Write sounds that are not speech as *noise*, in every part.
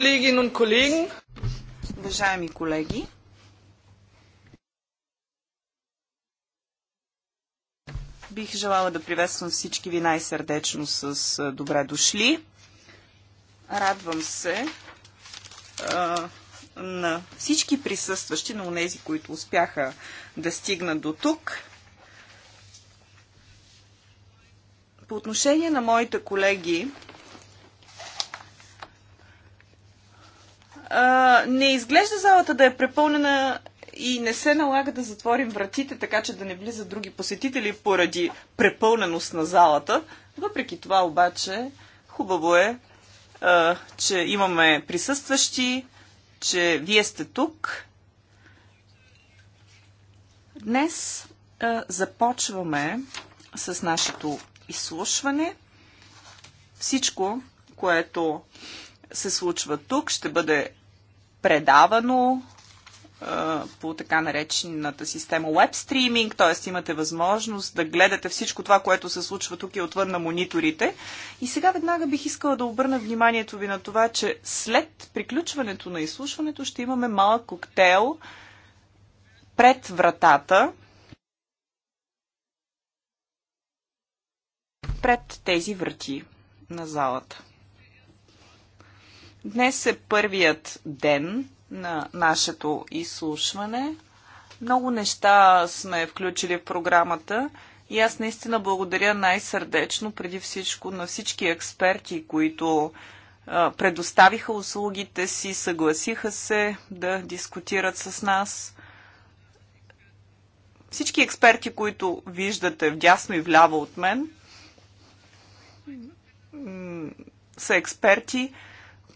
Kolleginnen und Kollegen. Уважаеми колеги, бих желала да приветствам всички ви най-сърдечно с добре дошли. Радвам се а, на всички присъстващи, на унези, които успяха да стигнат до тук. По отношение на моите колеги, а, не изглежда залата да е препълнена и не се налага да затворим вратите, така че да не влизат други посетители поради препълненост на залата. Въпреки това обаче, хубаво е, а, че имаме присъстващи, че вие сте тук. Днес а, започваме с нашето изслушване. Всичко, което се случва тук, ще бъде предавано по така наречената система Web Streaming, т.е. имате възможност да гледате всичко това, което се случва тук и отвън на мониторите. И сега веднага бих искала да обърна вниманието ви на това, че след приключването на изслушването ще имаме малък коктейл пред вратата, пред тези врати на залата. Днес е първият ден на нашето изслушване. Много неща сме включили в програмата и аз наистина благодаря най-сърдечно преди всичко на всички експерти, които предоставиха услугите си, съгласиха се да дискутират с нас. Всички експерти, които виждате вдясно и вляво от мен, са експерти,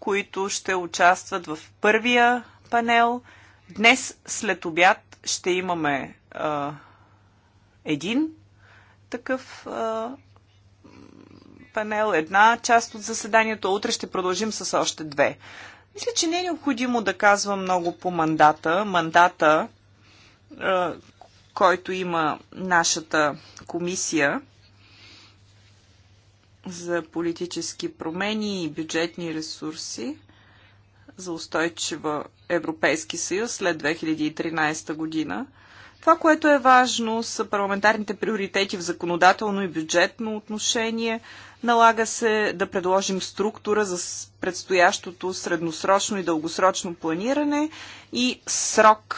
които ще участват в първия панел. Днес след обяд ще имаме а, един такъв а, панел, една част от заседанието. Утре ще продължим с още две. Мисля, че не е необходимо да казвам много по мандата. Мандата, а, който има нашата комисия, за политически промени и бюджетни ресурси за устойчива Европейски съюз след 2013 година. Това, което е важно, са парламентарните приоритети в законодателно и бюджетно отношение. Налага се да предложим структура за предстоящото средносрочно и дългосрочно планиране и срок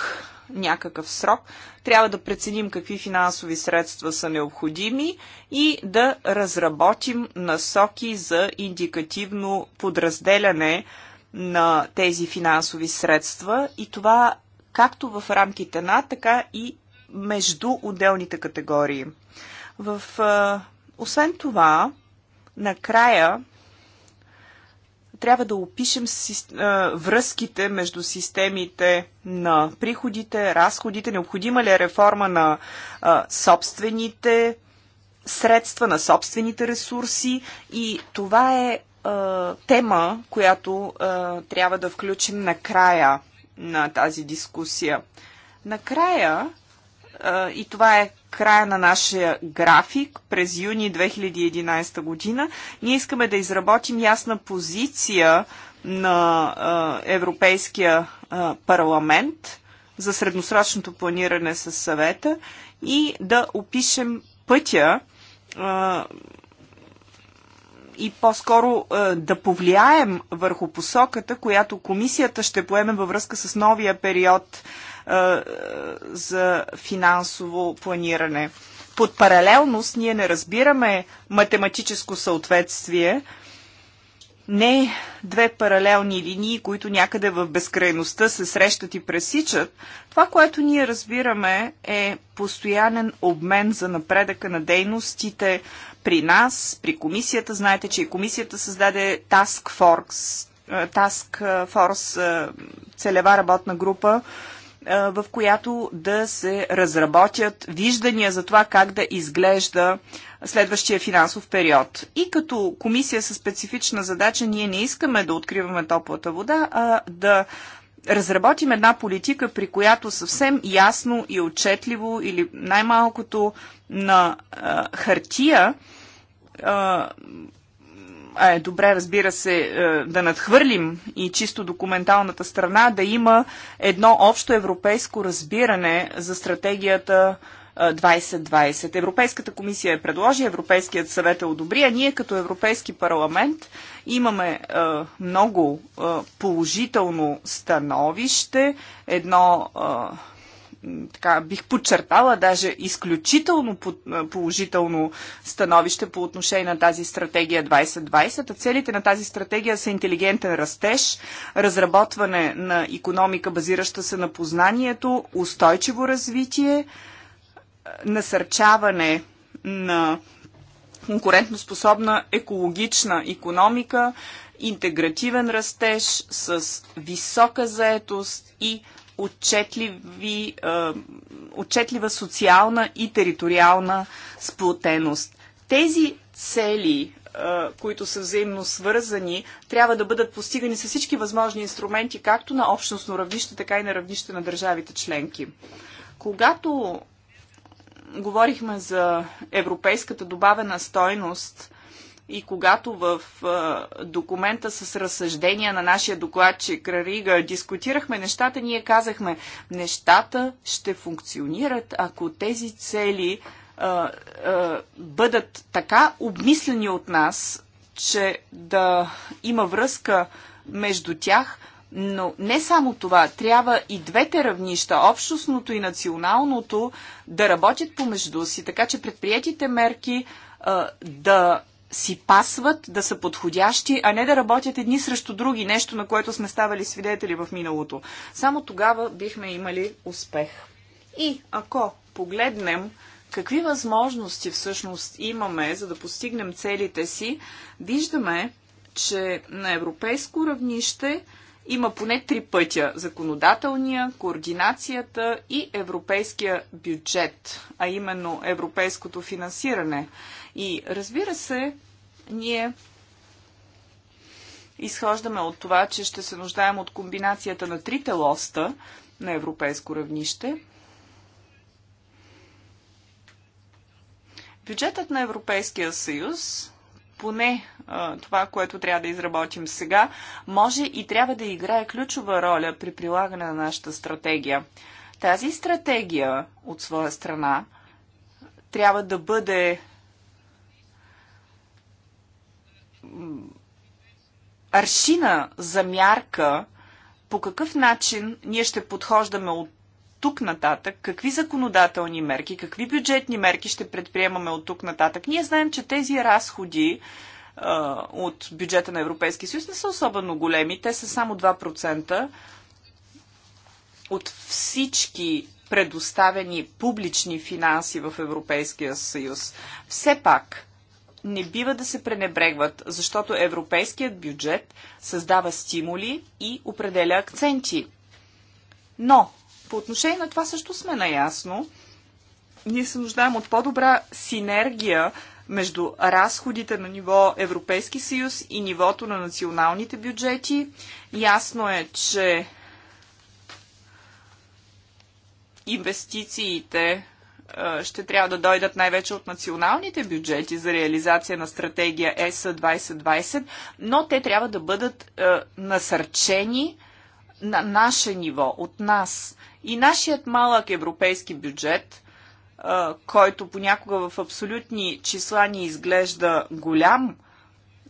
някакъв срок. Трябва да преценим какви финансови средства са необходими и да разработим насоки за индикативно подразделяне на тези финансови средства и това както в рамките на, така и между отделните категории. В, освен това, накрая трябва да опишем връзките между системите на приходите, разходите, необходима ли е реформа на собствените средства, на собствените ресурси и това е тема, която трябва да включим накрая на тази дискусия. Накрая и това е края на нашия график през юни 2011 година. Ние искаме да изработим ясна позиция на Европейския парламент за средносрочното планиране с съвета и да опишем пътя и по-скоро да повлияем върху посоката, която комисията ще поеме във връзка с новия период за финансово планиране. Под паралелност ние не разбираме математическо съответствие, не две паралелни линии, които някъде в безкрайността се срещат и пресичат. Това, което ние разбираме е постоянен обмен за напредъка на дейностите при нас, при комисията. Знаете, че и комисията създаде Task Force, Task Force целева работна група в която да се разработят виждания за това как да изглежда следващия финансов период. И като комисия със специфична задача, ние не искаме да откриваме топлата вода, а да разработим една политика, при която съвсем ясно и отчетливо или най-малкото на а, хартия а, а е добре, разбира се, е, да надхвърлим и чисто документалната страна, да има едно общо европейско разбиране за стратегията 2020. Е, Европейската комисия е предложи, Европейският съвет е одобри, а ние като Европейски парламент имаме е, много положително становище, едно така, бих подчертала даже изключително положително становище по отношение на тази стратегия 2020. целите на тази стратегия са интелигентен растеж, разработване на економика, базираща се на познанието, устойчиво развитие, насърчаване на конкурентноспособна екологична економика, интегративен растеж с висока заетост и отчетливи, отчетлива социална и териториална сплотеност. Тези цели, които са взаимно свързани, трябва да бъдат постигани с всички възможни инструменти, както на общностно равнище, така и на равнище на държавите членки. Когато говорихме за европейската добавена стойност, и когато в документа с разсъждения на нашия докладчик Рарига дискутирахме нещата, ние казахме, нещата ще функционират, ако тези цели а, а, бъдат така обмислени от нас, че да има връзка между тях, но не само това, трябва и двете равнища, общностното и националното, да работят помежду си, така че предприятите мерки а, да си пасват, да са подходящи, а не да работят едни срещу други, нещо на което сме ставали свидетели в миналото. Само тогава бихме имали успех. И ако погледнем какви възможности всъщност имаме, за да постигнем целите си, виждаме, че на европейско равнище има поне три пътя законодателния, координацията и европейския бюджет, а именно европейското финансиране. И разбира се, ние изхождаме от това, че ще се нуждаем от комбинацията на трите лоста на европейско равнище. Бюджетът на Европейския съюз поне а, това, което трябва да изработим сега, може и трябва да играе ключова роля при прилагане на нашата стратегия. Тази стратегия от своя страна трябва да бъде аршина за мярка по какъв начин ние ще подхождаме от тук нататък, какви законодателни мерки, какви бюджетни мерки ще предприемаме от тук нататък. Ние знаем, че тези разходи а, е, от бюджета на Европейския съюз не са особено големи. Те са само 2% от всички предоставени публични финанси в Европейския съюз. Все пак, не бива да се пренебрегват, защото европейският бюджет създава стимули и определя акценти. Но по отношение на това също сме наясно. Ние се нуждаем от по-добра синергия между разходите на ниво Европейски съюз и нивото на националните бюджети. Ясно е, че инвестициите е, ще трябва да дойдат най-вече от националните бюджети за реализация на стратегия ЕС 2020, но те трябва да бъдат е, насърчени на наше ниво, от нас. И нашият малък европейски бюджет, който понякога в абсолютни числа ни изглежда голям,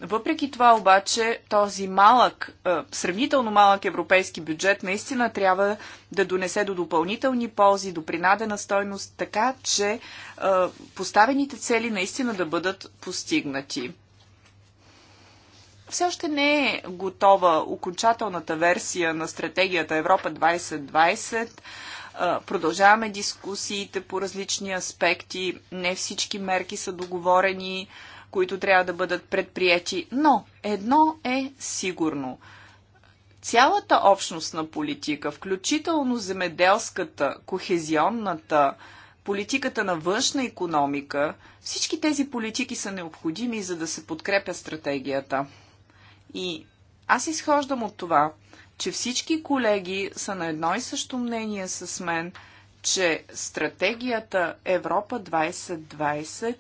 въпреки това обаче този малък, сравнително малък европейски бюджет наистина трябва да донесе до допълнителни ползи, до принадена стойност, така че поставените цели наистина да бъдат постигнати. Все още не е готова окончателната версия на стратегията Европа 2020. Продължаваме дискусиите по различни аспекти. Не всички мерки са договорени, които трябва да бъдат предприяти. Но едно е сигурно цялата общностна политика, включително земеделската, кохезионната, политиката на външна економика, всички тези политики са необходими, за да се подкрепя стратегията. И аз изхождам от това, че всички колеги са на едно и също мнение с мен, че стратегията Европа 2020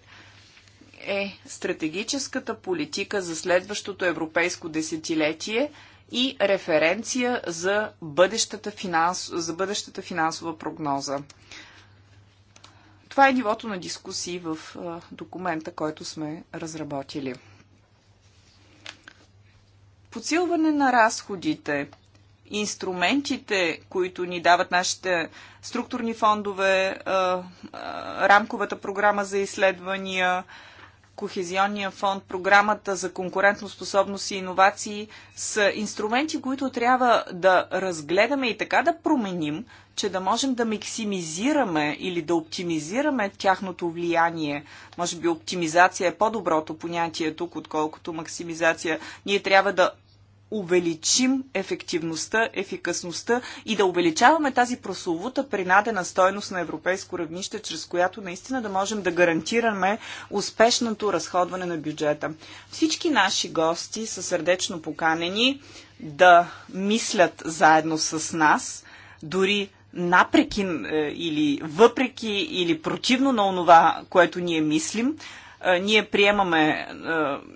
е стратегическата политика за следващото европейско десетилетие и референция за бъдещата, финанс... за бъдещата финансова прогноза. Това е нивото на дискусии в документа, който сме разработили. Подсилване на разходите, инструментите, които ни дават нашите структурни фондове, рамковата програма за изследвания, Кохезионния фонд, програмата за конкурентоспособност и иновации са инструменти, които трябва да разгледаме и така да променим, че да можем да максимизираме или да оптимизираме тяхното влияние. Може би оптимизация е по-доброто понятие тук, отколкото максимизация. Ние трябва да увеличим ефективността, ефикасността и да увеличаваме тази прословута принадена стойност на европейско равнище, чрез която наистина да можем да гарантираме успешното разходване на бюджета. Всички наши гости са сърдечно поканени да мислят заедно с нас, дори напреки е, или въпреки или противно на онова, което ние мислим, ние приемаме,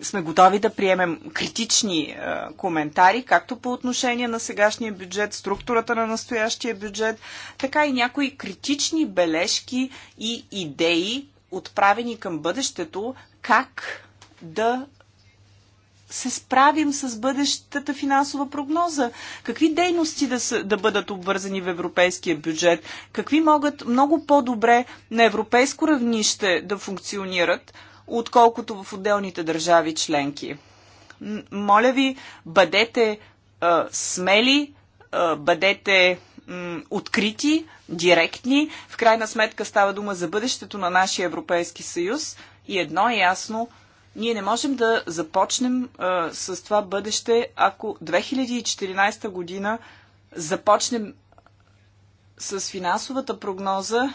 сме готови да приемем критични коментари, както по отношение на сегашния бюджет, структурата на настоящия бюджет, така и някои критични бележки и идеи, отправени към бъдещето, как да се справим с бъдещата финансова прогноза? Какви дейности да, са, да бъдат обвързани в европейския бюджет? Какви могат много по-добре на европейско равнище да функционират? отколкото в отделните държави членки. Моля ви, бъдете а, смели, а, бъдете открити, директни. В крайна сметка става дума за бъдещето на нашия Европейски съюз и едно е ясно, ние не можем да започнем а, с това бъдеще, ако 2014 година започнем с финансовата прогноза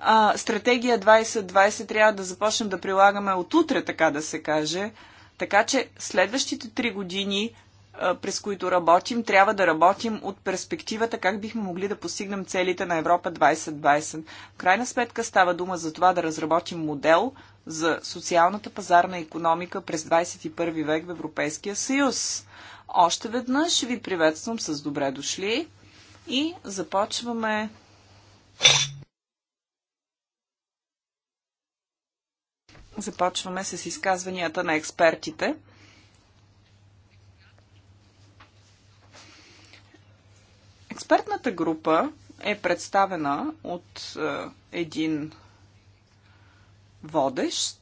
а, стратегия 2020 трябва да започнем да прилагаме от утре, така да се каже. Така че следващите три години, а, през които работим, трябва да работим от перспективата как бихме могли да постигнем целите на Европа 2020. В крайна сметка става дума за това да разработим модел за социалната пазарна економика през 21 век в Европейския съюз. Още веднъж ви приветствам с добре дошли и започваме Започваме с изказванията на експертите. Експертната група е представена от е, един водещ,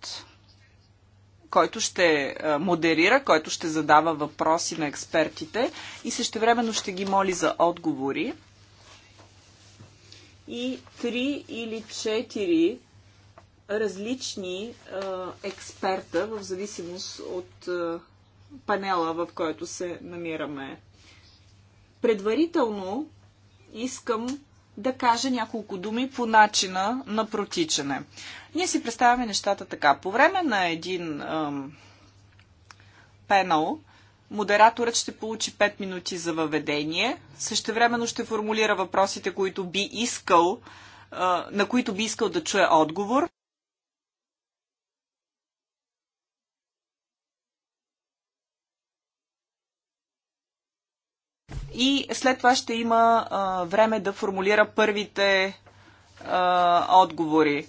който ще е, модерира, който ще задава въпроси на експертите и същевременно ще ги моли за отговори. И три или четири различни експерта в зависимост от панела, в който се намираме. Предварително искам да кажа няколко думи по начина на протичане. Ние си представяме нещата така. По време на един ам, пенал, модераторът ще получи 5 минути за въведение, същевременно ще формулира въпросите, които би искал, а, на които би искал да чуе отговор. и след това ще има а, време да формулира първите а, отговори.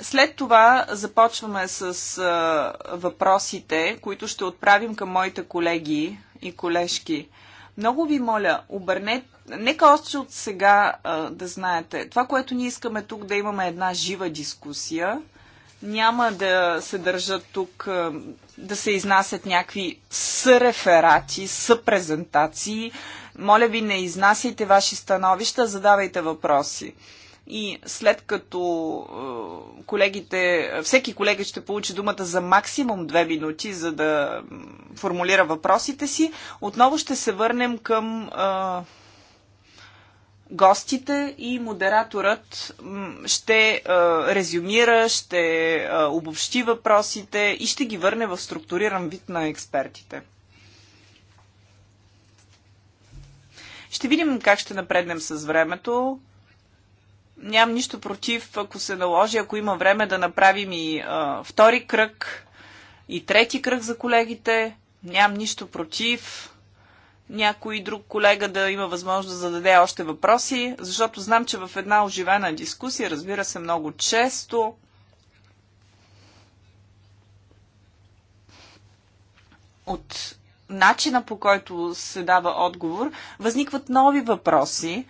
След това започваме с а, въпросите, които ще отправим към моите колеги и колежки. Много ви моля, обърнете. Нека още от сега а, да знаете. Това, което ние искаме тук да имаме една жива дискусия, няма да се държат тук, да се изнасят някакви съреферати, съпрезентации. Моля ви, не изнасяйте ваши становища, задавайте въпроси. И след като колегите, всеки колега ще получи думата за максимум две минути, за да формулира въпросите си, отново ще се върнем към гостите и модераторът ще е, резюмира, ще е, обобщи въпросите и ще ги върне в структуриран вид на експертите. Ще видим как ще напреднем с времето. Нямам нищо против, ако се наложи, ако има време да направим и а, е, втори кръг, и трети кръг за колегите. Нямам нищо против някой друг колега да има възможност да зададе още въпроси, защото знам, че в една оживена дискусия, разбира се, много често от начина по който се дава отговор, възникват нови въпроси,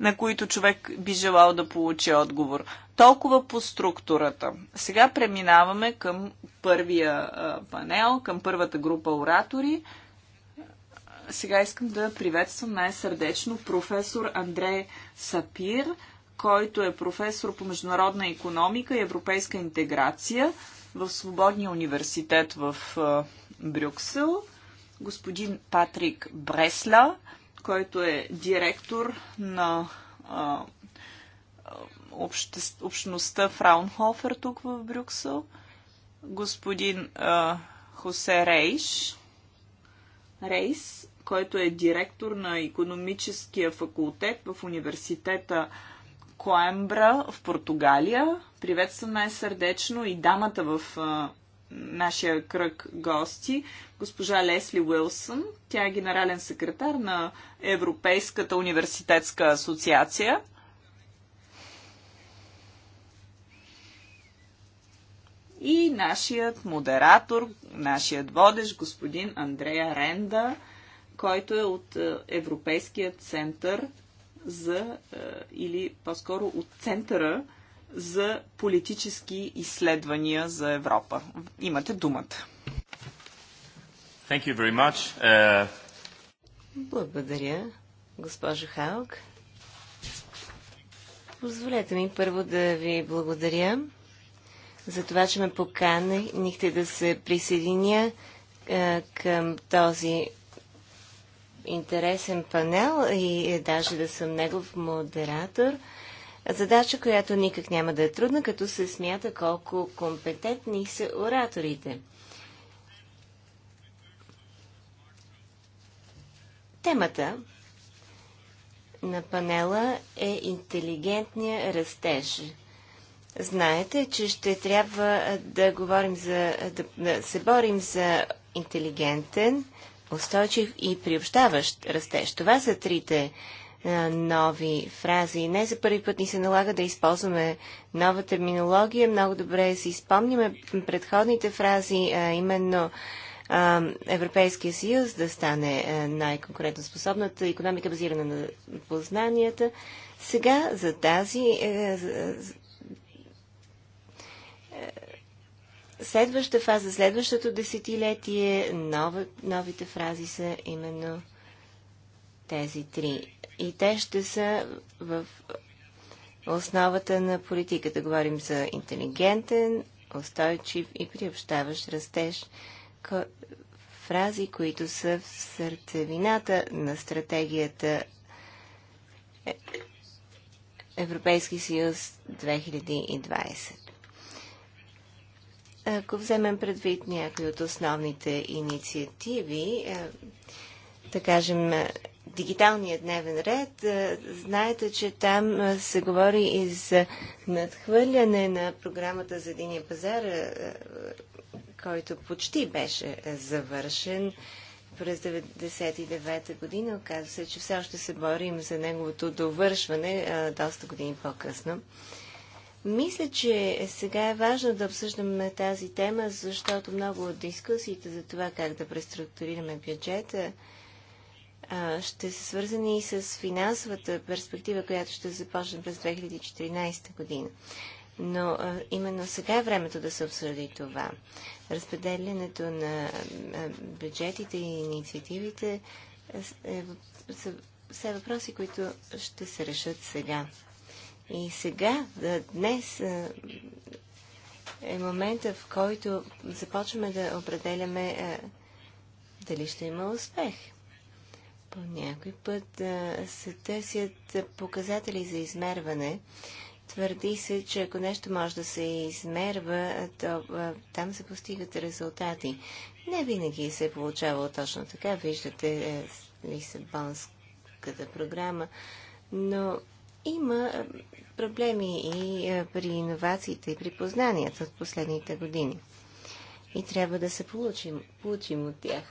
на които човек би желал да получи отговор. Толкова по структурата. Сега преминаваме към първия панел, към първата група оратори – сега искам да приветствам най-сърдечно професор Андре Сапир, който е професор по международна економика и европейска интеграция в Свободния университет в Брюксел, господин Патрик Бресла, който е директор на общността Фраунхофер тук в Брюксел, господин а, Хосе Рейш, Рейс, който е директор на економическия факултет в университета Коембра в Португалия. Приветствам най-сърдечно и дамата в а, нашия кръг гости, госпожа Лесли Уилсън. Тя е генерален секретар на Европейската университетска асоциация. И нашият модератор, нашият водещ, господин Андрея Ренда – който е от е, Европейския център за, е, или по-скоро от Центъра за политически изследвания за Европа. Имате думата. Thank you very much. Uh... Благодаря, госпожо Халк. Позволете ми първо да ви благодаря за това, че ме поканихте да се присъединя към този интересен панел и даже да съм негов модератор. Задача, която никак няма да е трудна, като се смята колко компетентни са ораторите. Темата на панела е интелигентния растеж. Знаете, че ще трябва да говорим за, да, да се борим за интелигентен, устойчив и приобщаващ растеж. Това са трите нови фрази. Не за първи път ни се налага да използваме нова терминология. Много добре си спомняме предходните фрази, а именно Европейския съюз да стане най-конкурентоспособната економика, базирана на познанията. Сега за тази, е, следваща фаза, следващото десетилетие, нови, новите фрази са именно тези три. И те ще са в основата на политиката. Говорим за интелигентен, устойчив и приобщаващ растеж. Фрази, които са в сърцевината на стратегията Европейски съюз 2020. Ако вземем предвид някои от основните инициативи, е, да кажем, е, дигиталния дневен ред, е, знаете, че там се говори и за надхвърляне на програмата за единия пазар, който почти беше завършен през 1999 година. Оказва се, че все още се борим за неговото довършване доста години по-късно. Мисля, че сега е важно да обсъждаме тази тема, защото много от дискусиите за това как да преструктурираме бюджета ще са свързани и с финансовата перспектива, която ще започне през 2014 година. Но именно сега е времето да се обсъди това. Разпределянето на бюджетите и инициативите е, са въпроси, които ще се решат сега. И сега, днес е момента, в който започваме да определяме дали ще има успех. По някой път се търсят показатели за измерване. Твърди се, че ако нещо може да се измерва, то там се постигат резултати. Не винаги се е получавало точно така. Виждате е, Лисабонската програма, но има е, проблеми и е, при иновациите и при познанията от последните години. И трябва да се получим, получим от тях.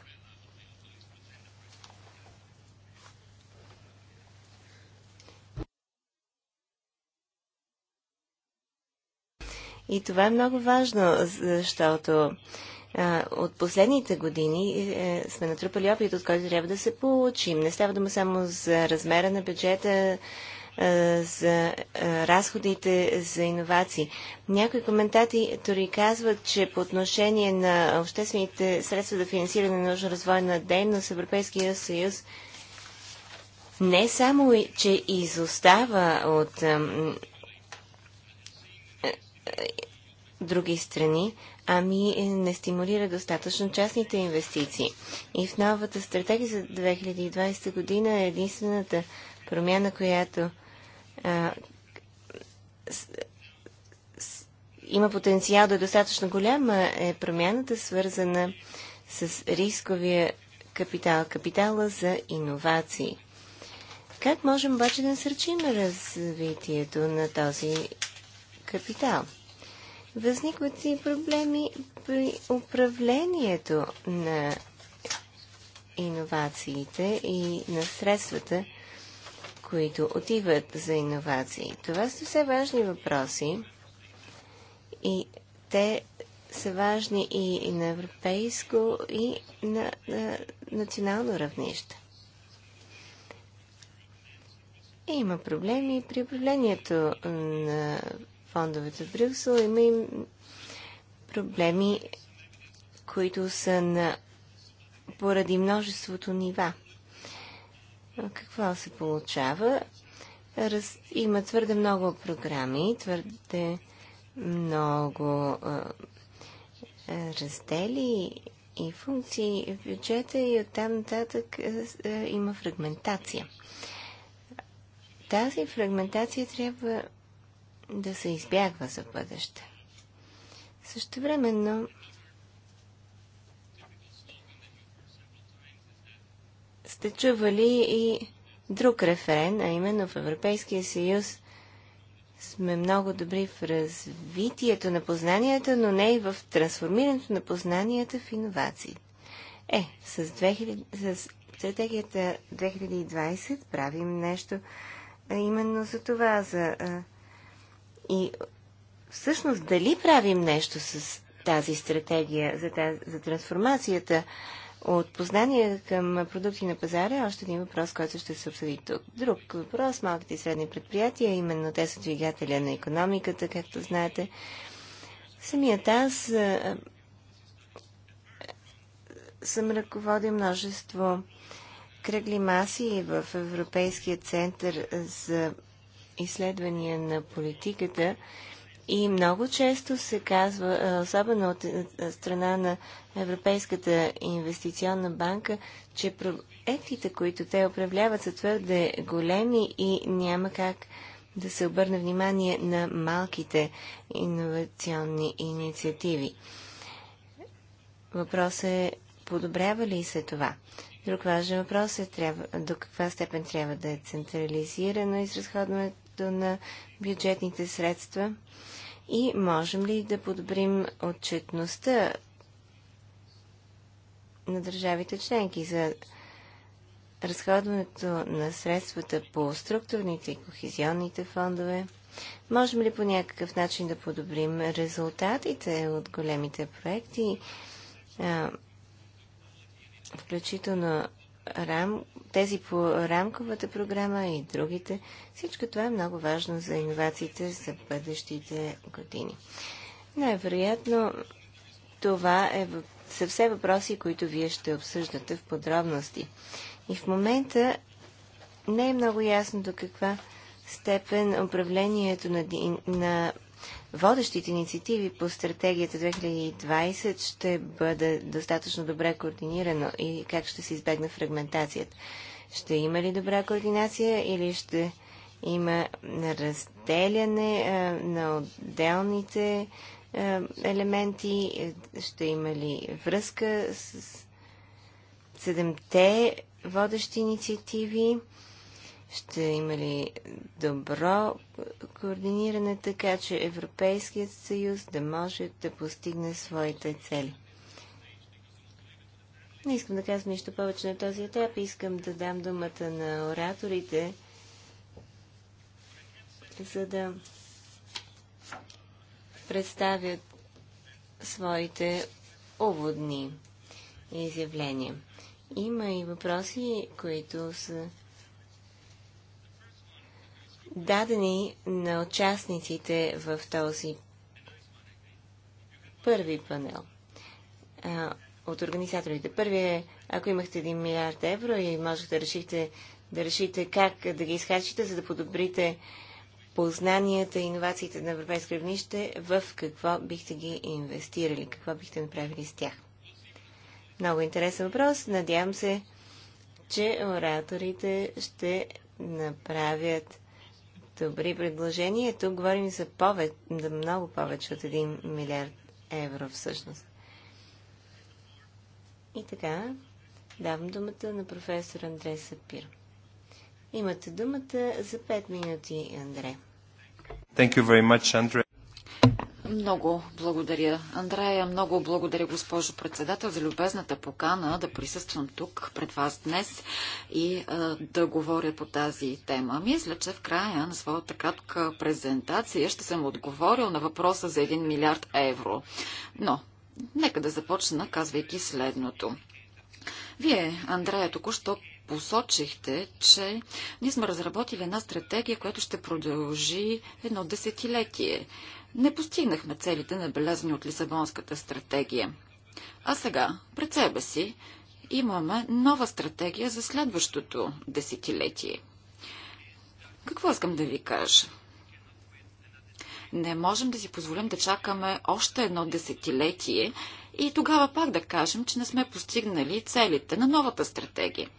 И това е много важно, защото а, е, от последните години е, сме натрупали опит, от който трябва да се получим. Не става дума само за размера на бюджета, е, за е, разходите за иновации. Някои коментатори казват, че по отношение на обществените средства за финансиране на нужно развойна дейност Европейския съюз не само, че изостава от е, други страни, ами не стимулира достатъчно частните инвестиции. И в новата стратегия за 2020 година е единствената промяна, която а, с, с, има потенциал да е достатъчно голяма, е промяната свързана с рисковия капитал, капитала за иновации. Как можем обаче да насърчим развитието на този капитал? Възникват и проблеми при управлението на иновациите и на средствата, които отиват за иновации? Това са все важни въпроси и те са важни и на европейско, и на, на национално равнище. Има проблеми при управлението на фондовете в Брюксел. Има и проблеми, които са на, поради множеството нива – какво се получава? Раз... Има твърде много програми, твърде много а, раздели и функции в бюджета и оттам нататък а, има фрагментация. Тази фрагментация трябва да се избягва за бъдеще. Също времено сте чували и друг референ, а именно в Европейския съюз сме много добри в развитието на познанията, но не и в трансформирането на познанията в иновации. Е, с, 2000, с стратегията 2020 правим нещо именно за това. За, а, и всъщност дали правим нещо с тази стратегия за, тази, за трансформацията от познания към продукти на пазара е още един въпрос, който ще се обсъди тук. Друг въпрос, малките и средни предприятия, именно те са двигателя на економиката, както знаете. Самият аз съм ръководил множество кръгли маси в Европейския център за изследвания на политиката и много често се казва, особено от е, е, страна на Европейската инвестиционна банка, че проектите, които те управляват, са твърде големи и няма как да се обърне внимание на малките иновационни инициативи. Въпросът е, подобрява ли се това? Друг важен въпрос е трябва, до каква степен трябва да е централизирано изразходването на бюджетните средства и можем ли да подобрим отчетността на държавите членки за разходването на средствата по структурните и кохезионните фондове? Можем ли по някакъв начин да подобрим резултатите от големите проекти, включително рам, тези по рамковата програма и другите. Всичко това е много важно за иновациите за бъдещите години. Най-вероятно това е, са все въпроси, които вие ще обсъждате в подробности. И в момента не е много ясно до каква степен управлението на, на водещите инициативи по стратегията 2020 ще бъде достатъчно добре координирано и как ще се избегне фрагментацията? Ще има ли добра координация или ще има разделяне на отделните елементи? Ще има ли връзка с седемте водещи инициативи? Ще има ли добро координиране, така че Европейският съюз да може да постигне своите цели? Не искам да казвам нищо повече на този етап. Искам да дам думата на ораторите, за да представят своите уводни изявления. Има и въпроси, които са дадени на участниците в този първи панел а, от организаторите. Първият е, ако имахте 1 милиард евро и можете да решите, да решите как да ги изхарчите, за да подобрите познанията и иновациите на европейско равнище, в какво бихте ги инвестирали, какво бихте направили с тях. Много интересен въпрос. Надявам се, че ораторите ще направят добри предложения. Тук говорим за повече, за много повече от 1 милиард евро всъщност. И така, давам думата на професор Андре Сапир. Имате думата за 5 минути, Андре. Thank you very much, Andre. Много благодаря, Андрея. Много благодаря, госпожо председател, за любезната покана да присъствам тук пред вас днес и а, да говоря по тази тема. Мисля, че в края на своята кратка презентация ще съм отговорил на въпроса за 1 милиард евро. Но, нека да започна, казвайки следното. Вие, Андрея, току-що посочихте, че ние сме разработили една стратегия, която ще продължи едно десетилетие. Не постигнахме целите, набелязани от Лисабонската стратегия. А сега, пред себе си, имаме нова стратегия за следващото десетилетие. Какво искам да ви кажа? Не можем да си позволим да чакаме още едно десетилетие и тогава пак да кажем, че не сме постигнали целите на новата стратегия.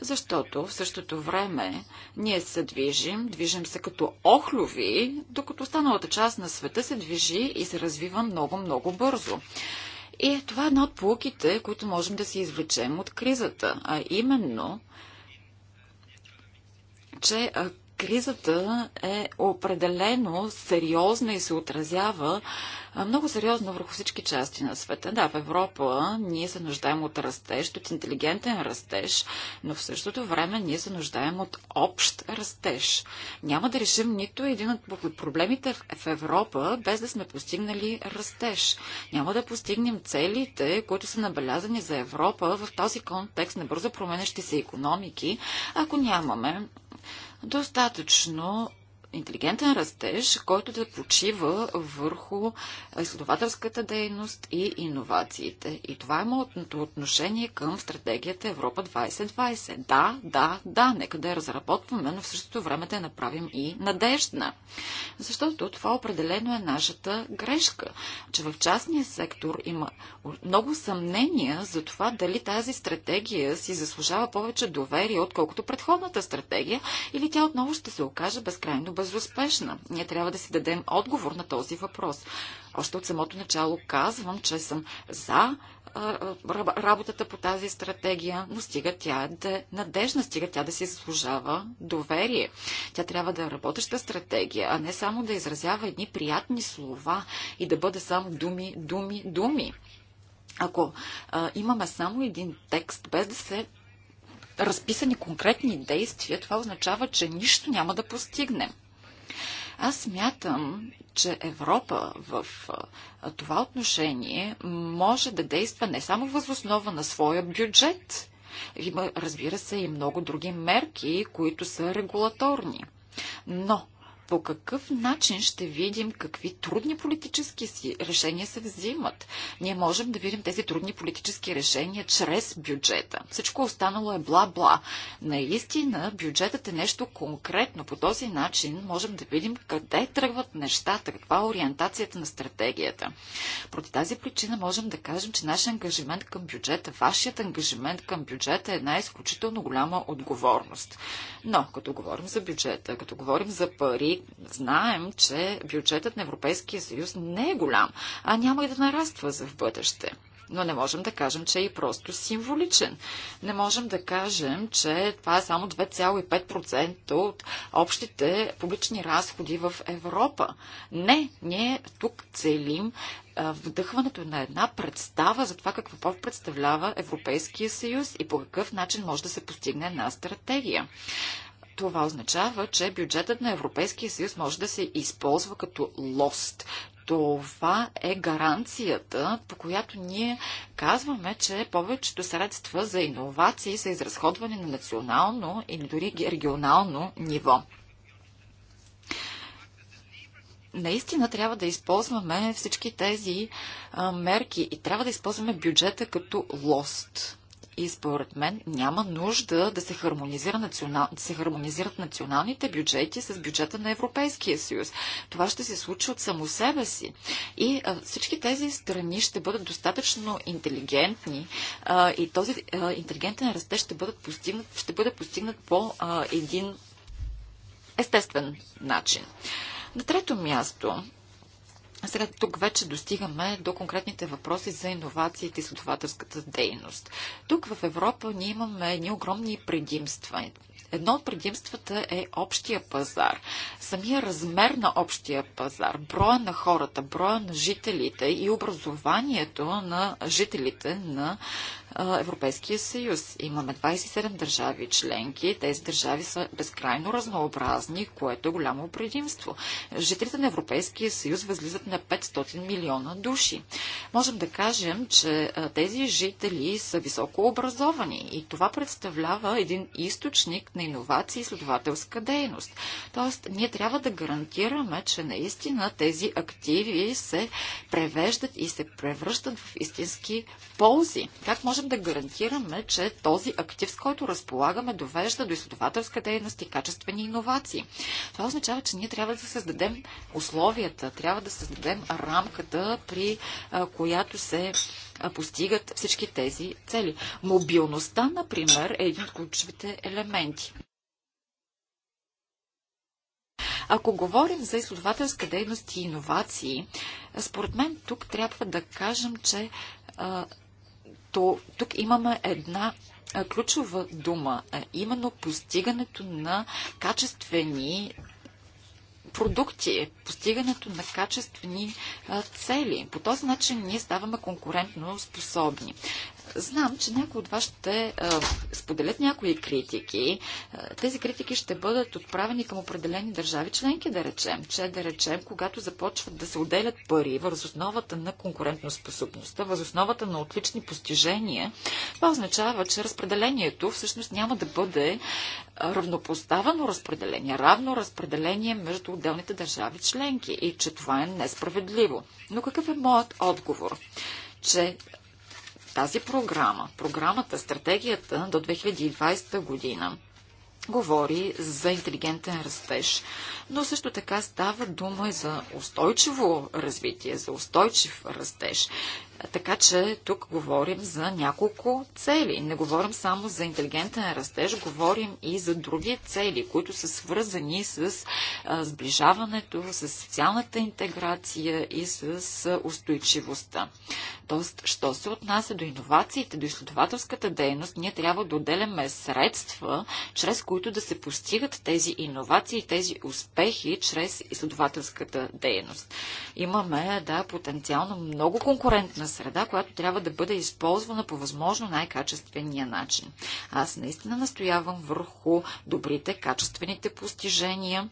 Защото в същото време ние се движим, движим се като охлюви, докато останалата част на света се движи и се развива много-много бързо. И това е една от полуките, които можем да си извлечем от кризата, а именно, че кризата е определено сериозна и се отразява много сериозно върху всички части на света. Да, в Европа ние се нуждаем от растеж, от интелигентен растеж, но в същото време ние се нуждаем от общ растеж. Няма да решим нито един от проблемите в Европа, без да сме постигнали растеж. Няма да постигнем целите, които са набелязани за Европа в този контекст на бързо променящи се економики, ако нямаме достатъчно интелигентен растеж, който да почива върху изследователската дейност и иновациите. И това е моето отношение към стратегията Европа 2020. Да, да, да, нека да я разработваме, но в същото време да я направим и надеждна. Защото това определено е нашата грешка, че в частния сектор има много съмнения за това дали тази стратегия си заслужава повече доверие, отколкото предходната стратегия, или тя отново ще се окаже безкрайно безуспешна. Ние трябва да си дадем отговор на този въпрос. Още от самото начало казвам, че съм за работата по тази стратегия, но стига тя да е надежна, стига тя да си заслужава доверие. Тя трябва да е работеща стратегия, а не само да изразява едни приятни слова и да бъде само думи, думи, думи. Ако а, имаме само един текст, без да се разписани конкретни действия, това означава, че нищо няма да постигнем. Аз мятам, че Европа в това отношение може да действа не само възоснова на своя бюджет, има, разбира се, и много други мерки, които са регулаторни. Но по какъв начин ще видим какви трудни политически си решения се взимат. Ние можем да видим тези трудни политически решения чрез бюджета. Всичко останало е бла-бла. Наистина бюджетът е нещо конкретно. По този начин можем да видим къде тръгват нещата, каква е ориентацията на стратегията. Проти тази причина можем да кажем, че нашия ангажимент към бюджета, вашият ангажимент към бюджета е една изключително голяма отговорност. Но, като говорим за бюджета, като говорим за пари, знаем, че бюджетът на Европейския съюз не е голям, а няма и да нараства за в бъдеще но не можем да кажем, че е и просто символичен. Не можем да кажем, че това е само 2,5% от общите публични разходи в Европа. Не, ние тук целим вдъхването на една представа за това какво представлява Европейския съюз и по какъв начин може да се постигне една стратегия. Това означава, че бюджетът на Европейския съюз може да се използва като лост. Това е гаранцията, по която ние казваме, че повечето средства за иновации са изразходвани на национално или дори регионално ниво наистина трябва да използваме всички тези а, мерки и трябва да използваме бюджета като лост. И според мен няма нужда да се, хармонизира национал... да се хармонизират националните бюджети с бюджета на Европейския съюз. Това ще се случи от само себе си. И а, всички тези страни ще бъдат достатъчно интелигентни а, и този а, интелигентен растеж ще, бъдат постигнат, ще бъде постигнат по а, един естествен начин. На трето място, сега тук вече достигаме до конкретните въпроси за иновациите и следователската дейност. Тук в Европа ние имаме едни огромни предимства. Едно от предимствата е общия пазар. Самия размер на общия пазар, броя на хората, броя на жителите и образованието на жителите на Европейския съюз. Имаме 27 държави членки. Тези държави са безкрайно разнообразни, което е голямо предимство. Жителите на Европейския съюз възлизат на 500 милиона души. Можем да кажем, че тези жители са високо образовани и това представлява един източник на иновации и следователска дейност. Тоест, ние трябва да гарантираме, че наистина тези активи се превеждат и се превръщат в истински ползи. Как може можем да гарантираме, че този актив, с който разполагаме, довежда до изследователска дейност и качествени иновации. Това означава, че ние трябва да създадем условията, трябва да създадем рамката, при която се постигат всички тези цели. Мобилността, например, е един от ключовите елементи. Ако говорим за изследователска дейност и иновации, според мен тук трябва да кажем, че то тук имаме една ключова дума, а именно постигането на качествени продукти, постигането на качествени цели. По този начин ние ставаме конкурентно способни. Знам, че някои от вас ще а, споделят някои критики. А, тези критики ще бъдат отправени към определени държави членки, да речем. Че, да речем, когато започват да се отделят пари въз основата на конкурентоспособността, въз основата на отлични постижения, това означава, че разпределението всъщност няма да бъде равнопоставено разпределение, равно разпределение между отделните държави членки и че това е несправедливо. Но какъв е моят отговор? че тази програма, програмата, стратегията до 2020 година говори за интелигентен растеж, но също така става дума и за устойчиво развитие, за устойчив растеж. Така че тук говорим за няколко цели. Не говорим само за интелигентен растеж, говорим и за други цели, които са свързани с а, сближаването, с социалната интеграция и с устойчивостта. Тоест, що се отнася до иновациите, до изследователската дейност, ние трябва да отделяме средства, чрез които да се постигат тези иновации, тези успехи чрез изследователската дейност. Имаме, да, потенциално много конкурентна среда, която трябва да бъде използвана по възможно най-качествения начин. Аз наистина настоявам върху добрите, качествените постижения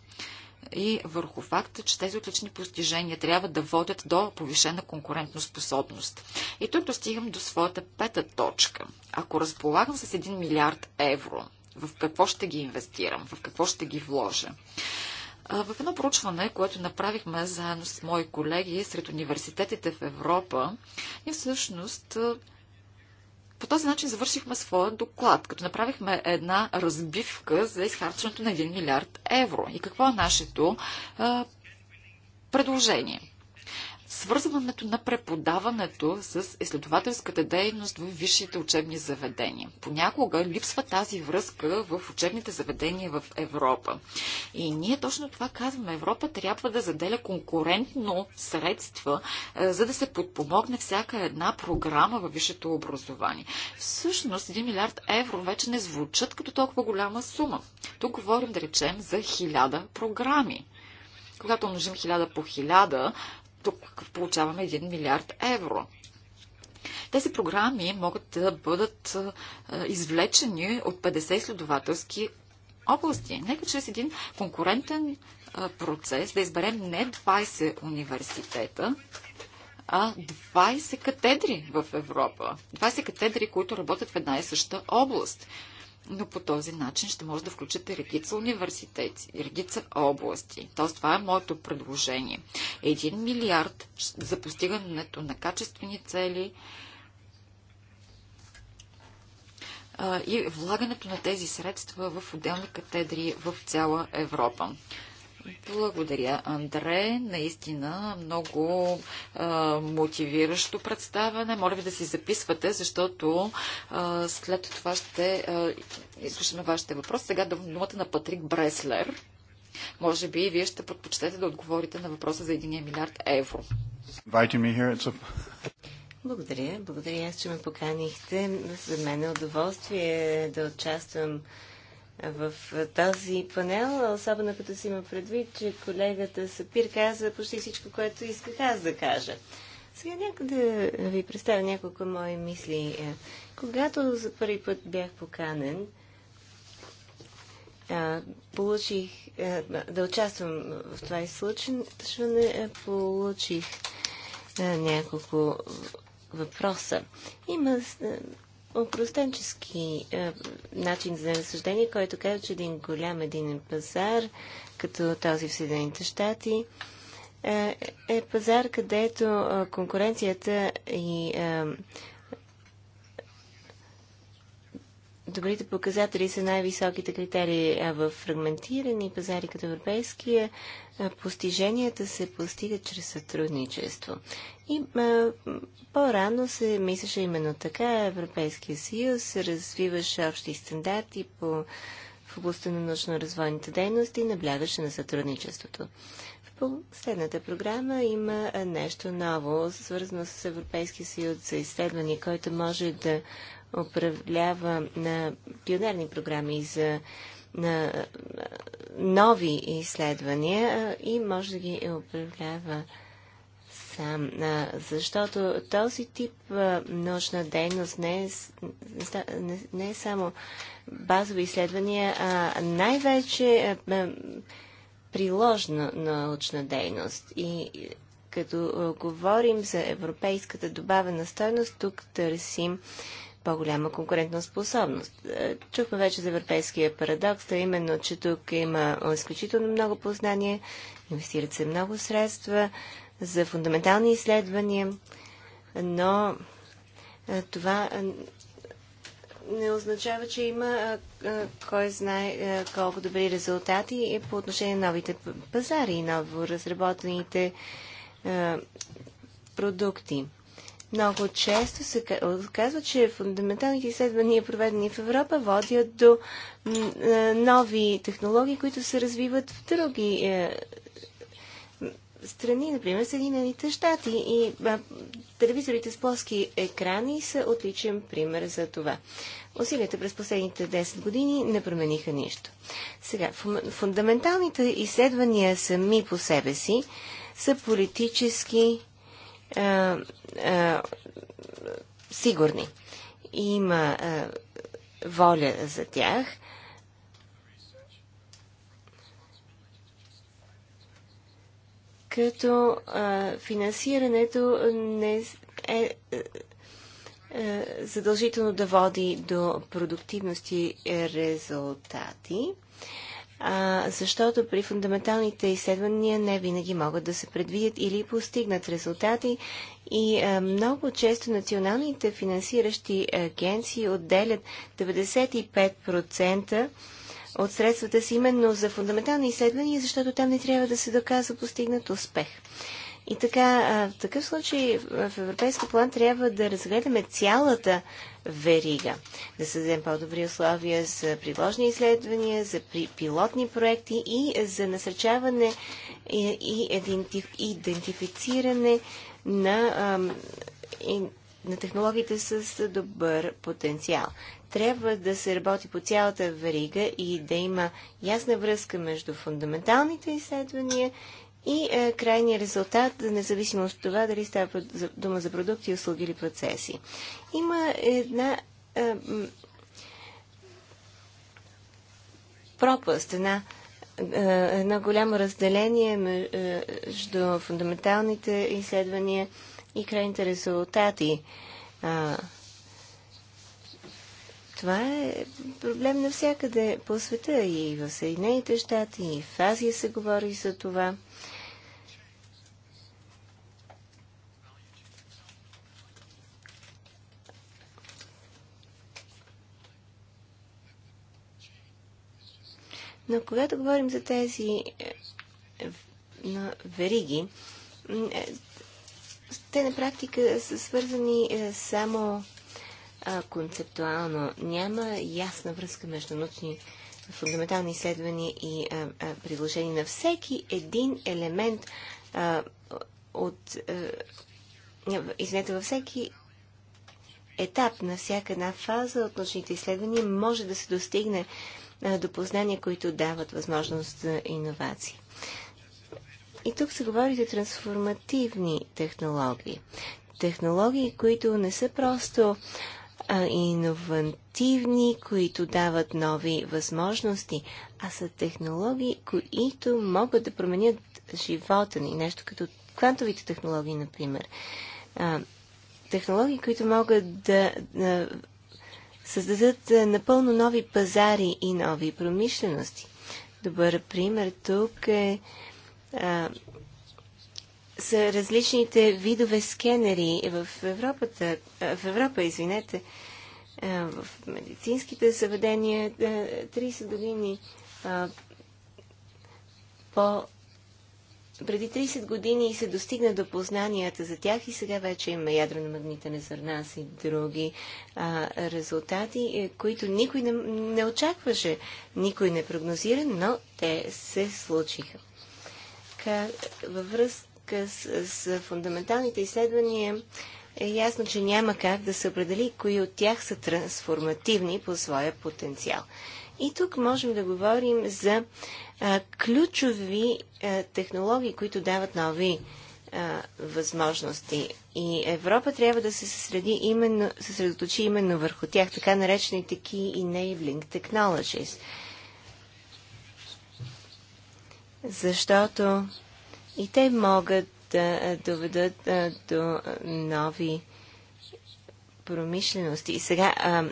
и върху факта, че тези отлични постижения трябва да водят до повишена конкурентоспособност. И тук достигам до своята пета точка. Ако разполагам с 1 милиард евро, в какво ще ги инвестирам, в какво ще ги вложа? В едно проучване, което направихме заедно с мои колеги сред университетите в Европа, ние всъщност по този начин завършихме своя доклад, като направихме една разбивка за изхарчването на 1 милиард евро. И какво е нашето предложение? свързването на преподаването с изследователската дейност в висшите учебни заведения. Понякога липсва тази връзка в учебните заведения в Европа. И ние точно това казваме. Европа трябва да заделя конкурентно средства, е, за да се подпомогне всяка една програма във висшето образование. Всъщност 1 милиард евро вече не звучат като толкова голяма сума. Тук говорим, да речем, за хиляда програми. Когато умножим 1000 по 1000, тук получаваме 1 милиард евро. Тези програми могат да бъдат извлечени от 50 следователски области. Нека чрез един конкурентен процес да изберем не 20 университета, а 20 катедри в Европа. 20 катедри, които работят в една и съща област но по този начин ще може да включите редица университети, редица области. Тоест, това е моето предложение. Един милиард за постигането на качествени цели и влагането на тези средства в отделни катедри в цяла Европа. Благодаря, Андре. Наистина много а, мотивиращо представяне. Моля ви да си записвате, защото а, след това ще а, изслушаме вашите въпроси. Сега думата на Патрик Бреслер. Може би вие ще предпочитате да отговорите на въпроса за 1 милиард евро. Благодаря. Благодаря, че ме поканихте. За мен е удоволствие да участвам в този панел, особено като си има предвид, че колегата Сапир каза почти всичко, което исках аз да кажа. Сега нека да ви представя няколко мои мисли. Е, когато за първи път бях поканен, получих е, да участвам в това изслушване, е, получих няколко въпроса. Има опростенчески е, начин за разсъждение, който казва, че един голям единен пазар, като този в Съединените щати, е, е пазар, където е, конкуренцията и е, добрите показатели са най-високите критерии, в фрагментирани пазари като европейския е, постиженията се постигат чрез сътрудничество. И е, по-рано се мислеше именно така. Европейския съюз развиваше общи стандарти по, в областта на научно-развойните дейности и наблягаше на сътрудничеството. В последната програма има е, нещо ново, свързано с Европейския съюз за изследвания, който може да управлява на пионерни програми за на нови изследвания и може да ги управлява сам, защото този тип научна дейност не е, не е само базови изследвания, а най-вече приложна научна дейност. И като говорим за европейската добавена стойност, тук търсим по-голяма конкурентна способност. Е, чухме вече за европейския парадокс, а именно, че тук има изключително много познание, инвестират се много средства за фундаментални изследвания, но е, това е, не означава, че има кой знае колко добри резултати по отношение на новите пазари и ново разработените продукти. Много често се казва, че фундаменталните изследвания, проведени в Европа, водят до е, нови технологии, които се развиват в други е, страни, например Съединените щати. И телевизорите с плоски екрани са отличен пример за това. Усилията през последните 10 години не промениха нищо. Сега, фундаменталните изследвания сами по себе си са политически а, е, е, сигурни. Има а, е, воля за тях. Като а, финансирането не е е задължително да води до продуктивност и резултати. А, а, защото при фундаменталните изследвания не винаги могат да се предвидят или постигнат резултати и а, много често националните финансиращи агенции отделят 95% от средствата си именно за фундаментални изследвания, защото там не трябва да се доказва постигнат успех. И така, в такъв случай в европейски план трябва да разгледаме цялата верига. Да създадем по-добри условия за приложни изследвания, за пилотни проекти и за насърчаване и, и идентифициране на, на технологиите с добър потенциал. Трябва да се работи по цялата верига и да има ясна връзка между фундаменталните изследвания и е, крайният резултат, независимо от това дали става дума за продукти, услуги или процеси. Има една е, пропаст, една, е, едно голямо разделение е, между фундаменталните изследвания и крайните резултати. А, това е проблем навсякъде по света и в Съединените щати, и в Азия се говори за това. Но когато говорим за тези е, е, вериги, е, те на практика са свързани само концептуално. Няма ясна връзка между научни фундаментални изследвания и приложения на всеки един елемент от. Извинете, във всеки етап на всяка една фаза от научните изследвания може да се достигне до познания, които дават възможност за иновации. И тук се говори за трансформативни технологии. Технологии, които не са просто а, иновативни, които дават нови възможности, а са технологии, които могат да променят живота ни. Нещо като квантовите технологии, например. А, технологии, които могат да, да създадат е, напълно нови пазари и нови промишлености. Добър пример тук е а, са различните видове скенери в, Европата, в Европа, извинете, в медицинските заведения 30 години по преди 30 години се достигна до познанията за тях и сега вече има ядрено-магнитен зърна и други а, резултати, е, които никой не, не очакваше, никой не прогнозира, но те се случиха. Как, във връзка с, с фундаменталните изследвания е ясно, че няма как да се определи кои от тях са трансформативни по своя потенциал. И тук можем да говорим за а, ключови а, технологии, които дават нови а, възможности. И Европа трябва да се именно, съсредоточи именно върху тях, така наречените Key Enabling Technologies. Защото и те могат да доведат а, до нови промишлености. И сега а,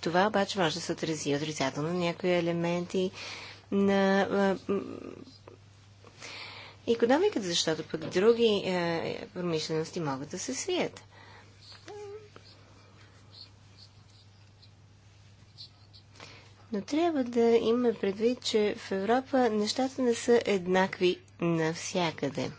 това обаче може да се отрази отрицателно някои елементи на а, економиката, защото пък други а, промишлености могат да се свият. Но трябва да има предвид, че в Европа нещата не са еднакви навсякъде.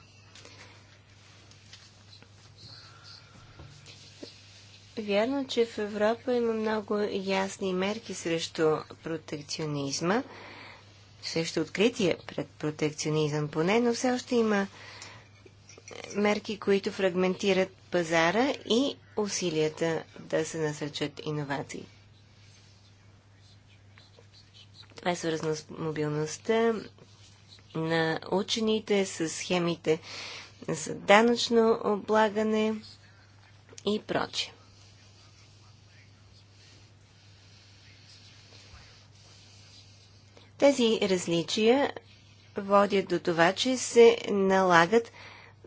Вярно, че в Европа има много ясни мерки срещу протекционизма, срещу открития пред протекционизъм поне, но все още има мерки, които фрагментират пазара и усилията да се насърчат иновации. Това е свързано с мобилността на учените, с схемите за данъчно облагане и прочие. Тези различия водят до това, че се налагат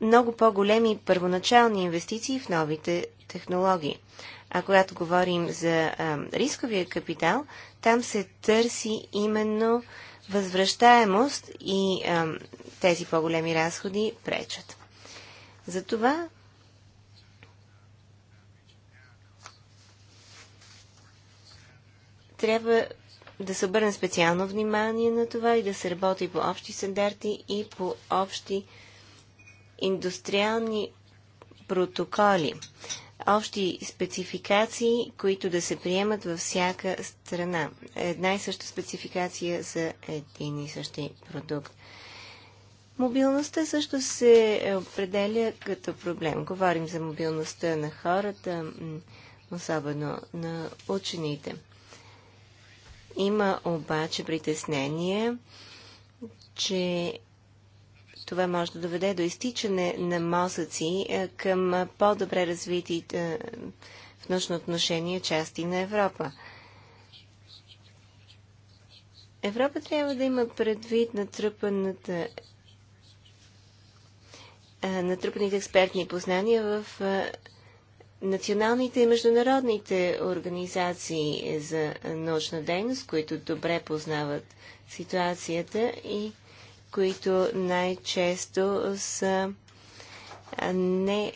много по-големи първоначални инвестиции в новите технологии. А когато говорим за а, рисковия капитал, там се търси именно възвръщаемост и а, тези по-големи разходи пречат. Затова трябва да се обърне специално внимание на това и да се работи по общи стандарти и по общи индустриални протоколи, общи спецификации, които да се приемат във всяка страна. Една и съща спецификация за един и същи продукт. Мобилността също се определя като проблем. Говорим за мобилността на хората, особено на учените – има обаче притеснение, че това може да доведе до изтичане на мозъци е, към е, по-добре развити е, в научно отношение части на Европа. Европа трябва да има предвид натрупаната натрупаните експертни познания в националните и международните организации за научна дейност, които добре познават ситуацията и които най-често са не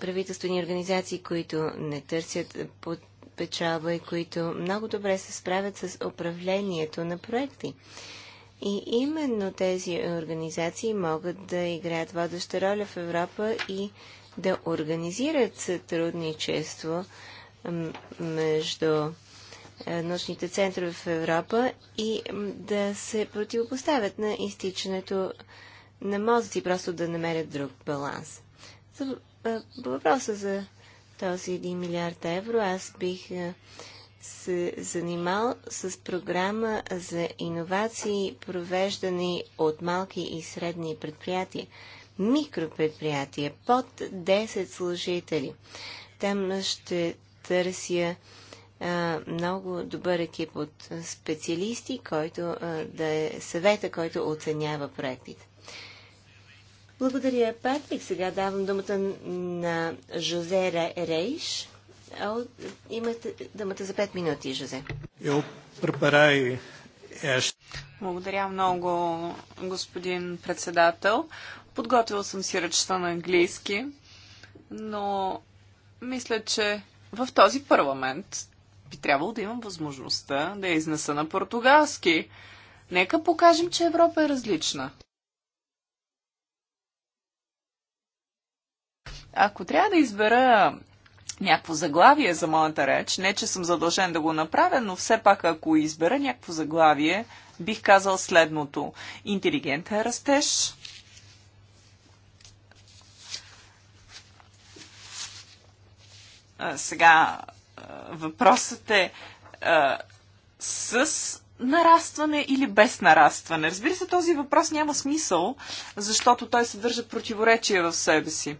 правителствени организации, които не търсят под печалба и които много добре се справят с управлението на проекти. И именно тези организации могат да играят водеща роля в Европа и да организират сътрудничество между е, научните центрове в Европа и да се противопоставят на изтичането на мозъци, просто да намерят друг баланс. За, е, въпроса за този 1 милиард евро, аз бих е, се занимал с програма за иновации, провеждани от малки и средни предприятия микропредприятие под 10 служители. Там ще търся а, много добър екип от специалисти, който а, да е съвета, който оценява проектите. Благодаря, Патрик. Сега давам думата на Жозе Рейш. Имате думата за 5 минути, Жозе. Благодаря много, господин председател. Подготвила съм си речта на английски, но мисля, че в този парламент би трябвало да имам възможността да я изнеса на португалски. Нека покажем, че Европа е различна. Ако трябва да избера някакво заглавие за моята реч, не че съм задължен да го направя, но все пак ако избера някакво заглавие, бих казал следното. Интелигентен растеж, Сега въпросът е с нарастване или без нарастване. Разбира се, този въпрос няма смисъл, защото той съдържа противоречие в себе си.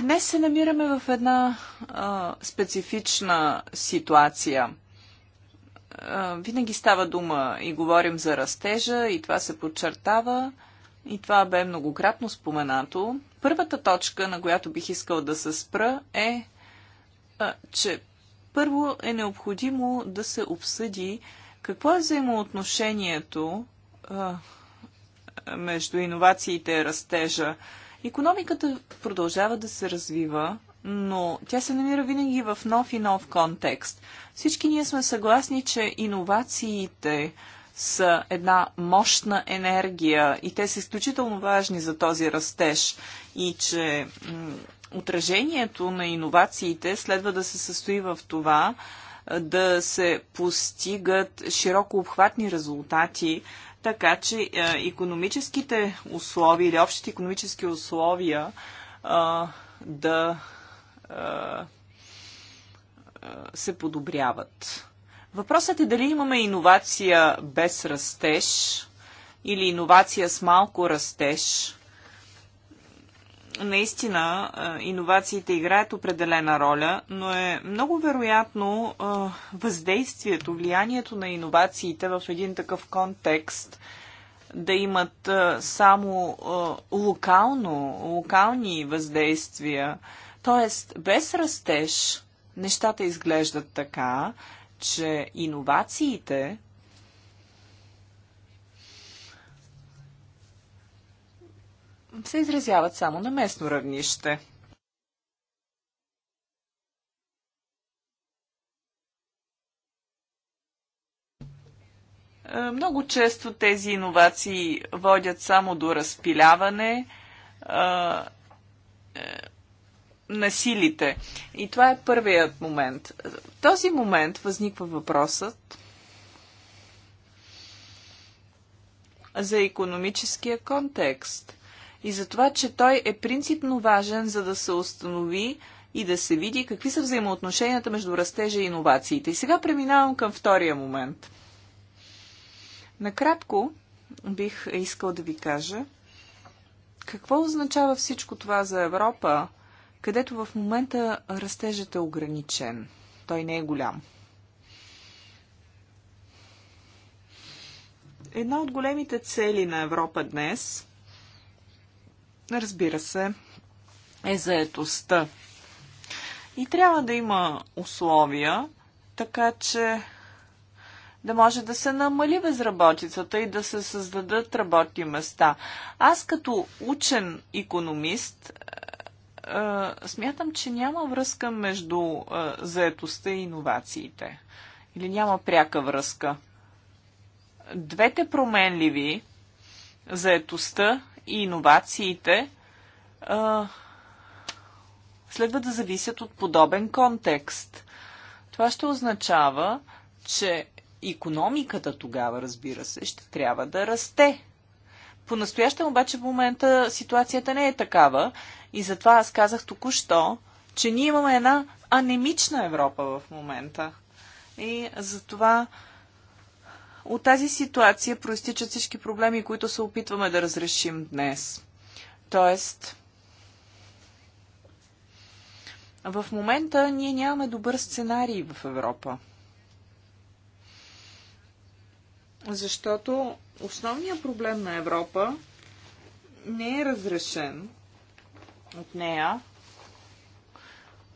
Днес се намираме в една а, специфична ситуация. А, винаги става дума и говорим за растежа, и това се подчертава, и това бе многократно споменато. Първата точка, на която бих искал да се спра, е, че първо е необходимо да се обсъди какво е взаимоотношението между иновациите и растежа. Економиката продължава да се развива, но тя се намира винаги в нов и нов контекст. Всички ние сме съгласни, че иновациите са една мощна енергия и те са изключително важни за този растеж и че отражението на иновациите следва да се състои в това да се постигат широко обхватни резултати, така че економическите условия или общите економически условия да се подобряват. Въпросът е дали имаме иновация без растеж или иновация с малко растеж. Наистина, иновациите играят определена роля, но е много вероятно въздействието, влиянието на иновациите в един такъв контекст да имат само локално, локални въздействия. Тоест, без растеж нещата изглеждат така, че иновациите се изразяват само на местно равнище. Е, много често тези иновации водят само до разпиляване е, е, на силите. И това е първият момент. В този момент възниква въпросът за економическия контекст и за това, че той е принципно важен, за да се установи и да се види какви са взаимоотношенията между растежа и иновациите. И сега преминавам към втория момент. Накратко бих искал да ви кажа какво означава всичко това за Европа където в момента растежът е ограничен. Той не е голям. Една от големите цели на Европа днес, разбира се, е заетостта. И трябва да има условия, така че да може да се намали безработицата и да се създадат работни места. Аз като учен економист смятам, че няма връзка между заетостта и иновациите. Или няма пряка връзка. Двете променливи, заетостта и иновациите, следва да зависят от подобен контекст. Това ще означава, че економиката тогава, разбира се, ще трябва да расте. По-настоящем обаче в момента ситуацията не е такава и затова аз казах току-що, че ние имаме една анемична Европа в момента. И затова от тази ситуация проистичат всички проблеми, които се опитваме да разрешим днес. Тоест, в момента ние нямаме добър сценарий в Европа. Защото основният проблем на Европа не е разрешен от нея,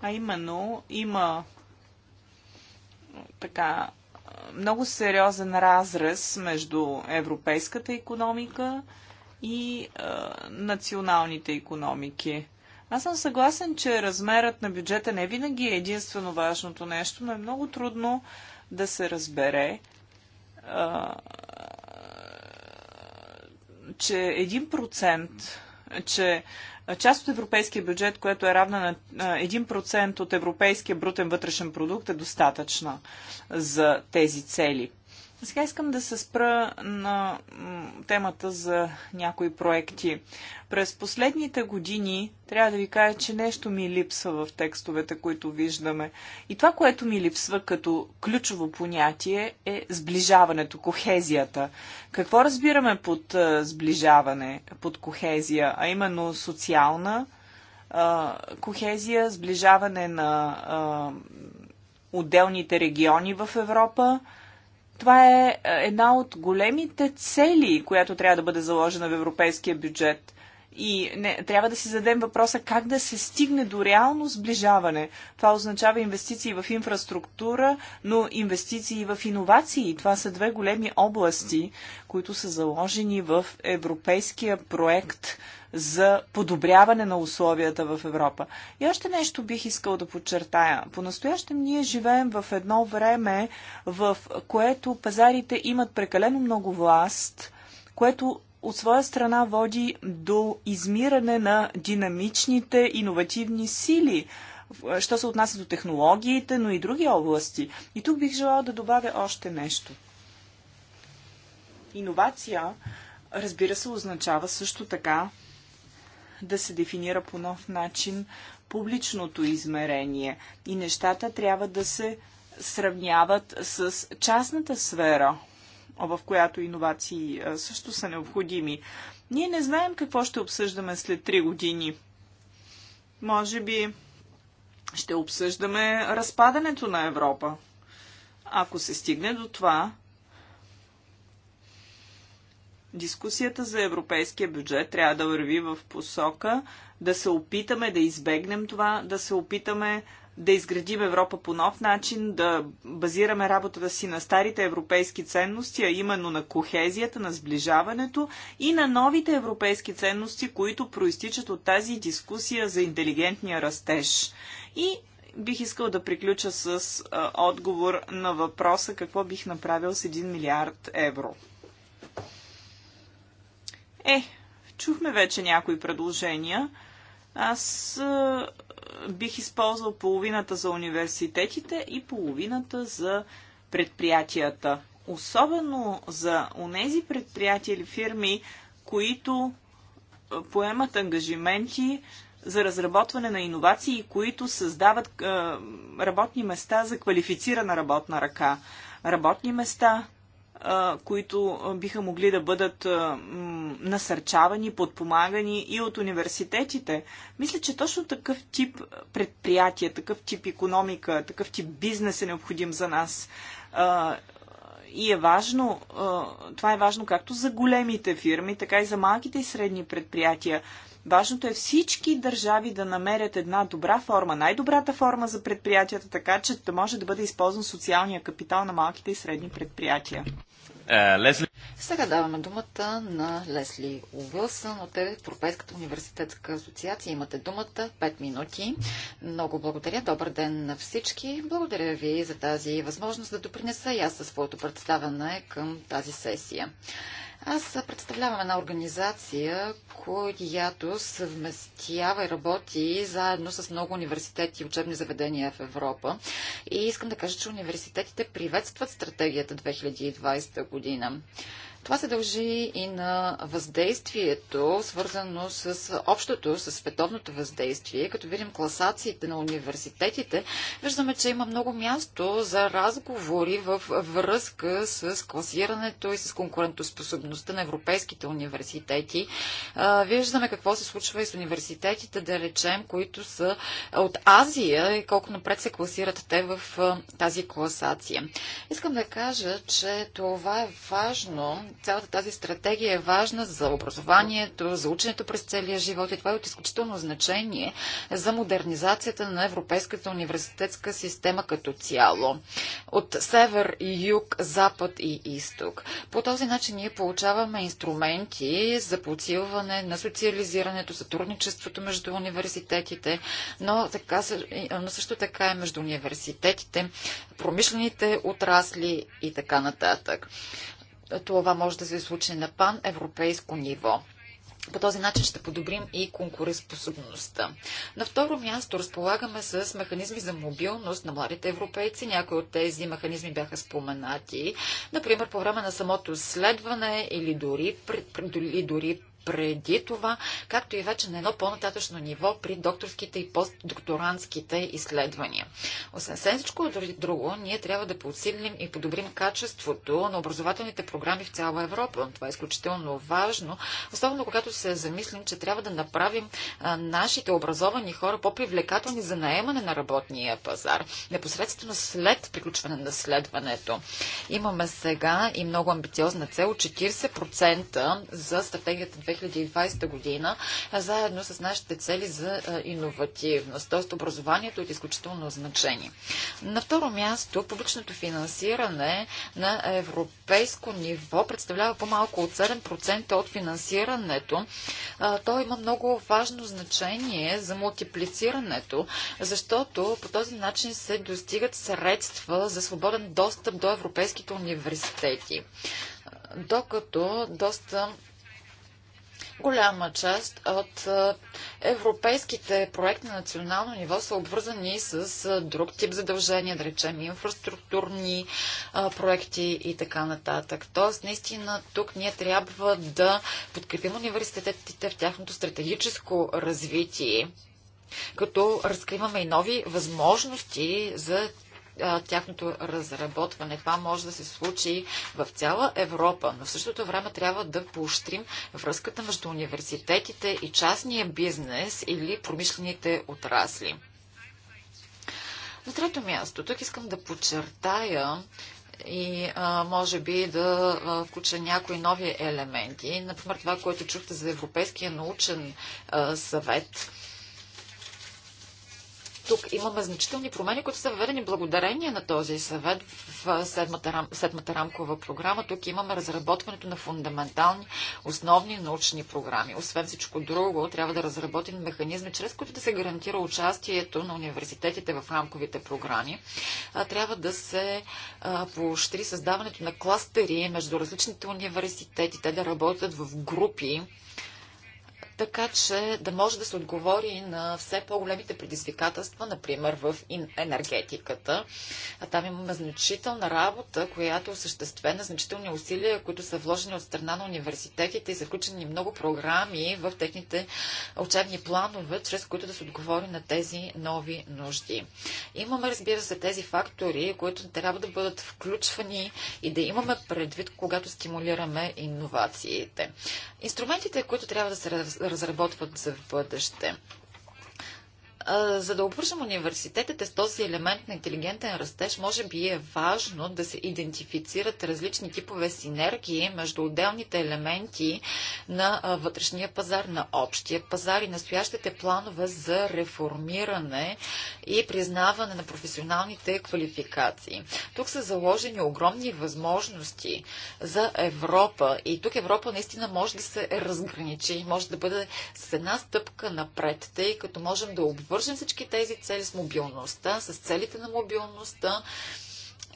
а именно има така много сериозен разрез между европейската економика и е, националните економики. Аз съм съгласен, че размерът на бюджета не винаги е единствено важното нещо, но е много трудно да се разбере, е, че 1%, че част от европейския бюджет, което е равна на 1% от европейския брутен вътрешен продукт, е достатъчна за тези цели. Сега искам да се спра на темата за някои проекти. През последните години трябва да ви кажа, че нещо ми липсва в текстовете, които виждаме. И това, което ми липсва като ключово понятие е сближаването, кохезията. Какво разбираме под сближаване, под кохезия, а именно социална а, кохезия, сближаване на а, отделните региони в Европа, това е, е една от големите цели, която трябва да бъде заложена в европейския бюджет. И не, трябва да си зададем въпроса как да се стигне до реално сближаване. Това означава инвестиции в инфраструктура, но инвестиции в иновации. Това са две големи области, които са заложени в европейския проект за подобряване на условията в Европа. И още нещо бих искал да подчертая. По-настоящем ние живеем в едно време, в което пазарите имат прекалено много власт, което от своя страна води до измиране на динамичните, иновативни сили, що се отнася до технологиите, но и други области. И тук бих желала да добавя още нещо. Иновация, разбира се, означава също така да се дефинира по нов начин публичното измерение и нещата трябва да се сравняват с частната сфера, в която иновации също са необходими. Ние не знаем какво ще обсъждаме след 3 години. Може би ще обсъждаме разпадането на Европа. Ако се стигне до това, Дискусията за европейския бюджет трябва да върви в посока да се опитаме да избегнем това, да се опитаме да изградим Европа по нов начин, да базираме работата си на старите европейски ценности, а именно на кохезията, на сближаването и на новите европейски ценности, които проистичат от тази дискусия за интелигентния растеж. И бих искал да приключа с а, отговор на въпроса какво бих направил с 1 милиард евро. Е, чухме вече някои предложения. Аз бих използвал половината за университетите и половината за предприятията. Особено за онези предприятия или фирми, които поемат ангажименти за разработване на иновации, които създават работни места за квалифицирана работна ръка. Работни места, които биха могли да бъдат насърчавани, подпомагани и от университетите. Мисля, че точно такъв тип предприятия, такъв тип економика, такъв тип бизнес е необходим за нас. И е важно, това е важно както за големите фирми, така и за малките и средни предприятия. Важното е всички държави да намерят една добра форма, най-добрата форма за предприятията, така че да може да бъде използван социалния капитал на малките и средни предприятия. Е, Лесли. Сега даваме думата на Лесли Уилсън от Европейската университетска асоциация. Имате думата 5 минути. Много благодаря. Добър ден на всички. Благодаря ви за тази възможност да допринеса и аз със своето представяне към тази сесия. Аз представлявам една организация, която съвместява и работи заедно с много университети и учебни заведения в Европа. И искам да кажа, че университетите приветстват стратегията 2020 година. Това се дължи и на въздействието, свързано с общото, с световното въздействие. Като видим класациите на университетите, виждаме, че има много място за разговори в връзка с класирането и с конкурентоспособността на европейските университети. Виждаме какво се случва и с университетите, да речем, които са от Азия и колко напред се класират те в тази класация. Искам да кажа, че това е важно цялата тази стратегия е важна за образованието, за ученето през целия живот и това е от изключително значение за модернизацията на Европейската университетска система като цяло. От север и юг, запад и изток. По този начин ние получаваме инструменти за подсилване на социализирането, сътрудничеството между университетите, но, така, но също така и между университетите, промишлените отрасли и така нататък това може да се случи на пан-европейско ниво. По този начин ще подобрим и конкурентоспособността. На второ място разполагаме с механизми за мобилност на младите европейци. Някои от тези механизми бяха споменати. Например, по време на самото следване или дори, или дори преди това, както и вече на едно по-нататъчно ниво при докторските и постдокторантските изследвания. Освен всичко друго, ние трябва да подсилим и подобрим качеството на образователните програми в цяла Европа. Това е изключително важно, особено когато се замислим, че трябва да направим нашите образовани хора по-привлекателни за наемане на работния пазар, непосредствено след приключване на следването. Имаме сега и много амбициозна цел 40% за стратегията 2020 2020 година, заедно с нашите цели за иновативност. Тоест образованието е от изключително значение. На второ място, публичното финансиране на европейско ниво представлява по-малко от 7% от финансирането. То има много важно значение за мултиплицирането, защото по този начин се достигат средства за свободен достъп до европейските университети докато доста Голяма част от европейските проекти на национално ниво са обвързани с друг тип задължения, да речем инфраструктурни проекти и така нататък. Тоест, наистина, тук ние трябва да подкрепим университетите в тяхното стратегическо развитие, като разкриваме и нови възможности за тяхното разработване. Това може да се случи в цяла Европа, но в същото време трябва да поощрим връзката между университетите и частния бизнес или промишлените отрасли. На трето място, тук искам да подчертая и а, може би да а, включа някои нови елементи. Например, това, което чухте за Европейския научен а, съвет тук имаме значителни промени, които са въведени благодарение на този съвет в седмата, рам, седмата рамкова програма. Тук имаме разработването на фундаментални основни научни програми. Освен всичко друго, трябва да разработим механизми, чрез които да се гарантира участието на университетите в рамковите програми. Трябва да се поощри създаването на кластери между различните университети, те да работят в групи така че да може да се отговори на все по-големите предизвикателства, например в енергетиката. А там имаме значителна работа, която е осъществена, значителни усилия, които са вложени от страна на университетите и са включени много програми в техните учебни планове, чрез които да се отговори на тези нови нужди. Имаме, разбира се, тези фактори, които трябва да бъдат включвани и да имаме предвид, когато стимулираме иновациите. Инструментите, които трябва да се разработват за в бъдеще за да обвържем университетите с този елемент на интелигентен растеж, може би е важно да се идентифицират различни типове синергии между отделните елементи на вътрешния пазар, на общия пазар и настоящите планове за реформиране и признаване на професионалните квалификации. Тук са заложени огромни възможности за Европа и тук Европа наистина може да се разграничи, може да бъде с една стъпка напред, тъй като можем да обвържем свършим всички тези цели с мобилността, с целите на мобилността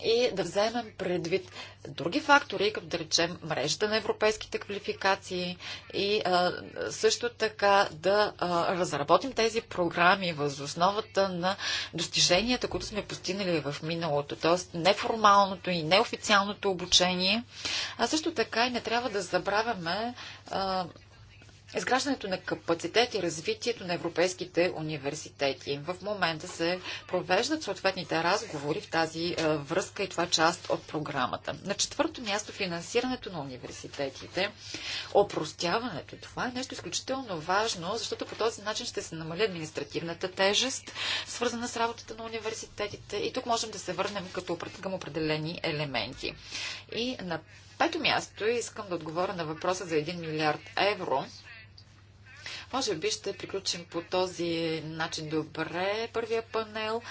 и да вземем предвид други фактори, като да речем мрежата на европейските квалификации и а, също така да а, разработим тези програми въз основата на достиженията, които сме постигнали в миналото, т.е. неформалното и неофициалното обучение. А също така и не трябва да забравяме а, изграждането на капацитет и развитието на европейските университети. В момента се провеждат съответните разговори в тази е, връзка и това част от програмата. На четвърто място финансирането на университетите, опростяването. Това е нещо изключително важно, защото по този начин ще се намали административната тежест, свързана с работата на университетите и тук можем да се върнем като към определени елементи. И на пето място искам да отговоря на въпроса за 1 милиард евро, може би ще приключим по този начин добре първия панел.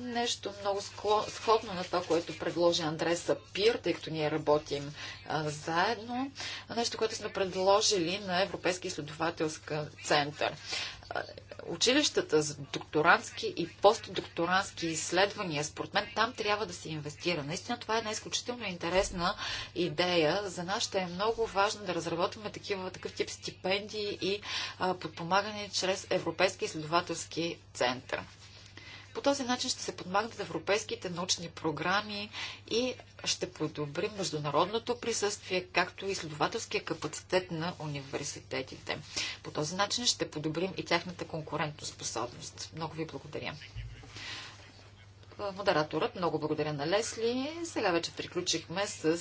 Нещо много сходно на това, което предложи Андреса Сапир, тъй като ние работим заедно. Нещо, което сме предложили на Европейски изследователски център училищата за докторантски и постдокторантски изследвания, според мен там трябва да се инвестира. Наистина това е една изключително интересна идея. За нас ще е много важно да разработваме такива, такъв тип стипендии и а, подпомагане чрез Европейски изследователски център. По този начин ще се подмагнат европейските научни програми и ще подобри международното присъствие, както и изследователския капацитет на университетите. По този начин ще подобрим и тяхната конкурентоспособност. Много ви благодаря. Модераторът, много благодаря на Лесли. Сега вече приключихме с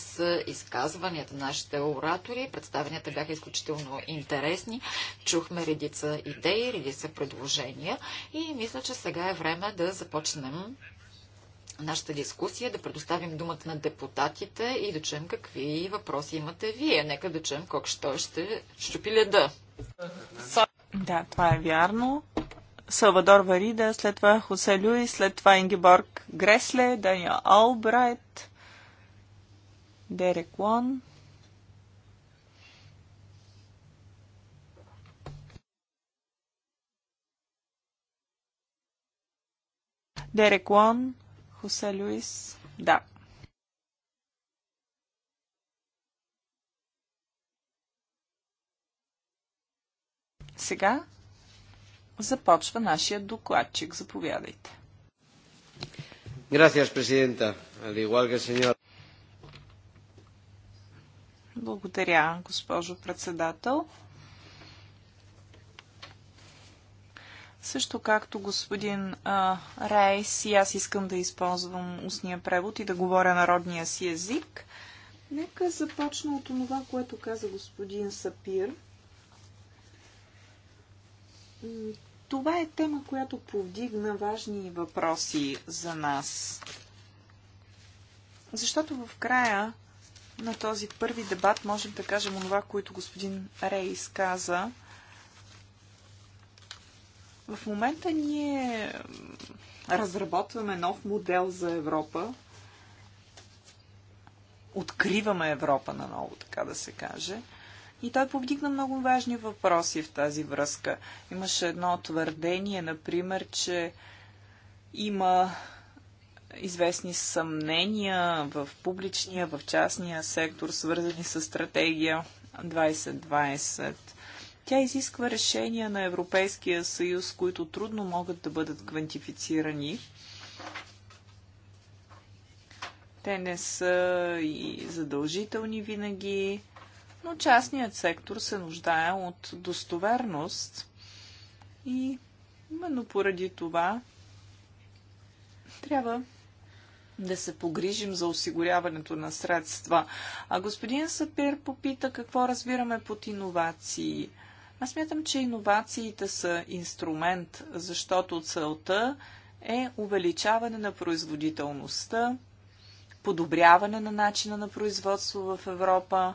изказванията на нашите оратори. Представенията бяха изключително интересни. Чухме редица идеи, редица предложения и мисля, че сега е време да започнем нашата дискусия, да предоставим думата на депутатите и да чуем какви въпроси имате вие. Нека да чуем колко ще щупи леда. Да, това е вярно. Салвадор Варида, след това Хосе Люи, след това Ингеборг Гресле, Даниел Албрайт, Дерек Лон. Дерек Лон, Хосе Люис, да. Сега Започва нашия докладчик. Заповядайте. Gracias, президента. Al igual que señor... Благодаря, госпожо председател. Също както господин а, Рейс, и аз искам да използвам устния превод и да говоря народния си език. Нека започна от това, което каза господин Сапир. Това е тема, която повдигна важни въпроси за нас. Защото в края на този първи дебат можем да кажем онова, което господин Рейс каза. В момента ние разработваме нов модел за Европа. Откриваме Европа на ново, така да се каже. И той повдигна много важни въпроси в тази връзка. Имаше едно твърдение, например, че има известни съмнения в публичния, в частния сектор, свързани с стратегия 2020. Тя изисква решения на Европейския съюз, които трудно могат да бъдат квантифицирани. Те не са и задължителни винаги но частният сектор се нуждае от достоверност и именно поради това трябва да се погрижим за осигуряването на средства. А господин Сапир попита какво разбираме под иновации. Аз мятам, че иновациите са инструмент, защото целта е увеличаване на производителността, подобряване на начина на производство в Европа,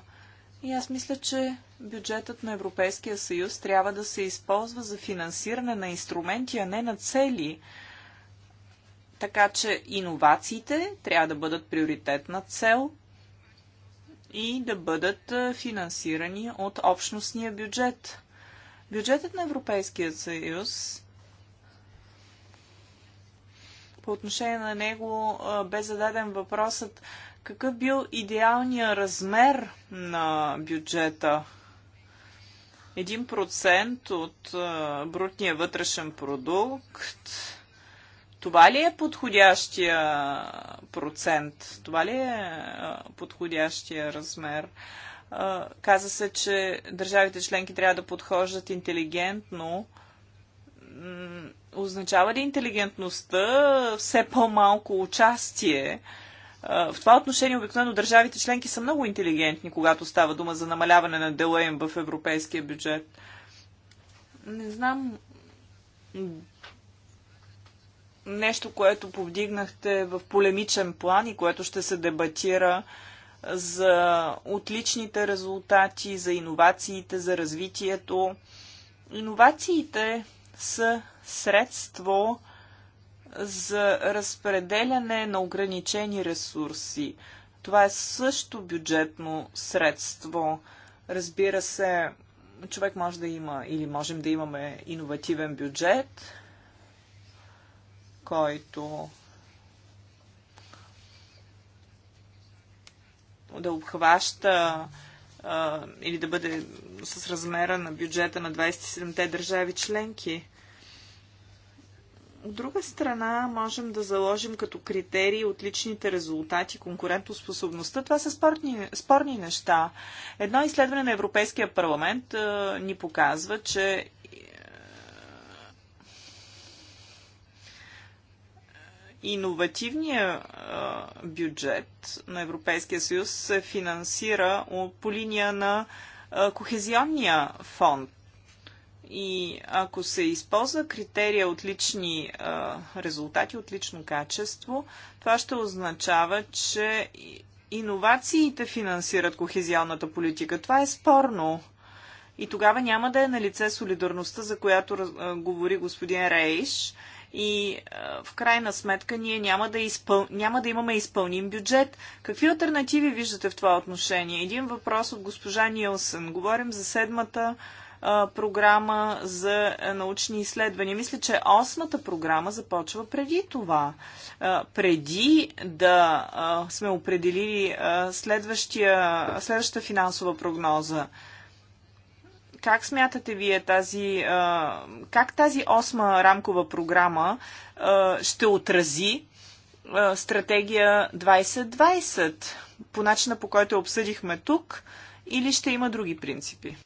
и аз мисля, че бюджетът на Европейския съюз трябва да се използва за финансиране на инструменти, а не на цели. Така че иновациите трябва да бъдат приоритетна цел и да бъдат финансирани от общностния бюджет. Бюджетът на Европейския съюз по отношение на него бе зададен въпросът какъв бил идеалният размер на бюджета? 1% от брутния вътрешен продукт. Това ли е подходящия процент? Това ли е подходящия размер? каза се, че държавите членки трябва да подхождат интелигентно. означава ли интелигентността все по-малко участие? В това отношение обикновено държавите членки са много интелигентни, когато става дума за намаляване на дела им в европейския бюджет. Не знам нещо, което повдигнахте в полемичен план и което ще се дебатира за отличните резултати, за иновациите, за развитието. Иновациите са средство, за разпределяне на ограничени ресурси. Това е също бюджетно средство. Разбира се, човек може да има или можем да имаме иновативен бюджет, който да обхваща или да бъде с размера на бюджета на 27-те държави членки. От друга страна можем да заложим като критерии отличните резултати, конкурентоспособността. Това са спорни, спорни неща. Едно изследване на Европейския парламент а, ни показва, че е, иновативният бюджет на Европейския съюз се финансира по линия на Кохезионния фонд. И ако се използва критерия от лични а, резултати, от лично качество, това ще означава, че иновациите финансират кохезионната политика. Това е спорно. И тогава няма да е на лице солидарността, за която а, говори господин Рейш. И а, в крайна сметка ние няма да, изпъл... няма да имаме изпълним бюджет. Какви альтернативи виждате в това отношение? Един въпрос от госпожа Нилсън. Говорим за седмата програма за научни изследвания. Мисля, че осмата програма започва преди това. преди да сме определили следващата финансова прогноза. Как смятате вие тази, как тази осма рамкова програма ще отрази стратегия 2020 по начина по който обсъдихме тук или ще има други принципи?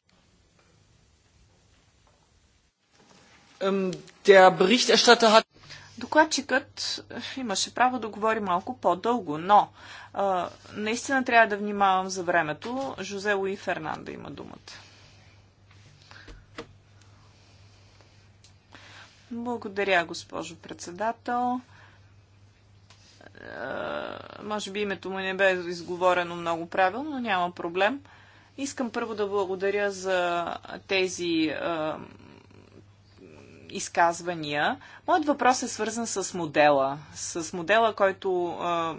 Докладчикът имаше право да говори малко по-дълго, но а, наистина трябва да внимавам за времето. Жозе Луи Фернандо има думата. Благодаря, госпожо председател. А, може би името му не бе изговорено много правилно, но няма проблем. Искам първо да благодаря за тези а, изказвания. Моят въпрос е свързан с модела, с модела, който,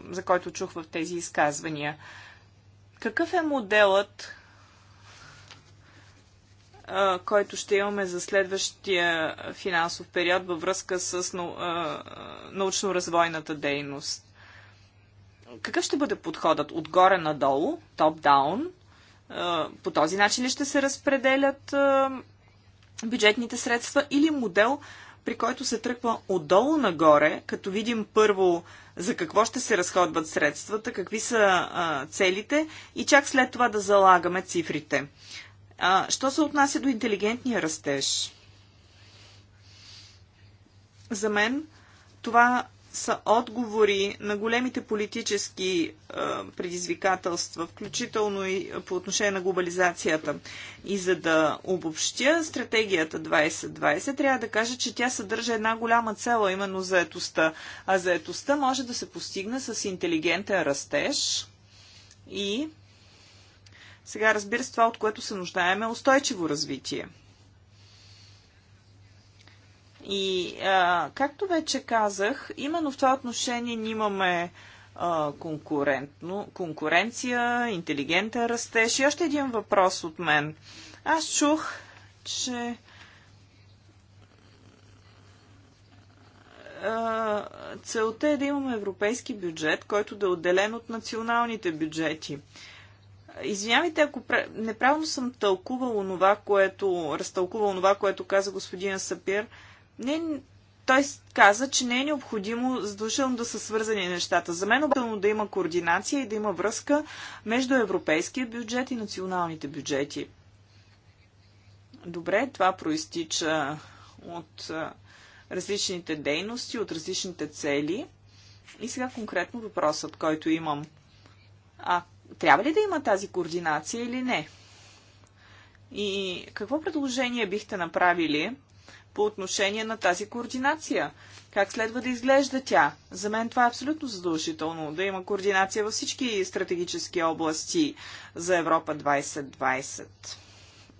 за който чух в тези изказвания. Какъв е моделът, който ще имаме за следващия финансов период във връзка с научно-развойната дейност? Какъв ще бъде подходът? Отгоре надолу, топ-даун? По този начин ли ще се разпределят бюджетните средства или модел, при който се тръгва отдолу нагоре, като видим първо за какво ще се разходват средствата, какви са а, целите и чак след това да залагаме цифрите. А, що се отнася до интелигентния растеж? За мен това са отговори на големите политически а, е, предизвикателства, включително и по отношение на глобализацията. И за да обобщя стратегията 2020, трябва да кажа, че тя съдържа една голяма цела, именно заетостта. А заетостта може да се постигне с интелигентен растеж и сега разбира се това, от което се нуждаем е устойчиво развитие – и а, както вече казах, именно в това отношение ние имаме а, конкуренция, интелигентен растеж. И още един въпрос от мен. Аз чух, че целта е да имаме европейски бюджет, който да е отделен от националните бюджети. Извинявайте, ако неправилно съм тълкувал това, което, разтълкувал това, което каза господин Сапир, не, той каза, че не е необходимо задушено да са свързани нещата. За мен е обително да има координация и да има връзка между европейския бюджет и националните бюджети. Добре, това проистича от различните дейности, от различните цели. И сега конкретно въпросът, който имам. А трябва ли да има тази координация или не? И какво предложение бихте направили по отношение на тази координация. Как следва да изглежда тя? За мен това е абсолютно задължително да има координация във всички стратегически области за Европа 2020.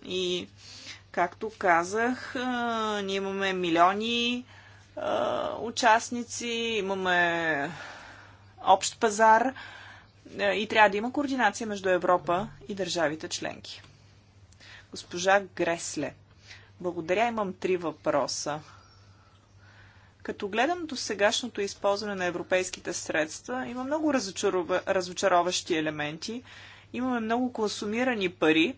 И, както казах, ние имаме милиони участници, имаме общ пазар и трябва да има координация между Европа и държавите членки. Госпожа Гресле. Благодаря, имам три въпроса. Като гледам до сегашното използване на европейските средства, има много разочароващи елементи. Имаме много консумирани пари,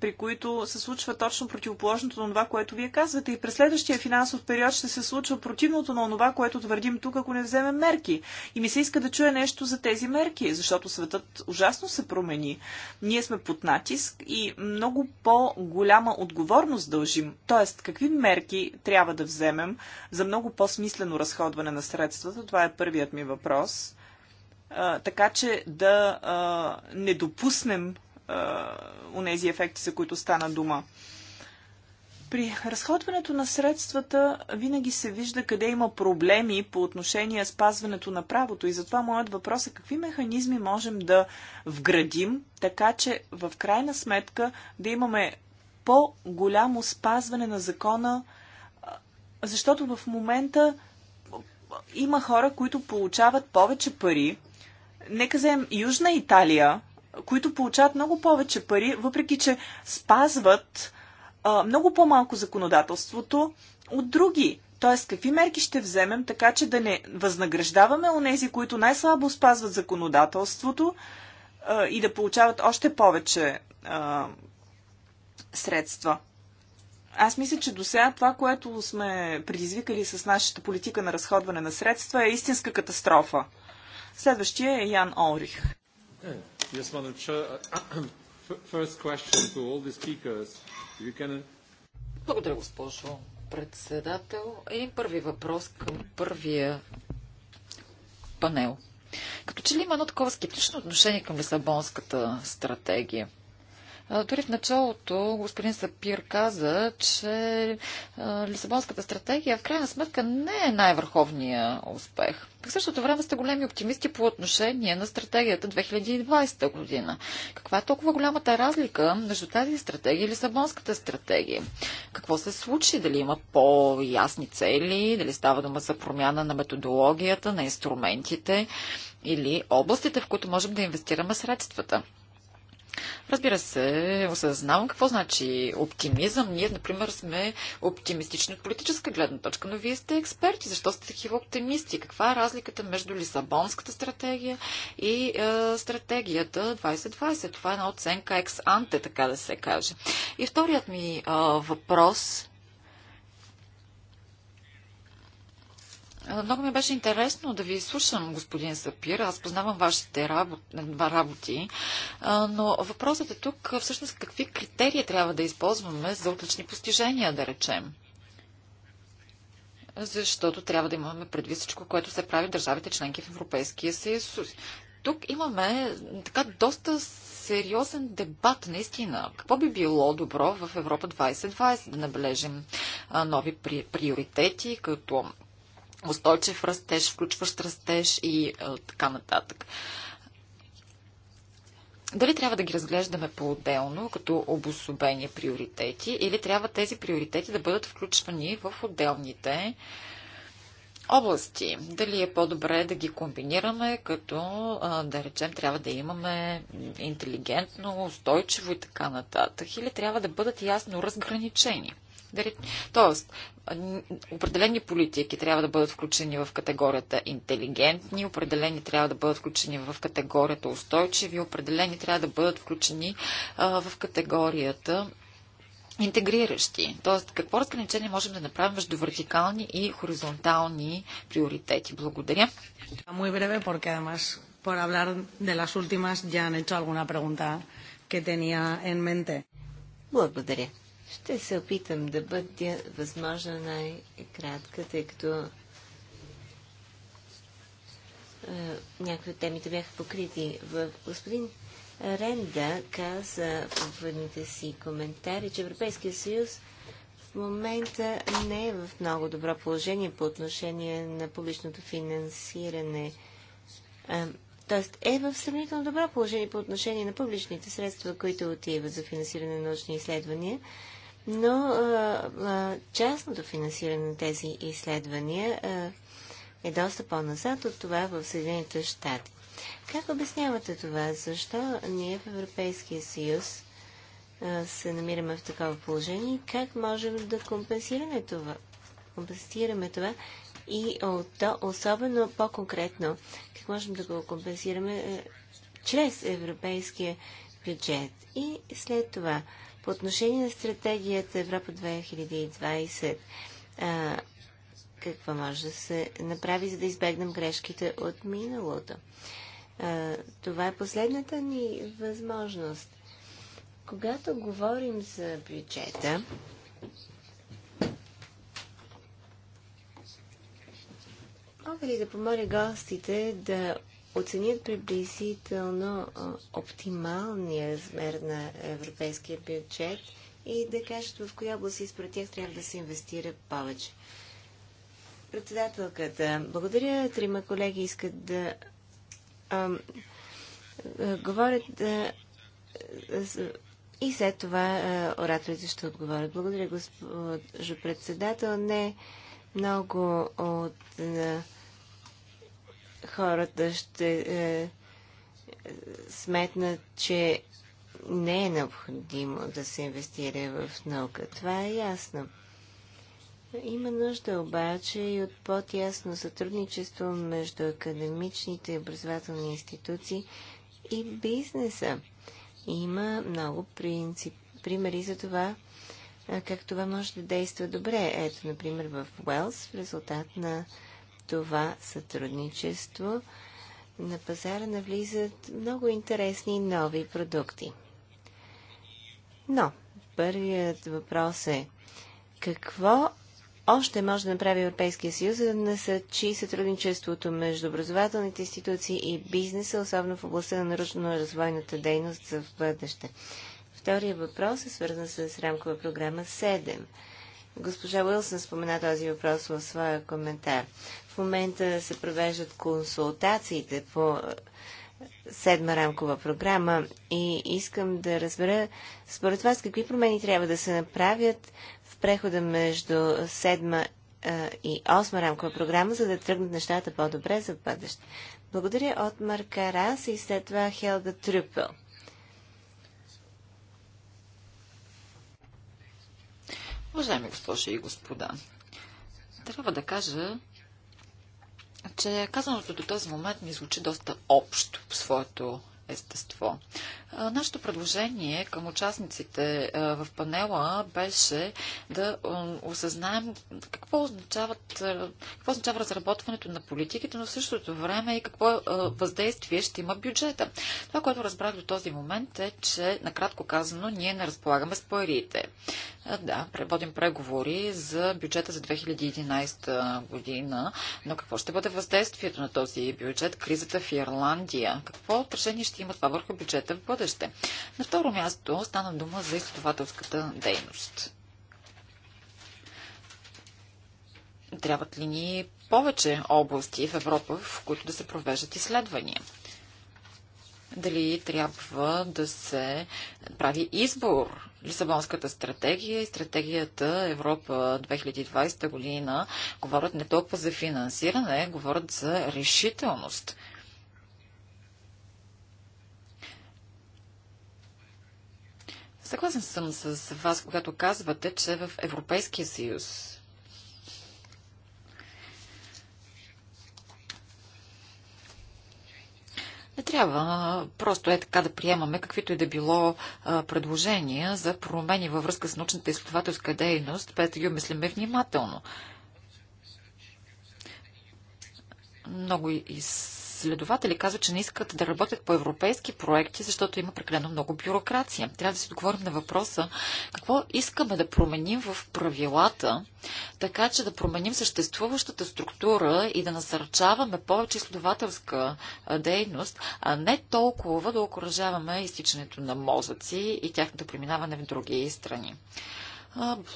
при които се случва точно противоположното на това, което вие казвате. И през следващия финансов период ще се случва противното на това, което твърдим тук, ако не вземем мерки. И ми се иска да чуя нещо за тези мерки, защото светът ужасно се промени. Ние сме под натиск и много по-голяма отговорност дължим. Тоест, какви мерки трябва да вземем за много по-смислено разходване на средствата? Това е първият ми въпрос. така че да не допуснем онези ефекти, за които стана дума. При разходването на средствата винаги се вижда къде има проблеми по отношение спазването на правото и затова моят въпрос е какви механизми можем да вградим, така че в крайна сметка да имаме по-голямо спазване на закона, защото в момента има хора, които получават повече пари. Нека вземем Южна Италия, които получават много повече пари, въпреки че спазват а, много по-малко законодателството от други. Тоест, какви мерки ще вземем, така че да не възнаграждаваме онези, които най-слабо спазват законодателството а, и да получават още повече а, средства? Аз мисля, че до сега това, което сме предизвикали с нашата политика на разходване на средства е истинска катастрофа. Следващия е Ян Олрих. Е, Yes, Madam Chair. Uh, *coughs* first question to all the speakers. You can... Uh, Благодаря, госпожо председател. Един първи въпрос към първия панел. Като че ли има едно такова скептично отношение към Лисабонската стратегия? Дори в началото господин Сапир каза, че Лисабонската стратегия в крайна сметка не е най-върховния успех. В същото време сте големи оптимисти по отношение на стратегията 2020 година. Каква е толкова голямата разлика между тази стратегия и Лисабонската стратегия? Какво се случи? Дали има по-ясни цели? Дали става дума за промяна на методологията, на инструментите или областите, в които можем да инвестираме средствата? Разбира се, осъзнавам какво значи оптимизъм. Ние, например, сме оптимистични от политическа гледна точка, но вие сте експерти. Защо сте такива оптимисти? Каква е разликата между Лисабонската стратегия и е, стратегията 2020? Това е една оценка екс-анте, така да се каже. И вторият ми е, въпрос Много ми беше интересно да ви слушам, господин Сапир. Аз познавам вашите работи, но въпросът е тук всъщност какви критерии трябва да използваме за отлични постижения, да речем. Защото трябва да имаме предвид всичко, което се прави в държавите членки в Европейския съюз. Тук имаме така доста сериозен дебат, наистина. Какво би било добро в Европа 2020 да набележим нови приоритети, като устойчив растеж, включващ растеж и а, е, така нататък. Дали трябва да ги разглеждаме по-отделно, като обособени приоритети, или трябва тези приоритети да бъдат включвани в отделните области? Дали е по-добре да ги комбинираме, като, да речем, трябва да имаме интелигентно, устойчиво и така нататък, или трябва да бъдат ясно разграничени? Тоест, определени политики трябва да бъдат включени в категорията интелигентни, определени трябва да бъдат включени в категорията устойчиви, определени трябва да бъдат включени а, в категорията интегриращи. Тоест, какво разграничение можем да направим между вертикални и хоризонтални приоритети? Благодаря. Muy breve, porque además, por hablar de las últimas, ya han hecho alguna pregunta que tenía en mente. Благодаря. Ще се опитам да бъдя възможно най-кратка, тъй като е, някои от темите бяха покрити. В господин Ренда каза в уводните си коментари, че Европейския съюз в момента не е в много добро положение по отношение на публичното финансиране. Е, тоест е в сравнително добро положение по отношение на публичните средства, които отиват за финансиране на научни изследвания, но частното финансиране на тези изследвания е доста по-назад от това в Съединените щати. Как обяснявате това? Защо ние в Европейския съюз се намираме в такова положение? Как можем да компенсираме това? Компенсираме това и то, особено по-конкретно, как можем да го компенсираме чрез европейския бюджет? И след това, по отношение на стратегията Европа 2020, а, какво може да се направи, за да избегнем грешките от миналото? А, това е последната ни възможност. Когато говорим за бюджета, мога ли да помоля гостите да оценят приблизително оптималния размер на европейския бюджет и да кажат в коя област според тях трябва да се инвестира повече. Председателката, благодаря. Трима колеги искат да ам, говорят да, и след това а, ораторите ще отговорят. Благодаря, госпожо председател. Не много от а, хората ще е, е, сметнат, че не е необходимо да се инвестира в наука. Това е ясно. Има нужда обаче и от по-тясно сътрудничество между академичните и образователни институции и бизнеса. Има много принцип, примери за това, е, как това може да действа добре. Ето, например, в Уелс, в резултат на това сътрудничество на пазара навлизат много интересни нови продукти. Но, първият въпрос е какво още може да направи Европейския съюз, за да насърчи сътрудничеството между образователните институции и бизнеса, особено в областта на научно-развойната дейност за в бъдеще? Втория въпрос е свързан с рамкова програма 7 Госпожа Уилсън спомена този въпрос в своя коментар. В момента се провеждат консултациите по е, седма рамкова програма и искам да разбера според вас какви промени трябва да се направят в прехода между седма е, и осма рамкова програма, за да тръгнат нещата по-добре за бъдеще. Благодаря от Марка Рас и след това Хелга Трюпел. Уважаеми госпожи и господа, трябва да кажа, че казаното до този момент ми звучи доста общо в своето естество. Нашето предложение към участниците в панела беше да осъзнаем какво, означават, какво означава разработването на политиките, но в същото време и какво въздействие ще има бюджета. Това, което разбрах до този момент е, че накратко казано ние не разполагаме с парите. Да, преводим преговори за бюджета за 2011 година, но какво ще бъде въздействието на този бюджет, кризата в Ирландия? Какво отражение ще има това върху бюджета в бъдеще? бъдеще. На второ място стана дума за изследователската дейност. Трябват ли ни повече области в Европа, в които да се провеждат изследвания? дали трябва да се прави избор. Лисабонската стратегия и стратегията Европа 2020 година говорят не толкова за финансиране, говорят за решителност. Съгласен съм с вас, когато казвате, че в Европейския съюз Не трябва просто е така да приемаме каквито и да било предложения за промени във връзка с научната изследователска дейност, без да ги обмислиме внимателно. Много из изследователи казват, че не искат да работят по европейски проекти, защото има прекалено много бюрокрация. Трябва да си отговорим на въпроса какво искаме да променим в правилата, така че да променим съществуващата структура и да насърчаваме повече изследователска дейност, а не толкова да окоръжаваме изтичането на мозъци и тяхното преминаване в други страни.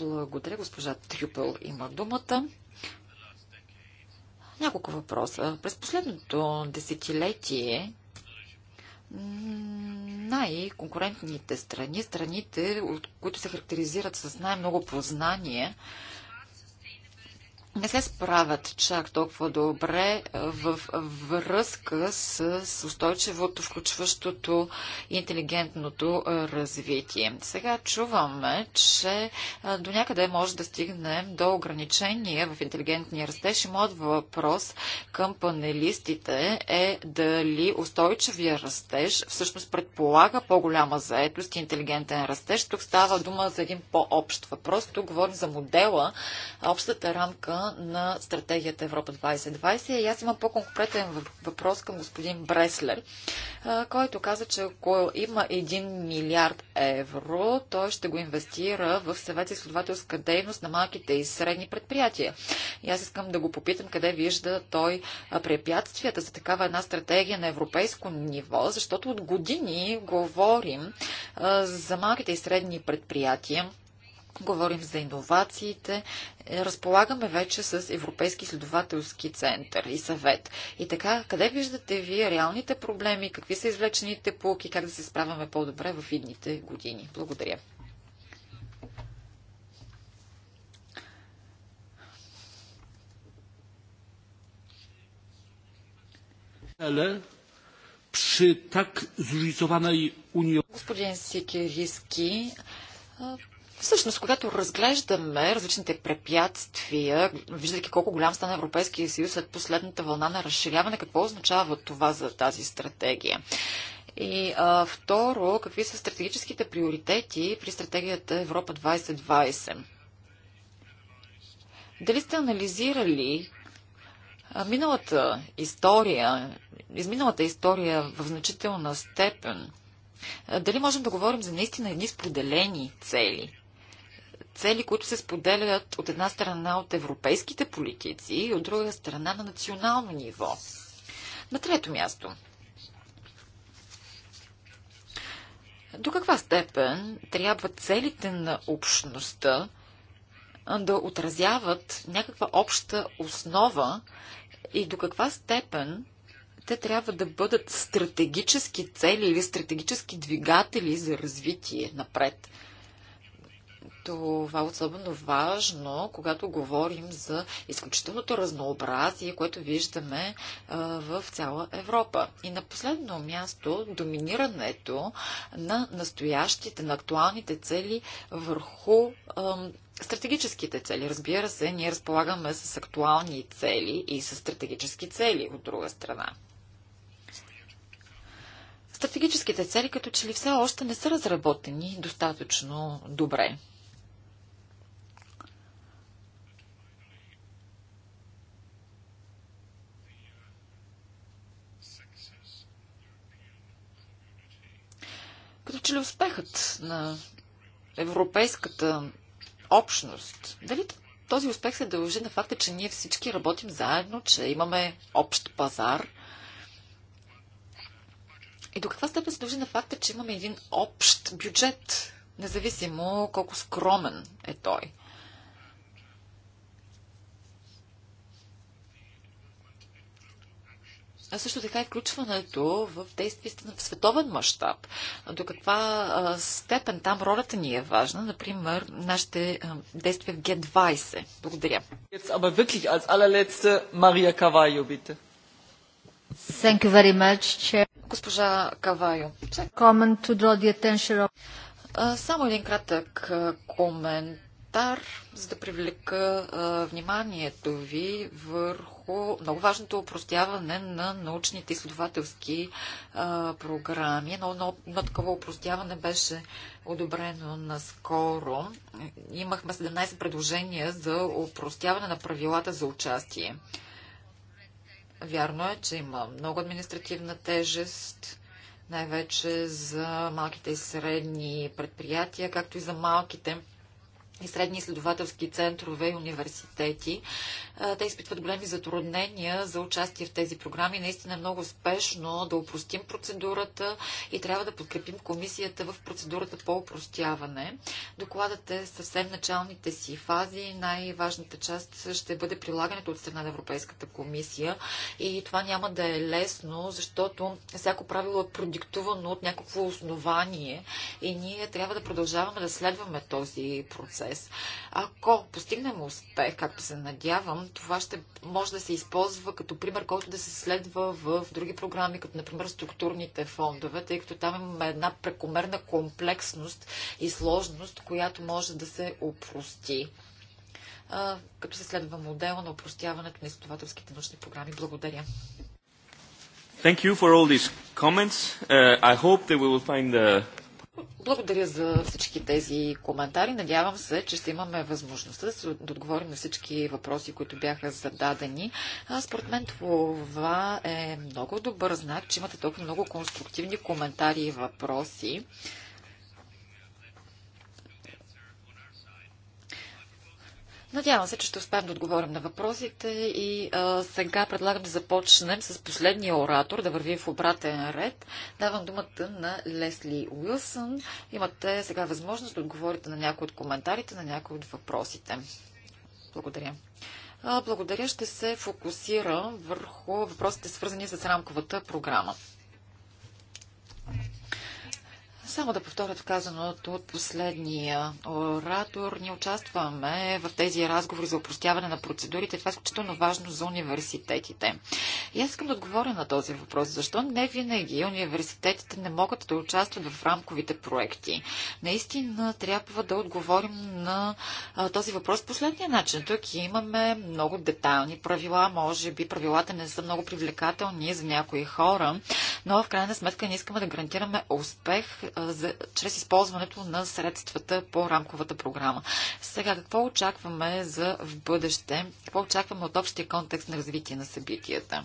Благодаря. Госпожа Трюпел има думата. Няколко въпроса. През последното десетилетие най-конкурентните страни, страните, от които се характеризират с най-много познание, не се справят чак толкова добре е, в връзка с, устойчивото, включващото интелигентното е, развитие. Сега чуваме, че е, до някъде може да стигнем до ограничения в интелигентния растеж и моят въпрос към панелистите е дали устойчивия растеж всъщност предполага по-голяма заетост и интелигентен растеж. Тук става дума за един по-общ въпрос. Тук говорим за модела, общата рамка на стратегията Европа 2020. И аз имам по-конкретен въпрос към господин Бреслер, който каза, че ако има 1 милиард евро, той ще го инвестира в съвет и следователска дейност на малките и средни предприятия. И аз искам да го попитам къде вижда той препятствията за такава една стратегия на европейско ниво, защото от години говорим за малките и средни предприятия говорим за иновациите, е, разполагаме вече с Европейски следователски център и съвет. И така, къде виждате вие реалните проблеми, какви са извлечените полки, как да се справяме по-добре в идните години? Благодаря. Господин Сикериски, Всъщност, когато разглеждаме различните препятствия, виждайки колко голям стана Европейския съюз след последната вълна на разширяване, какво означава това за тази стратегия? И а, второ, какви са стратегическите приоритети при стратегията Европа 2020? Дали сте анализирали а, миналата история, изминалата история в значителна степен? дали можем да говорим за наистина едни споделени цели? цели, които се споделят от една страна от европейските политици и от друга страна на национално ниво. На трето място. До каква степен трябва целите на общността да отразяват някаква обща основа и до каква степен те трябва да бъдат стратегически цели или стратегически двигатели за развитие напред – това е особено важно, когато говорим за изключителното разнообразие, което виждаме в цяла Европа. И на последно място, доминирането на настоящите, на актуалните цели върху стратегическите цели. Разбира се, ние разполагаме с актуални цели и с стратегически цели от друга страна. Стратегическите цели като че ли все още не са разработени достатъчно добре. Като че ли успехът на европейската общност, дали този успех се дължи на факта, че ние всички работим заедно, че имаме общ пазар – и до каква степен се дължи на факта, че имаме един общ бюджет, независимо колко скромен е той? а също така и включването в действията на световен мащаб. До каква степен там ролята ни е важна, например, нашите действия в Г20. Благодаря. Jetzt aber wirklich als allerletzte Maria Cavallo, bitte. Thank you very much, Chair. Госпожа Кавайо. Comment to draw the attention of... Само един кратък коментар, за да привлека вниманието ви върху върху много важното упростяване на научните изследователски а, програми. Но едно такова упростяване беше одобрено наскоро. Имахме 17 предложения за упростяване на правилата за участие. Вярно е, че има много административна тежест, най-вече за малките и средни предприятия, както и за малките и средни изследователски центрове и университети. Те изпитват големи затруднения за участие в тези програми. Наистина е много спешно да упростим процедурата и трябва да подкрепим комисията в процедурата по упростяване. Докладът е съвсем началните си фази. Най-важната част ще бъде прилагането от страна на Европейската комисия и това няма да е лесно, защото всяко правило е продиктувано от някакво основание и ние трябва да продължаваме да следваме този процес процес. Ако постигнем успех, както се надявам, това ще може да се използва като пример, който да се следва в други програми, като например структурните фондове, тъй като там имаме една прекомерна комплексност и сложност, която може да се опрости като се следва модела на упростяването на изследователските научни програми. Благодаря. Thank you for all these comments. Uh, I hope that we will find a uh, благодаря за всички тези коментари. Надявам се, че ще имаме възможността да отговорим на всички въпроси, които бяха зададени. А, според мен това е много добър знак, че имате толкова много конструктивни коментари и въпроси. Надявам се, че ще успеем да отговорим на въпросите и а, сега предлагам да започнем с последния оратор, да вървим в обратен ред. Давам думата на Лесли Уилсън. Имате сега възможност да отговорите на някои от коментарите, на някои от въпросите. Благодаря. А, благодаря. Ще се фокусира върху въпросите, свързани с рамковата програма. Само да повторят казаното от последния оратор. Ние участваме в тези разговори за упростяване на процедурите. Това е изключително важно за университетите. И аз искам да отговоря на този въпрос. Защо не винаги университетите не могат да участват в рамковите проекти? Наистина трябва да отговорим на този въпрос последния начин. Тук имаме много детайлни правила. Може би правилата не са много привлекателни за някои хора, но в крайна сметка не искаме да гарантираме успех за, чрез използването на средствата по рамковата програма. Сега, какво очакваме за в бъдеще? Какво очакваме от общия контекст на развитие на събитията?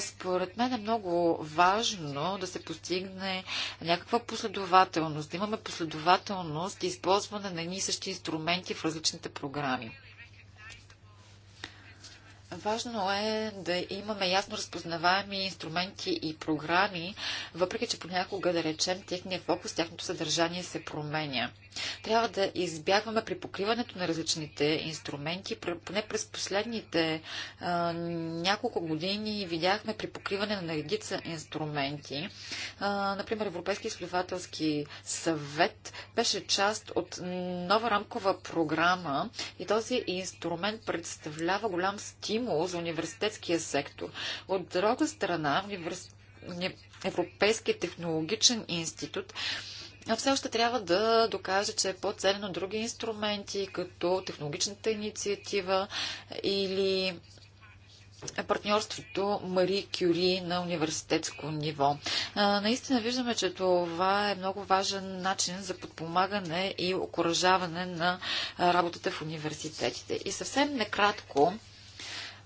Според мен е много важно да се постигне някаква последователност, да имаме последователност и използване на едни и същи инструменти в различните програми. Важно е да имаме ясно разпознаваеми инструменти и програми, въпреки че понякога, да речем, техния фокус, тяхното съдържание се променя. Трябва да избягваме при покриването на различните инструменти. Поне през последните а, няколко години видяхме при покриване на редица инструменти. А, например, Европейски изследователски съвет беше част от нова рамкова програма и този инструмент представлява голям стимул за университетския сектор. От друга страна, университет Европейския технологичен институт а все още трябва да докаже, че е по-целен други инструменти, като технологичната инициатива или партньорството Мари Кюри на университетско ниво. Наистина виждаме, че това е много важен начин за подпомагане и окоръжаване на работата в университетите. И съвсем некратко,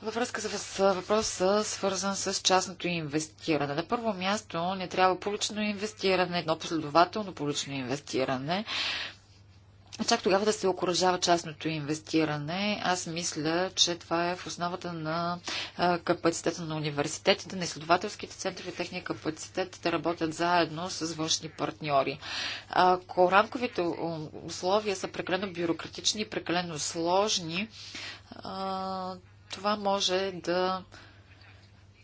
във връзка с въпроса, свързан с частното инвестиране. На първо място не трябва публично инвестиране, едно последователно публично инвестиране. Чак тогава да се окоръжава частното инвестиране. Аз мисля, че това е в основата на капацитета на университетите, на изследователските центрове, техния капацитет да работят заедно с външни партньори. Ако рамковите условия са прекалено бюрократични и прекалено сложни, това може да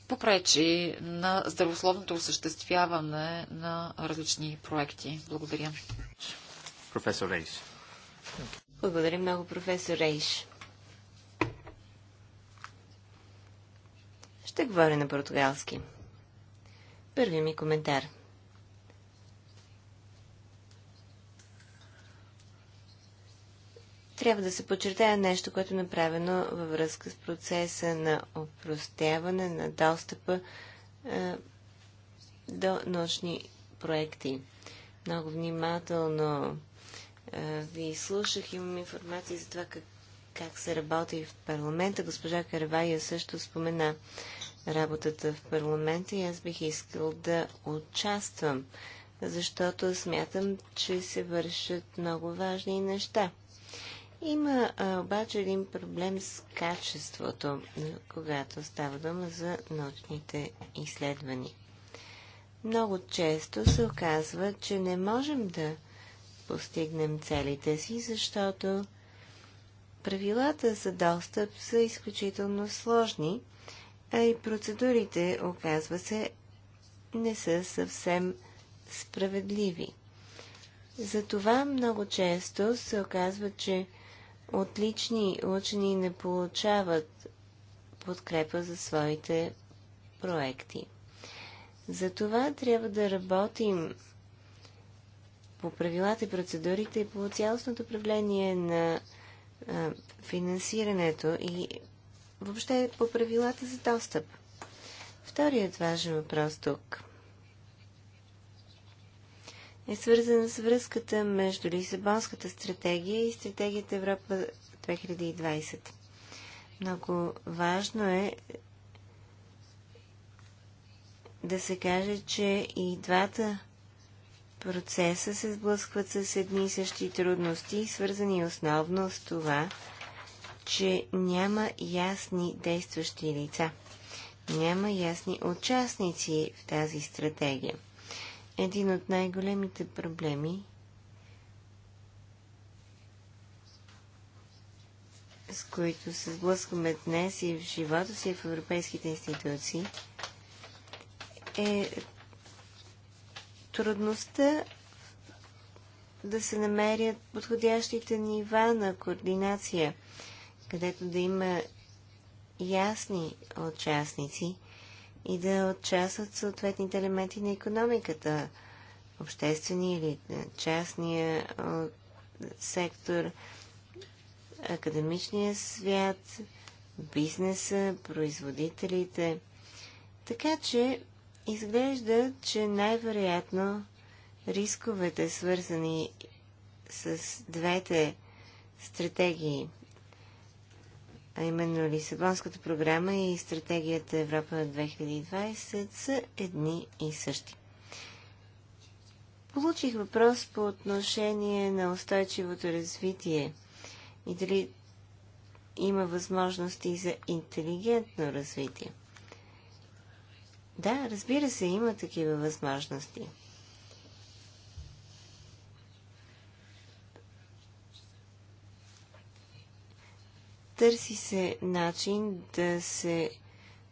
попречи на здравословното осъществяване на различни проекти. Благодаря. Професор Рейш. Благодаря много, професор Рейш. Ще говоря на португалски. Първи ми коментар – трябва да се подчертая нещо, което е направено във връзка с процеса на опростяване на достъпа е, до научни проекти. Много внимателно е, ви слушах, имам информация за това как, как се работи в парламента. Госпожа Каравая също спомена работата в парламента и аз бих искал да участвам, защото смятам, че се вършат много важни неща. Има а, обаче един проблем с качеството, когато става дума за научните изследвания. Много често се оказва, че не можем да постигнем целите си, защото правилата за достъп са изключително сложни, а и процедурите, оказва се, не са съвсем справедливи. Затова много често се оказва, че отлични учени не получават подкрепа за своите проекти. Затова трябва да работим по правилата и процедурите и по цялостното управление на а, финансирането и въобще по правилата за достъп. Вторият важен въпрос тук – е свързана с връзката между Лисабонската стратегия и стратегията Европа 2020. Много важно е да се каже, че и двата процеса се сблъскват с едни и същи трудности, свързани основно с това, че няма ясни действащи лица. Няма ясни участници в тази стратегия един от най-големите проблеми, с които се сблъскваме днес и в живота си в европейските институции, е трудността да се намерят подходящите нива на координация, където да има ясни участници и да отчастват съответните елементи на економиката, обществения или частния сектор, академичния свят, бизнеса, производителите. Така че изглежда, че най-вероятно рисковете, свързани с двете стратегии а именно Лисабонската програма и стратегията Европа 2020 са едни и същи. Получих въпрос по отношение на устойчивото развитие и дали има възможности за интелигентно развитие. Да, разбира се, има такива възможности. Търси се начин да се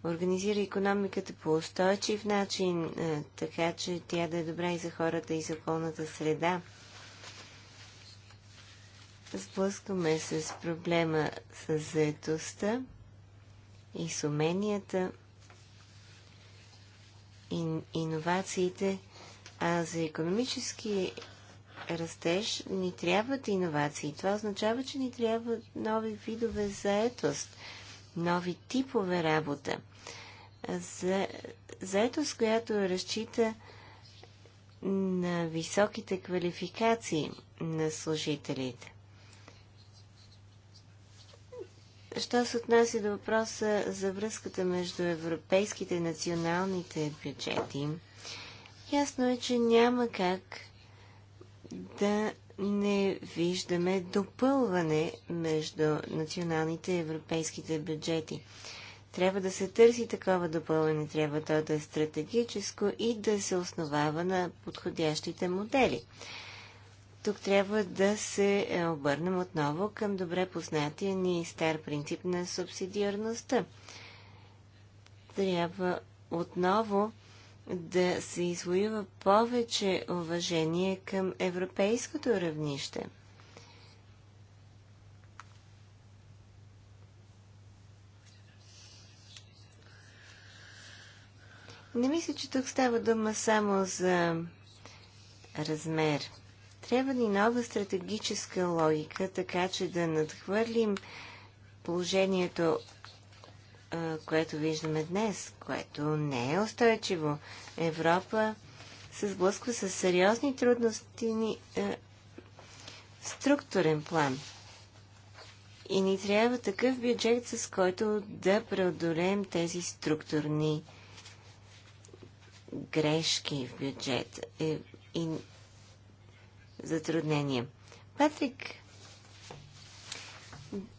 организира економиката по устойчив начин, така че тя да е добра и за хората, и за околната среда. Сблъскваме се с проблема с заетостта и с уменията, и иновациите, а за економически растеж ни трябват иновации. Това означава, че ни трябват нови видове заетост, нови типове работа. За, заетост, която разчита на високите квалификации на служителите. Що се отнася до въпроса за връзката между европейските и националните бюджети, ясно е, че няма как да не виждаме допълване между националните и европейските бюджети. Трябва да се търси такова допълване, трябва то да е стратегическо и да се основава на подходящите модели. Тук трябва да се е, обърнем отново към добре познатия ни стар принцип на субсидиарността. Трябва отново да се извоюва повече уважение към европейското равнище. Не мисля, че тук става дума само за размер. Трябва ни нова стратегическа логика, така че да надхвърлим положението което виждаме днес, което не е устойчиво. Европа се сблъсква с сериозни трудности е, в структурен план. И ни трябва такъв бюджет, с който да преодолеем тези структурни грешки в бюджет е, и затруднения. Патрик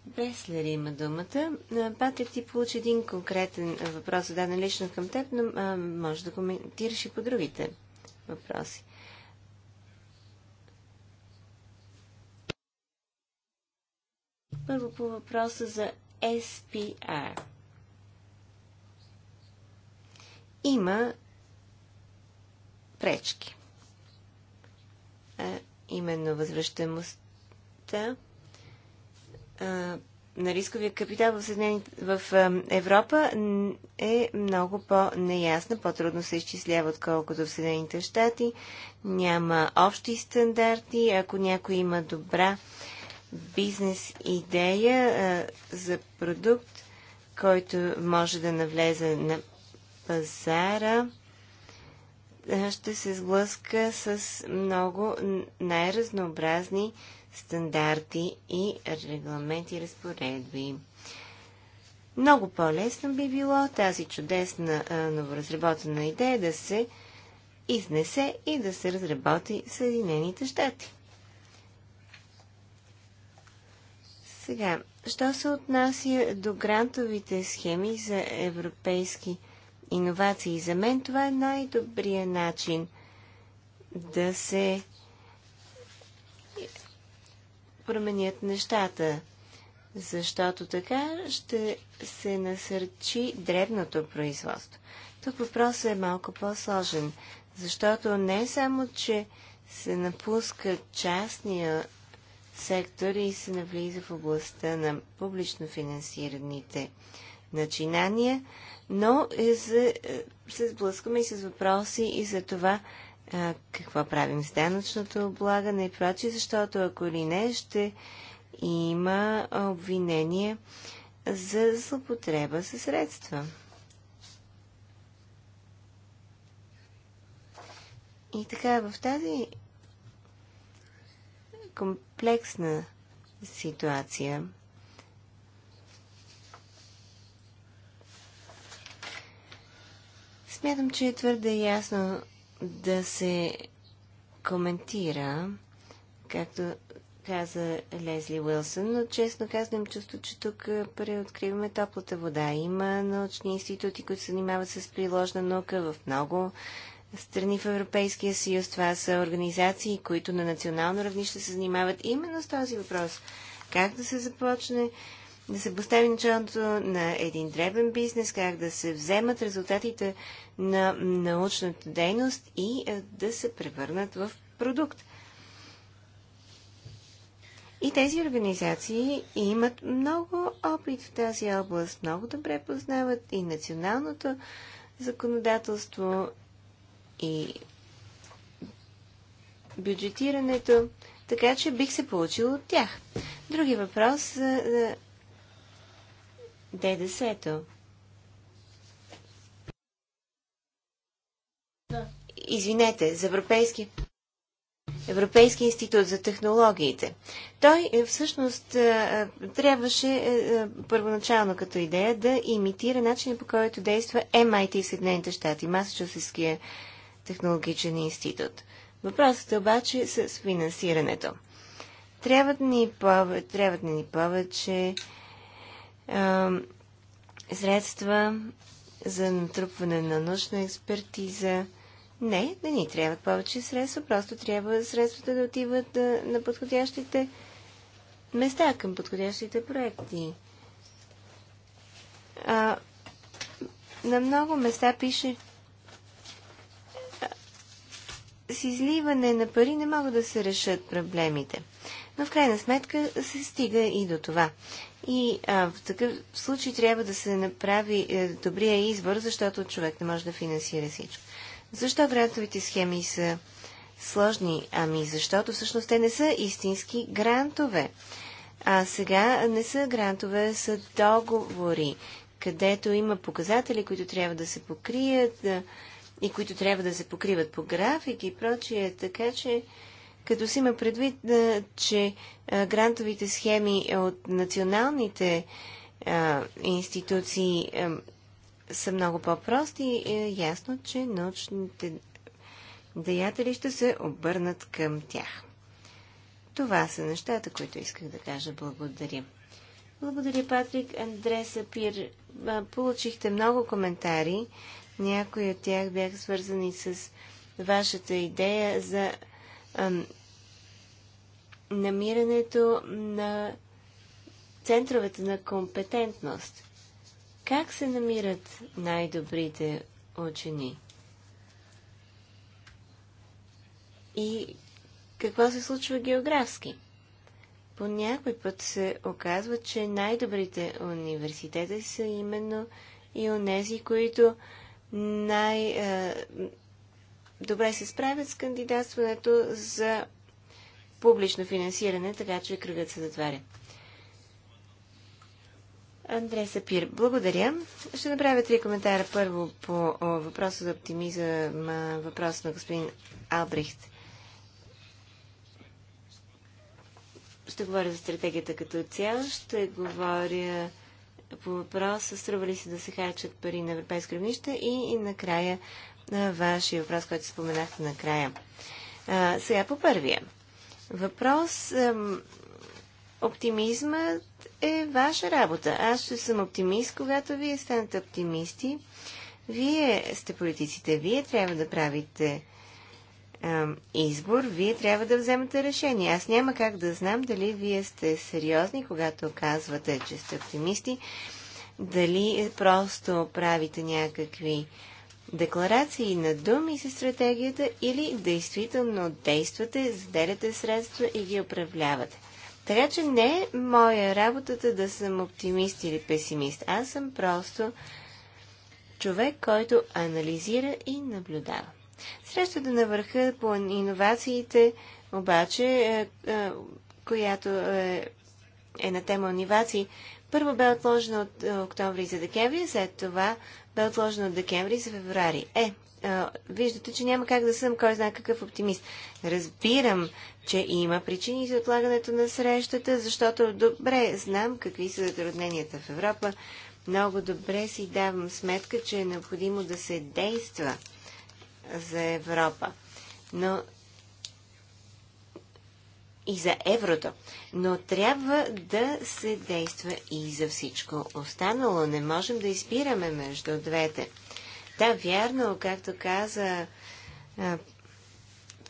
Бреслер има думата. Патрик, ти получи един конкретен въпрос, зададен лично към теб, но а, може да коментираш и по другите въпроси. Първо по въпроса за SPR. Има пречки. А, именно възвръщаемостта на рисковия капитал в, в Европа е много по-неясна, по-трудно се изчислява, отколкото в Съединените щати. Няма общи стандарти. Ако някой има добра бизнес идея за продукт, който може да навлезе на пазара, ще се сблъска с много най-разнообразни стандарти и регламенти разпоредби. Много по-лесно би било тази чудесна новоразработена идея да се изнесе и да се разработи в Съединените щати. Сега, що се отнася до грантовите схеми за европейски иновации? За мен това е най-добрият начин да се променят нещата, защото така ще се насърчи дребното производство. Тук въпросът е малко по-сложен, защото не е само, че се напуска частния сектор и се навлиза в областта на публично финансираните начинания, но и е е, се сблъскваме и с въпроси и за това а, какво правим с данъчното облагане и прочие, защото ако ли не, ще има обвинение за злопотреба със средства. И така, в тази комплексна ситуация смятам, че е твърде ясно да се коментира, както каза Лезли Уилсън, но честно казвам, чувство, че тук преоткриваме топлата вода. Има научни институти, които се занимават с приложна наука в много страни в Европейския съюз. Това са организации, които на национално равнище се занимават именно с този въпрос. Как да се започне да се постави началото на един дребен бизнес, как да се вземат резултатите на научната дейност и е, да се превърнат в продукт. И тези организации имат много опит в тази област, много добре познават и националното законодателство, и бюджетирането, така че бих се получил от тях. Други въпрос е, е, ДДС-то. Извинете, за Европейски, Европейски институт за технологиите. Той е, всъщност е, е, трябваше първоначално като идея да имитира начина по който действа MIT в Съединените щати, Масачусетския технологичен институт. Въпросът е обаче с финансирането. Трябват ни повече, трябват ни повече средства за натрупване на научна експертиза. Не, не ни трябват повече средства, просто трябва средствата да отиват на подходящите места, към подходящите проекти. А, на много места пише а, с изливане на пари не могат да се решат проблемите. Но в крайна сметка се стига и до това. И а, в такъв случай трябва да се направи е, добрия избор, защото човек не може да финансира всичко. Защо грантовите схеми са сложни? Ами защото всъщност те не са истински грантове. А сега не са грантове, са договори, където има показатели, които трябва да се покрият е, и които трябва да се покриват по график и прочие. Така че като си има предвид, че грантовите схеми от националните институции са много по-прости, е ясно, че научните деятели ще се обърнат към тях. Това са нещата, които исках да кажа. Благодаря. Благодаря, Патрик. Андреса Сапир, получихте много коментари. Някои от тях бяха свързани с вашата идея за намирането на центровете на компетентност. Как се намират най-добрите учени? И какво се случва географски? По някой път се оказва, че най-добрите университети са именно и онези, които най- добре се справят с кандидатстването за публично финансиране, така че кръгът се затваря. Андре Сапир, благодаря. Ще направя три коментара. Първо по въпроса за оптимизъм, въпрос на господин Албрехт. Ще говоря за стратегията като цяло, ще говоря по въпроса струва ли се да се харчат пари на европейско равнище и, и накрая вашия въпрос, който споменахте накрая. А, сега по първия. Въпрос. Ам, оптимизмът е ваша работа. Аз ще съм оптимист, когато вие станете оптимисти. Вие сте политиците. Вие трябва да правите ам, избор. Вие трябва да вземете решение. Аз няма как да знам дали вие сте сериозни, когато казвате, че сте оптимисти. Дали просто правите някакви декларации на думи за стратегията или действително действате, заделяте средства и ги управлявате. Така че не е моя работата да съм оптимист или песимист. Аз съм просто човек, който анализира и наблюдава. Срещата на върха по иновациите, обаче, е, е, която е, е на тема иновации, първо бе отложено от е, октомври за декември, след това бе отложено от декември за феврари. Е, е, виждате, че няма как да съм кой знае какъв оптимист. Разбирам, че има причини за отлагането на срещата, защото добре знам какви са затрудненията в Европа. Много добре си давам сметка, че е необходимо да се действа за Европа. Но и за еврото, но трябва да се действа и за всичко останало. Не можем да избираме между двете. Да, вярно, както каза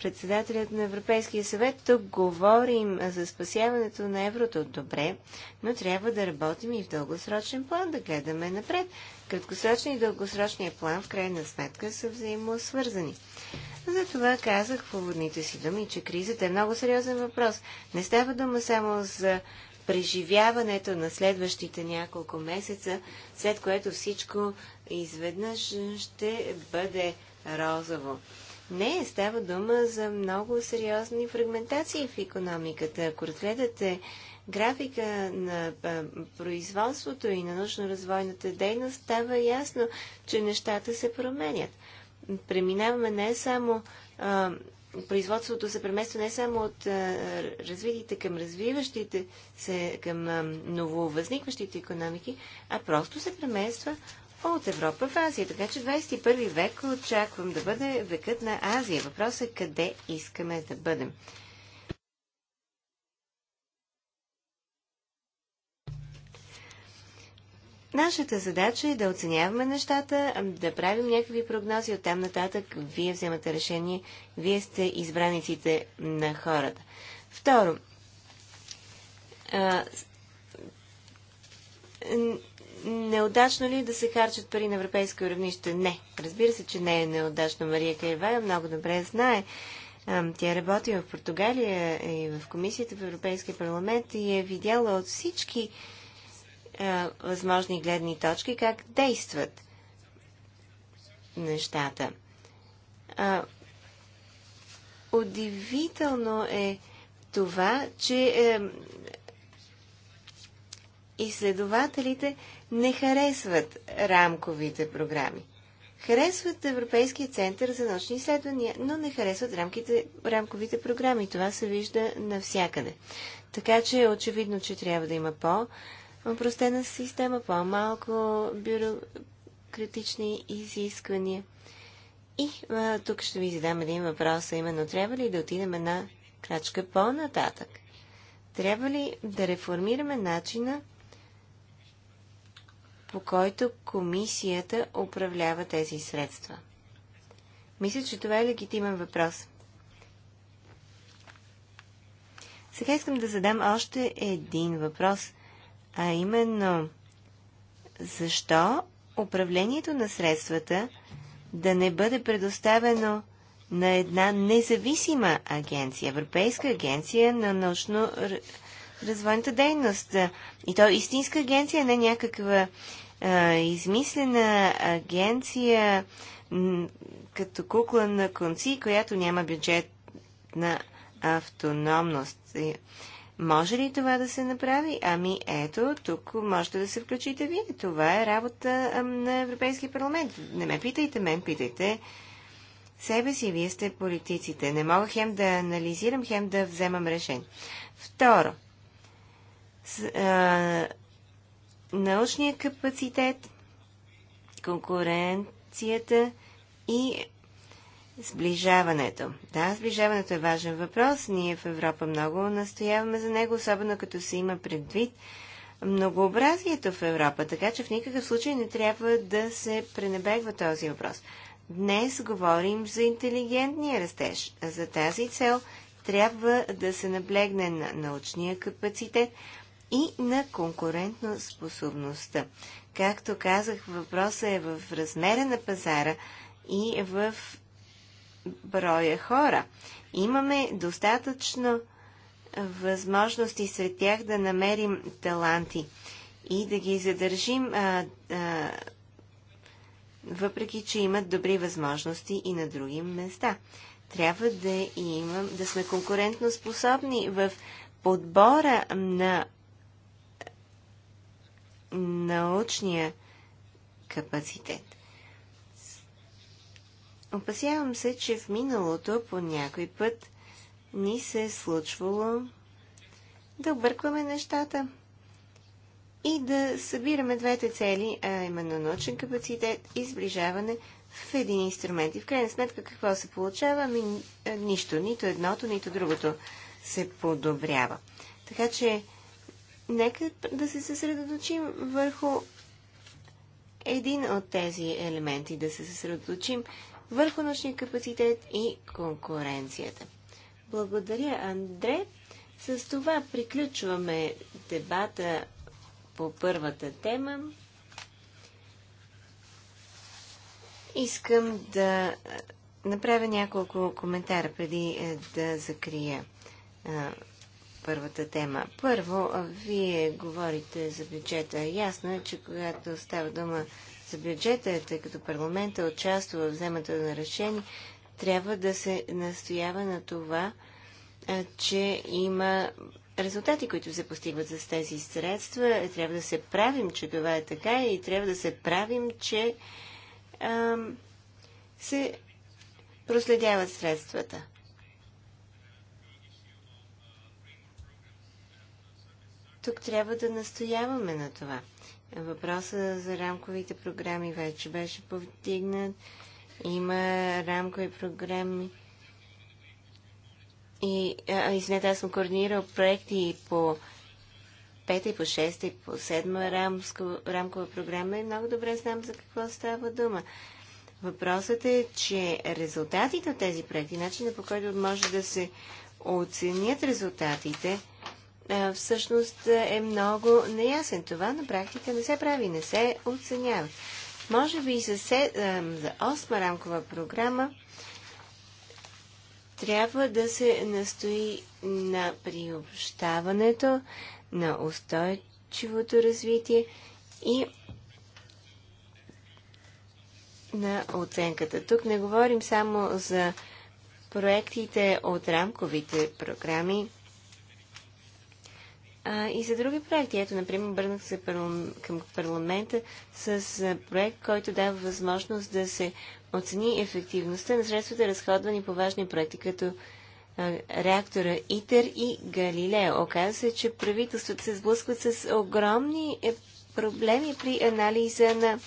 председателят на Европейския съвет, тук говорим за спасяването на еврото. Добре, но трябва да работим и в дългосрочен план, да гледаме напред. Краткосрочния и дългосрочния план в крайна сметка са взаимосвързани. свързани. Затова казах в уводните си думи, че кризата е много сериозен въпрос. Не става дума само за преживяването на следващите няколко месеца, след което всичко изведнъж ще бъде розово. Не, става дума за много сериозни фрагментации в економиката. Ако разгледате графика на производството и на научно-развойната дейност, става ясно, че нещата се променят преминаваме не само производството се премества не само от развитите към развиващите се, към нововъзникващите економики, а просто се премества от Европа в Азия. Така че 21 век очаквам да бъде векът на Азия. Въпросът е къде искаме да бъдем. Нашата задача е да оценяваме нещата, да правим някакви прогнози, оттам нататък вие вземате решение, вие сте избраниците на хората. Второ, а, неудачно ли е да се харчат пари на европейско равнище? Не. Разбира се, че не е неудачно. Мария Кайвая, много добре знае. Тя работи в Португалия и в комисията в Европейския парламент и е видяла от всички а, е, възможни гледни точки, как действат нещата. А, удивително е това, че е, изследователите не харесват рамковите програми. Харесват Европейския център за научни изследвания, но не харесват рамките, рамковите програми. Това се вижда навсякъде. Така че е очевидно, че трябва да има по- Опростена система, по-малко бюрократични изисквания. И а, тук ще ви задам един въпрос, а именно трябва ли да отидем една крачка по-нататък? Трябва ли да реформираме начина по който комисията управлява тези средства? Мисля, че това е легитимен въпрос. Сега искам да задам още един въпрос – а именно, защо управлението на средствата да не бъде предоставено на една независима агенция, Европейска агенция на научно-развойната дейност. И то истинска агенция, не някаква а, измислена агенция като кукла на конци, която няма бюджет на автономност. Може ли това да се направи? Ами ето, тук можете да се включите вие. Това е работа на Европейския парламент. Не ме питайте мен, питайте себе си. Вие сте политиците. Не мога хем да анализирам, хем да вземам решение. Второ, с, а, научния капацитет, конкуренцията и Сближаването. Да, сближаването е важен въпрос. Ние в Европа много настояваме за него, особено като се има предвид многообразието в Европа, така че в никакъв случай не трябва да се пренебегва този въпрос. Днес говорим за интелигентния растеж. За тази цел трябва да се наблегне на научния капацитет и на конкурентно способността. Както казах, въпросът е в размера на пазара и в броя хора. Имаме достатъчно възможности сред тях да намерим таланти и да ги задържим, а, а, въпреки че имат добри възможности и на други места. Трябва да, имам, да сме конкурентно способни в подбора на научния капацитет. Опасявам се, че в миналото по някой път ни се е случвало да объркваме нещата и да събираме двете цели, а именно научен капацитет и сближаване в един инструмент. И в крайна сметка какво се получава? Ми, нищо, нито едното, нито другото се подобрява. Така че, нека да се съсредоточим върху един от тези елементи, да се съсредоточим върху научния капацитет и конкуренцията. Благодаря, Андре. С това приключваме дебата по първата тема. Искам да направя няколко коментара преди е, да закрия е, първата тема. Първо, вие говорите за бюджета. Ясно е, че когато става дума за бюджета, тъй като парламента участва в вземането на решение, трябва да се настоява на това, че има резултати, които се постигват с тези средства. Трябва да се правим, че това е така и трябва да се правим, че ам, се проследяват средствата. Тук трябва да настояваме на това. Въпроса за рамковите програми вече беше повдигнат. Има рамкови програми. И, а, извинете, аз съм координирал проекти по пета и по шеста и по седма рамско, рамкова програма и много добре знам за какво става дума. Въпросът е, че резултатите от тези проекти, начинът по който може да се оценят резултатите, всъщност е много неясен. Това на практика не се прави, не се оценява. Може би и за, се, за осма рамкова програма трябва да се настои на приобщаването, на устойчивото развитие и на оценката. Тук не говорим само за проектите от рамковите програми, а и за други проекти. Ето, например, обърнах се към парламента с проект, който дава възможност да се оцени ефективността на средствата, разходвани по важни проекти, като реактора ИТЕР и Галилео. Оказва се, че правителствата се сблъскват с огромни е, проблеми при анализа на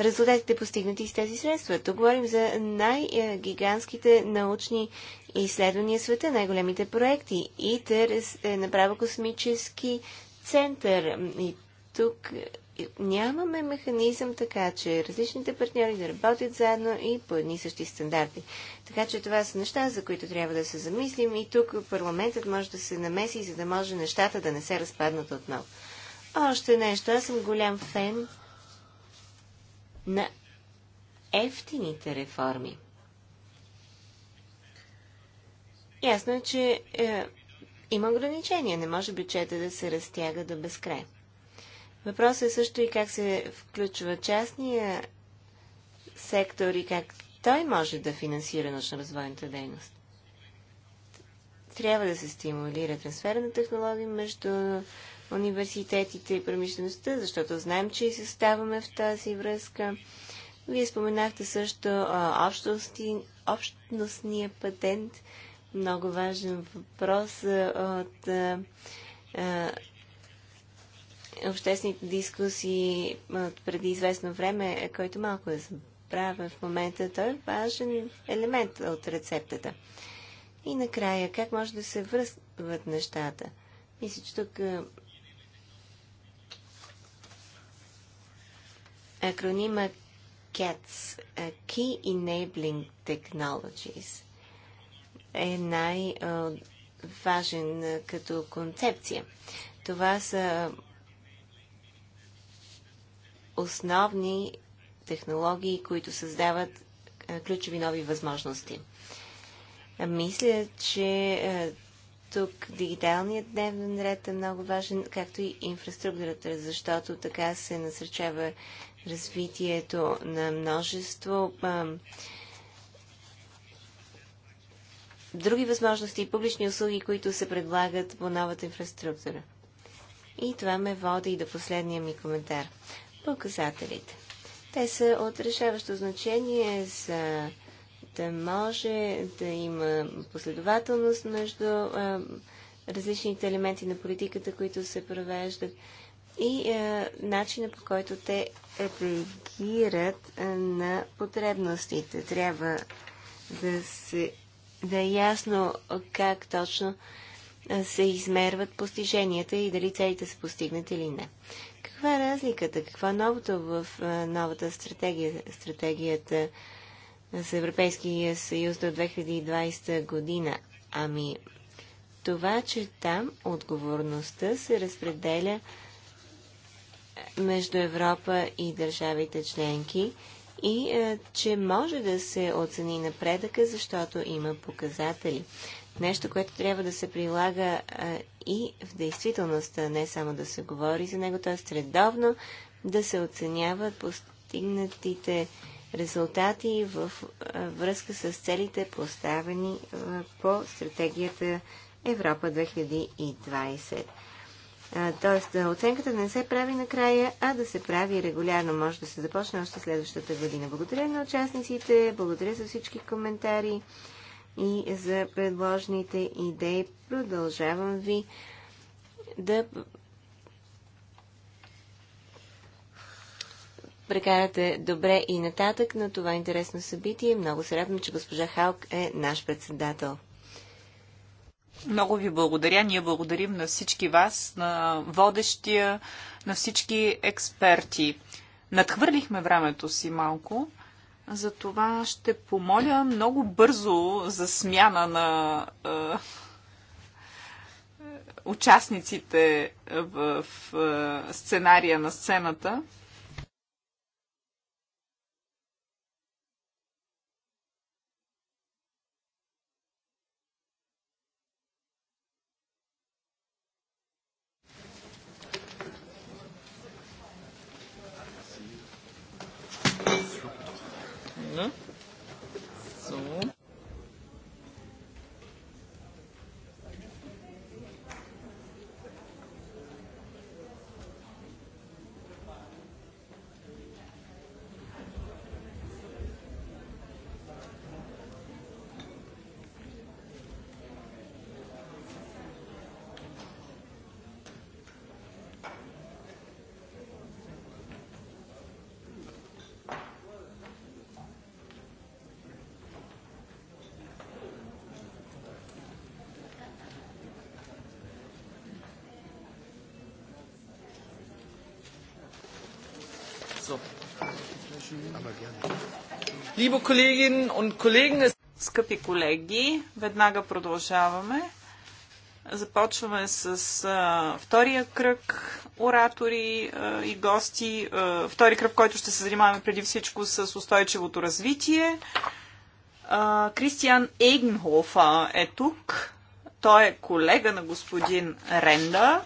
резултатите постигнати с тези средства. Тук говорим за най-гигантските научни изследвания в света, най-големите проекти. ИТЕР е направо космически център. И тук нямаме механизъм така, че различните партньори да работят заедно и по едни същи стандарти. Така че това са неща, за които трябва да се замислим и тук парламентът може да се намеси, за да може нещата да не се разпаднат отново. Още нещо, аз съм голям фен на ефтините реформи. Ясно е, че е, има ограничения. Не може бюджета да се разтяга до безкрай. Въпросът е също и как се включва частния сектор и как той може да финансира научно-развойната дейност. Трябва да се стимулира трансфер на технологии между университетите и промишлеността, защото знаем, че ставаме в тази връзка. Вие споменахте също общности, общностния патент, много важен въпрос а, от а, обществените дискусии от преди известно време, който малко е забравен в момента. Той е важен елемент от рецептата. И накрая, как може да се връзват нещата? Мисля, че тук акронима CATS, Key Enabling Technologies, е най-важен като концепция. Това са основни технологии, които създават ключови нови възможности. Мисля, че тук дигиталният дневен ред е много важен, както и инфраструктурата, защото така се насърчава развитието на множество други възможности и публични услуги, които се предлагат по новата инфраструктура. И това ме води и до последния ми коментар. Показателите. Те са от решаващо значение за да може да има последователност между а, различните елементи на политиката, които се провеждат, и е, начина по който те реагират е, на потребностите. Трябва да, се, да е ясно как точно е, се измерват постиженията и дали целите са постигнат или не. Каква е разликата? Какво е новото в е, новата стратегия, стратегията за Европейския съюз до 2020 година? Ами, това, че там отговорността се разпределя между Европа и държавите членки и е, че може да се оцени напредъка, защото има показатели. Нещо, което трябва да се прилага е, и в действителността, не само да се говори за него, т.е. средовно да се оценяват постигнатите резултати в е, връзка с целите поставени е, по стратегията Европа 2020. Тоест, оценката не се прави накрая, а да се прави регулярно. Може да се започне още следващата година. Благодаря на участниците, благодаря за всички коментари и за предложените идеи. Продължавам ви да прекарате добре и нататък на това интересно събитие. Много се радвам, че госпожа Халк е наш председател. Много ви благодаря. Ние благодарим на всички вас, на водещия, на всички експерти. Надхвърлихме времето си малко. Затова ще помоля много бързо за смяна на е, участниците в е, сценария на сцената. Скъпи колеги, веднага продължаваме. Започваме с а, втория кръг оратори а, и гости. А, втори кръг, който ще се занимаваме преди всичко с устойчивото развитие. А, Кристиан Ейгенхофа е тук. Той е колега на господин Ренда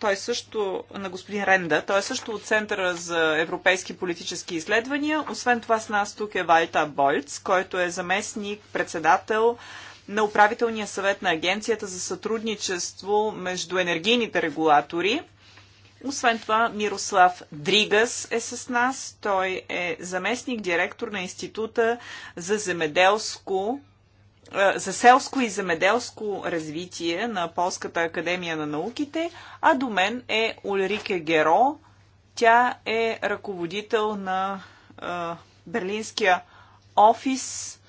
той е също, на господин Ренда, той е също от Центъра за европейски политически изследвания. Освен това с нас тук е Вайта Бойц, който е заместник, председател на управителния съвет на Агенцията за сътрудничество между енергийните регулатори. Освен това, Мирослав Дригас е с нас. Той е заместник директор на Института за земеделско за селско и земеделско развитие на Полската академия на науките, а до мен е Ульрике Геро. Тя е ръководител на е, Берлинския офис е,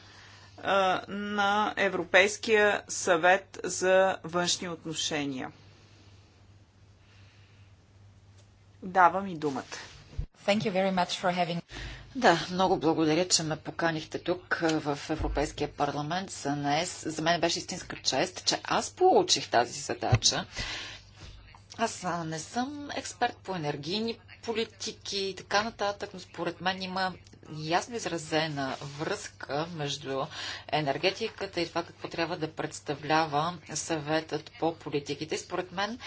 на Европейския съвет за външни отношения. Давам и думата. Thank you very much for having... Да, много благодаря, че ме поканихте тук в Европейския парламент за днес. За мен беше истинска чест, че аз получих тази задача. Аз не съм експерт по енергийни политики и така нататък, но според мен има ясно изразена връзка между енергетиката и това какво трябва да представлява съветът по политиките. Според мен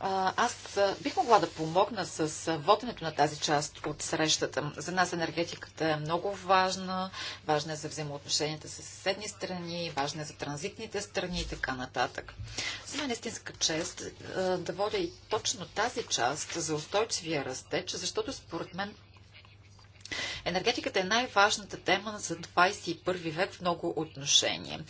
аз бих могла да помогна с воденето на тази част от срещата. За нас енергетиката е много важна, важна е за взаимоотношенията с съседни страни, важна е за транзитните страни и така нататък. За мен е истинска чест да водя и точно тази част за устойчивия растеч, защото според мен Енергетиката е най-важната тема за 21 век в много отношения.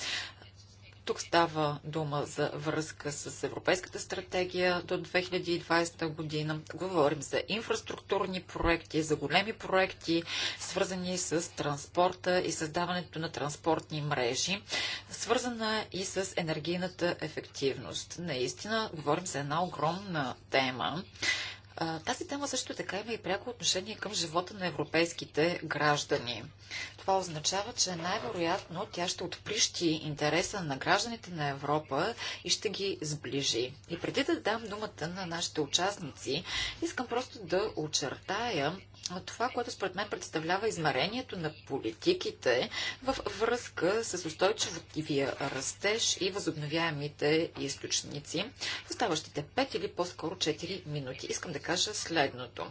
Тук става дума за връзка с Европейската стратегия до 2020 година. Говорим за инфраструктурни проекти, за големи проекти, свързани с транспорта и създаването на транспортни мрежи, свързана и с енергийната ефективност. Наистина, говорим за една огромна тема. Тази тема също така има и пряко отношение към живота на европейските граждани. Това означава, че най-вероятно тя ще отприщи интереса на гражданите на Европа и ще ги сближи. И преди да дам думата на нашите участници, искам просто да очертая това, което според мен представлява измерението на политиките в връзка с устойчивия растеж и възобновяемите източници в оставащите 5 или по-скоро 4 минути. Искам да кажа следното.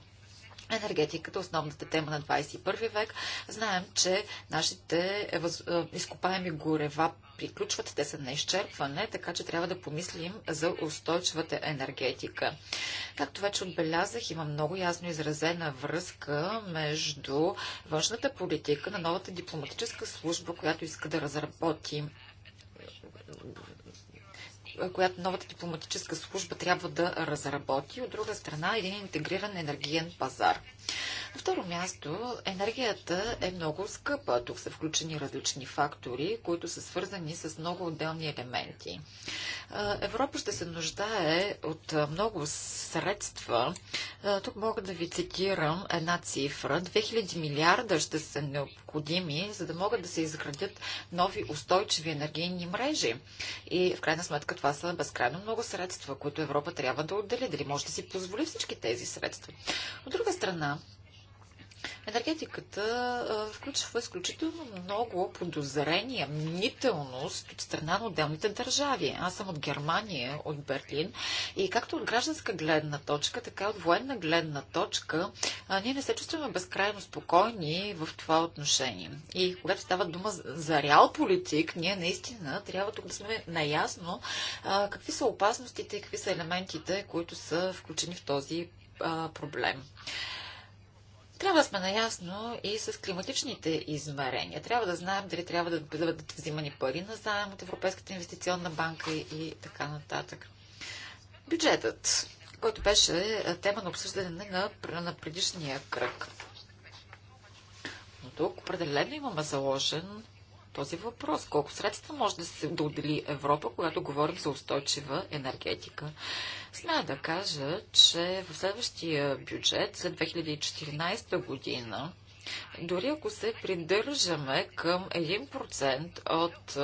Енергетиката, основната тема на 21 век, знаем, че нашите е, е, изкопаеми горева приключват, те са на изчерпване, така че трябва да помислим за устойчивата енергетика. Както вече отбелязах, има много ясно изразена връзка между външната политика на новата дипломатическа служба, която иска да разработи която новата дипломатическа служба трябва да разработи, от друга страна един интегриран енергиен пазар. На второ място, енергията е много скъпа. Тук са включени различни фактори, които са свързани с много отделни елементи. Европа ще се нуждае от много средства. Тук мога да ви цитирам една цифра. 2000 милиарда ще са необходими, за да могат да се изградят нови устойчиви енергийни мрежи. И в крайна сметка това са безкрайно много средства, които Европа трябва да отдели. Дали може да си позволи всички тези средства? От друга страна, енергетиката включва изключително много подозрения, мнителност от страна на отделните държави. Аз съм от Германия, от Берлин и както от гражданска гледна точка, така и от военна гледна точка, ние не се чувстваме безкрайно спокойни в това отношение. И когато става дума за реал политик, ние наистина трябва тук да сме наясно какви са опасностите и какви са елементите, които са включени в този проблем. Трябва да сме наясно и с климатичните измерения. Трябва да знаем дали трябва да бъдат взимани пари на заем от Европейската инвестиционна банка и така нататък. Бюджетът, който беше тема на обсъждане на, на предишния кръг. Но тук определено имаме заложен този въпрос. Колко средства може да се да отдели Европа, когато говорим за устойчива енергетика? Смея да кажа, че в следващия бюджет за 2014 година дори ако се придържаме към 1% от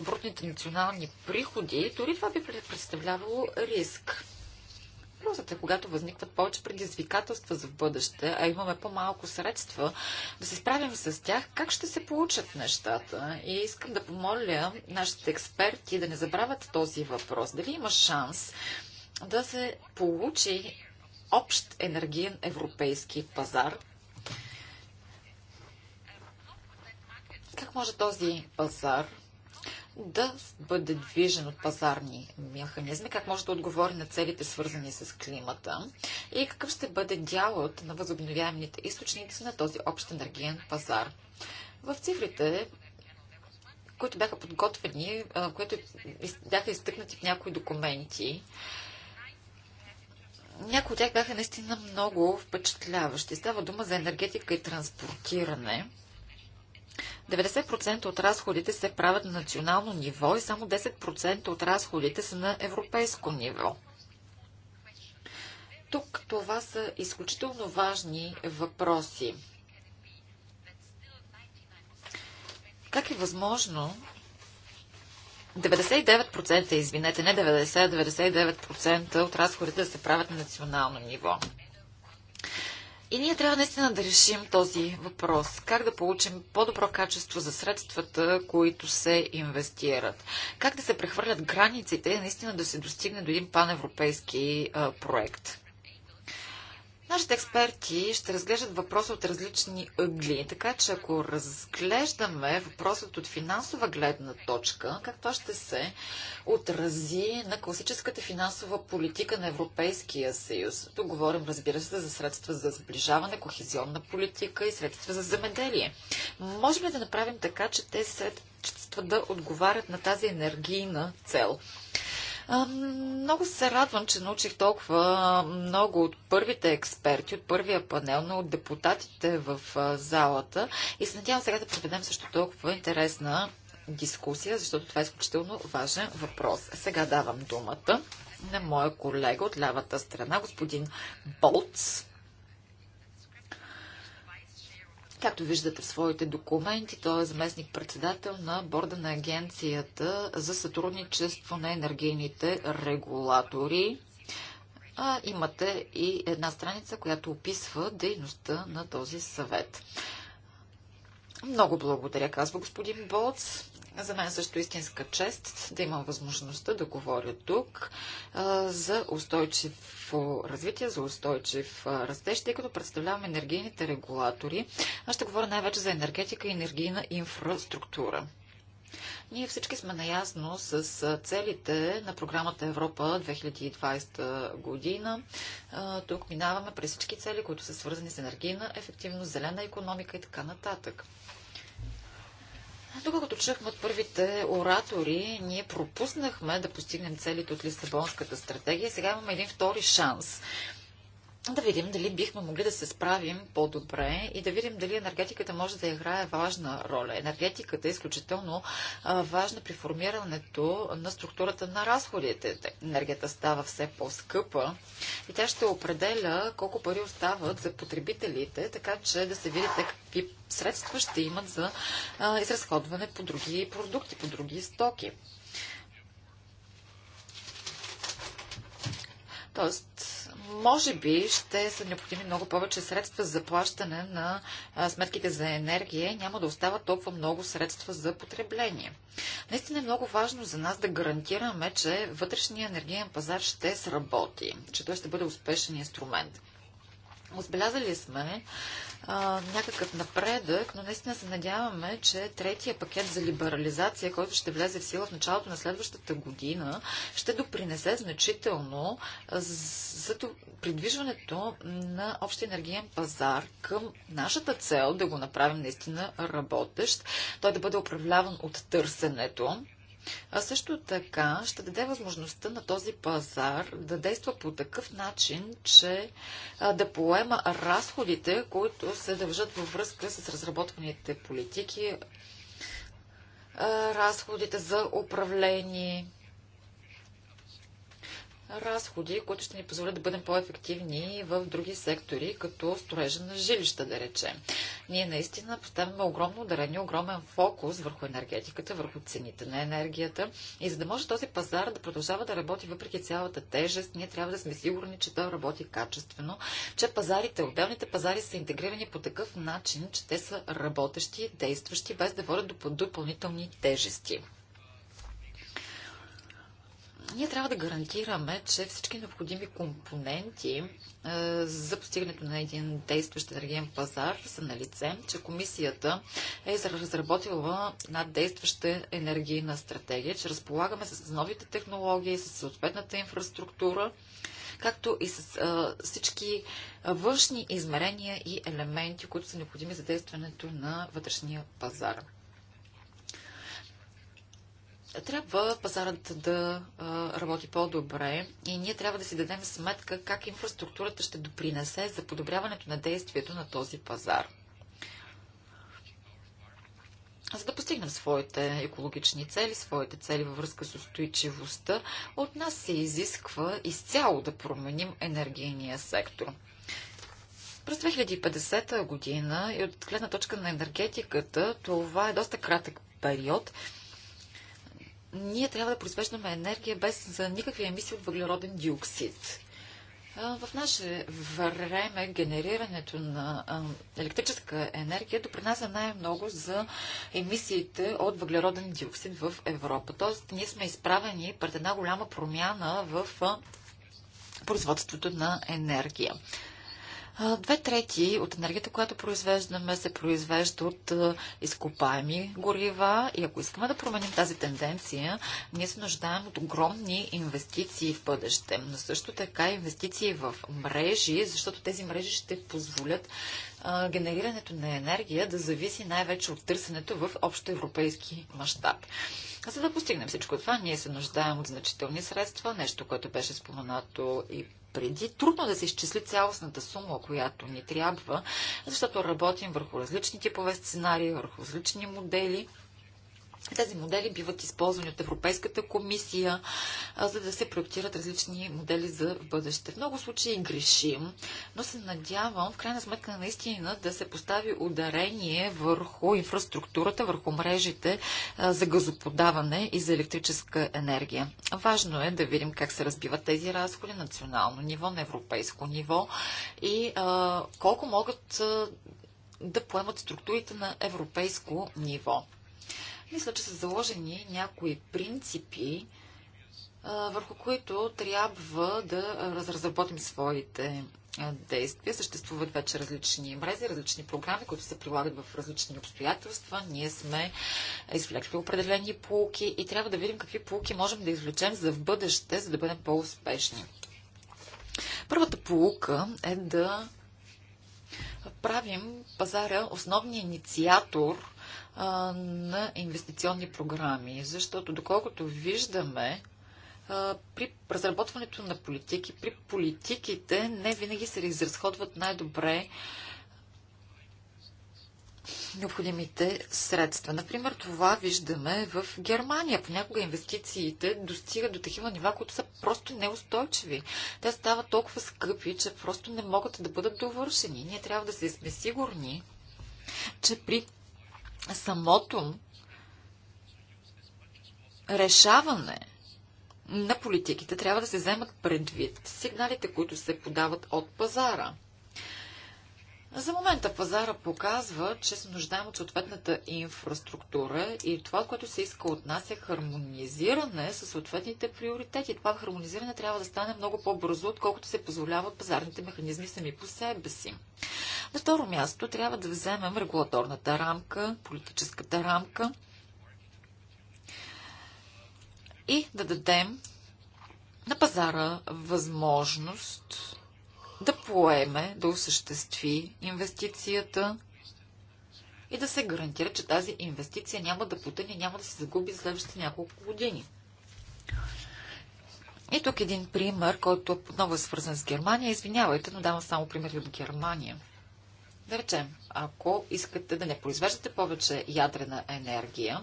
брутните национални приходи, дори това би представлявало риск въпросът е, когато възникват повече предизвикателства за в бъдеще, а имаме по-малко средства, да се справим с тях, как ще се получат нещата? И искам да помоля нашите експерти да не забравят този въпрос. Дали има шанс да се получи общ енергиен европейски пазар, как може този пазар да бъде движен от пазарни механизми, как може да отговори на целите свързани с климата и какъв ще бъде дялът на възобновяемите източници на този общ енергиен пазар. В цифрите които бяха подготвени, които бяха изтъкнати в някои документи. Някои от тях бяха наистина много впечатляващи. Става дума за енергетика и транспортиране. 90% от разходите се правят на национално ниво и само 10% от разходите са на европейско ниво. Тук това са изключително важни въпроси. Как е възможно 99%, извинете, не 90, 99% от разходите да се правят на национално ниво? И ние трябва наистина да решим този въпрос. Как да получим по-добро качество за средствата, които се инвестират? Как да се прехвърлят границите и наистина да се достигне до един паневропейски а, проект? Нашите експерти ще разглеждат въпроса от различни ъгли, така че ако разглеждаме въпросът от финансова гледна точка, как това ще се отрази на класическата финансова политика на Европейския съюз. Тук говорим, разбира се, за средства за сближаване, кохезионна политика и средства за земеделие. Можем ли да направим така, че тези средства да отговарят на тази енергийна цел? Много се радвам, че научих толкова много от първите експерти, от първия панел, но от депутатите в залата и се надявам сега да проведем също толкова интересна дискусия, защото това е изключително важен въпрос. Сега давам думата на моя колега от лявата страна, господин Болц. Както виждате в своите документи, той е заместник-председател на борда на Агенцията за сътрудничество на енергийните регулатори. А, имате и една страница, която описва дейността на този съвет. Много благодаря, казва господин Боц. За мен също е истинска чест да имам възможността да говоря тук а, за устойчиво развитие, за устойчив растеж, тъй като представлявам енергийните регулатори. Аз ще говоря най-вече за енергетика и енергийна инфраструктура. Ние всички сме наясно с целите на програмата Европа 2020 година. Тук минаваме през всички цели, които са свързани с енергийна ефективност, зелена економика и така нататък. Докато чухме от първите оратори, ние пропуснахме да постигнем целите от Лисабонската стратегия. Сега имаме един втори шанс да видим дали бихме могли да се справим по-добре и да видим дали енергетиката може да играе важна роля. Енергетиката е изключително важна при формирането на структурата на разходите. Енергията става все по-скъпа и тя ще определя колко пари остават за потребителите, така че да се видите какви средства ще имат за изразходване по други продукти, по други стоки. Тоест, може би ще са необходими много повече средства за плащане на сметките за енергия и няма да остават толкова много средства за потребление. Наистина е много важно за нас да гарантираме, че вътрешния енергиен пазар ще сработи, че той ще бъде успешен инструмент. Отбелязали сме а, някакъв напредък, но наистина се надяваме, че третия пакет за либерализация, който ще влезе в сила в началото на следващата година, ще допринесе значително за придвижването на общия енергиен пазар към нашата цел да го направим наистина работещ, той да бъде управляван от търсенето а също така ще даде възможността на този пазар да действа по такъв начин, че да поема разходите, които се дължат във връзка с разработваните политики, разходите за управление, разходи, които ще ни позволят да бъдем по-ефективни в други сектори, като строежа на жилища, да речем. Ние наистина поставяме огромно ударение, огромен фокус върху енергетиката, върху цените на енергията. И за да може този пазар да продължава да работи въпреки цялата тежест, ние трябва да сме сигурни, че той работи качествено, че пазарите, отделните пазари са интегрирани по такъв начин, че те са работещи, действащи, без да водят до допълнителни тежести ние трябва да гарантираме, че всички необходими компоненти е, за постигането на един действащ енергиен пазар са на лице, че комисията е разработила над действаща енергийна стратегия, че разполагаме с новите технологии, с съответната инфраструктура, както и с е, всички външни измерения и елементи, които са необходими за действането на вътрешния пазар трябва пазарът да а, работи по-добре и ние трябва да си дадем сметка как инфраструктурата ще допринесе за подобряването на действието на този пазар. За да постигнем своите екологични цели, своите цели във връзка с устойчивостта, от нас се изисква изцяло да променим енергийния сектор. През 2050 година и от гледна точка на енергетиката това е доста кратък период – ние трябва да произвеждаме енергия без никакви емисии от въглероден диоксид. В наше време генерирането на електрическа енергия допринася най-много за емисиите от въглероден диоксид в Европа. Тоест, ние сме изправени пред една голяма промяна в производството на енергия. Две трети от енергията, която произвеждаме, се произвежда от изкопаеми горива и ако искаме да променим тази тенденция, ние се нуждаем от огромни инвестиции в бъдеще, но също така инвестиции в мрежи, защото тези мрежи ще позволят генерирането на енергия да зависи най-вече от търсенето в общоевропейски мащаб. За да постигнем всичко това, ние се нуждаем от значителни средства, нещо, което беше споменато и преди. Трудно да се изчисли цялостната сума, която ни трябва, защото работим върху различни типове сценарии, върху различни модели – тези модели биват използвани от Европейската комисия, за да се проектират различни модели за бъдеще. В много случаи грешим, но се надявам в крайна сметка наистина да се постави ударение върху инфраструктурата, върху мрежите за газоподаване и за електрическа енергия. Важно е да видим как се разбиват тези разходи на национално ниво, на европейско ниво и колко могат да поемат структурите на европейско ниво. Мисля, че са заложени някои принципи, върху които трябва да разработим своите действия. Съществуват вече различни мрези, различни програми, които се прилагат в различни обстоятелства. Ние сме извлекли определени полуки и трябва да видим какви полуки можем да извлечем за в бъдеще, за да бъдем по-успешни. Първата полука е да правим пазара основния инициатор а, на инвестиционни програми, защото доколкото виждаме, а, при разработването на политики, при политиките не винаги се изразходват най-добре необходимите средства. Например, това виждаме в Германия. Понякога инвестициите достигат до такива нива, които са просто неустойчиви. Те стават толкова скъпи, че просто не могат да бъдат довършени. Ние трябва да се сме сигурни, че при самото решаване на политиките трябва да се вземат предвид сигналите, които се подават от пазара – за момента пазара показва, че се нуждаем от съответната инфраструктура и това, което се иска от нас е хармонизиране с съответните приоритети. Това хармонизиране трябва да стане много по-бързо, отколкото се позволява от пазарните механизми сами по себе си. На второ място трябва да вземем регулаторната рамка, политическата рамка и да дадем на пазара възможност да поеме, да осъществи инвестицията и да се гарантира, че тази инвестиция няма да потъне, няма да се загуби следващите няколко години. И тук един пример, който отново е свързан с Германия. Извинявайте, но давам само примери от Германия. Да речем, ако искате да не произвеждате повече ядрена енергия,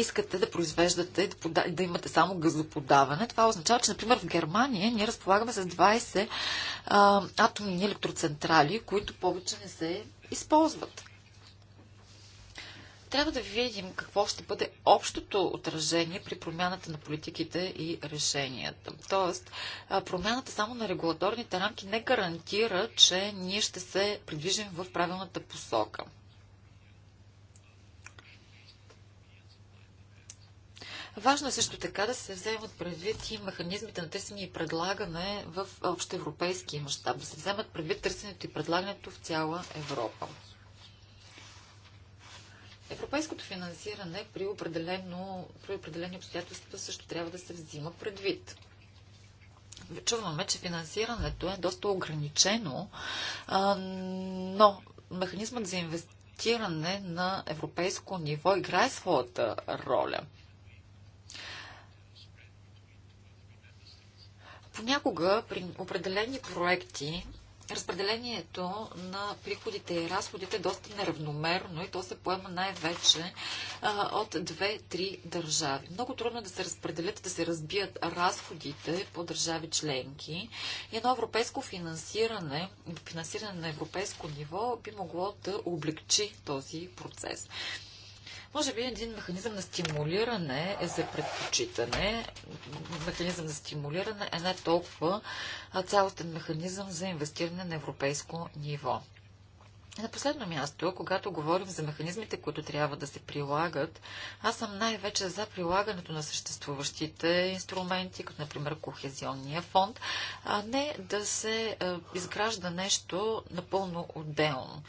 искате да произвеждате, да, пода... да имате само газоподаване, това означава, че, например, в Германия ние разполагаме с 20 а, атомни електроцентрали, които повече не се използват. Трябва да видим какво ще бъде общото отражение при промяната на политиките и решенията. Тоест, промяната само на регулаторните рамки не гарантира, че ние ще се придвижим в правилната посока. Важно е също така да се вземат предвид и механизмите на търсене и предлагане в общоевропейски мащаб, да се вземат предвид търсенето и предлагането в цяла Европа. Европейското финансиране при, определено, при определени обстоятелства също трябва да се взима предвид. Чуваме, че финансирането е доста ограничено, но механизмът за инвестиране на европейско ниво играе своята роля – Понякога при определени проекти разпределението на приходите и разходите е доста неравномерно и то се поема най-вече от две-три държави. Много трудно е да се разпределят, да се разбият разходите по държави членки. И едно европейско финансиране, финансиране на европейско ниво би могло да облегчи този процес. Може би е един механизъм на стимулиране е за предпочитане. Механизъм за стимулиране е не толкова цялостен механизъм за инвестиране на европейско ниво. на последно място, когато говорим за механизмите, които трябва да се прилагат, аз съм най-вече за прилагането на съществуващите инструменти, като например Кохезионния фонд, а не да се изгражда нещо напълно отделно.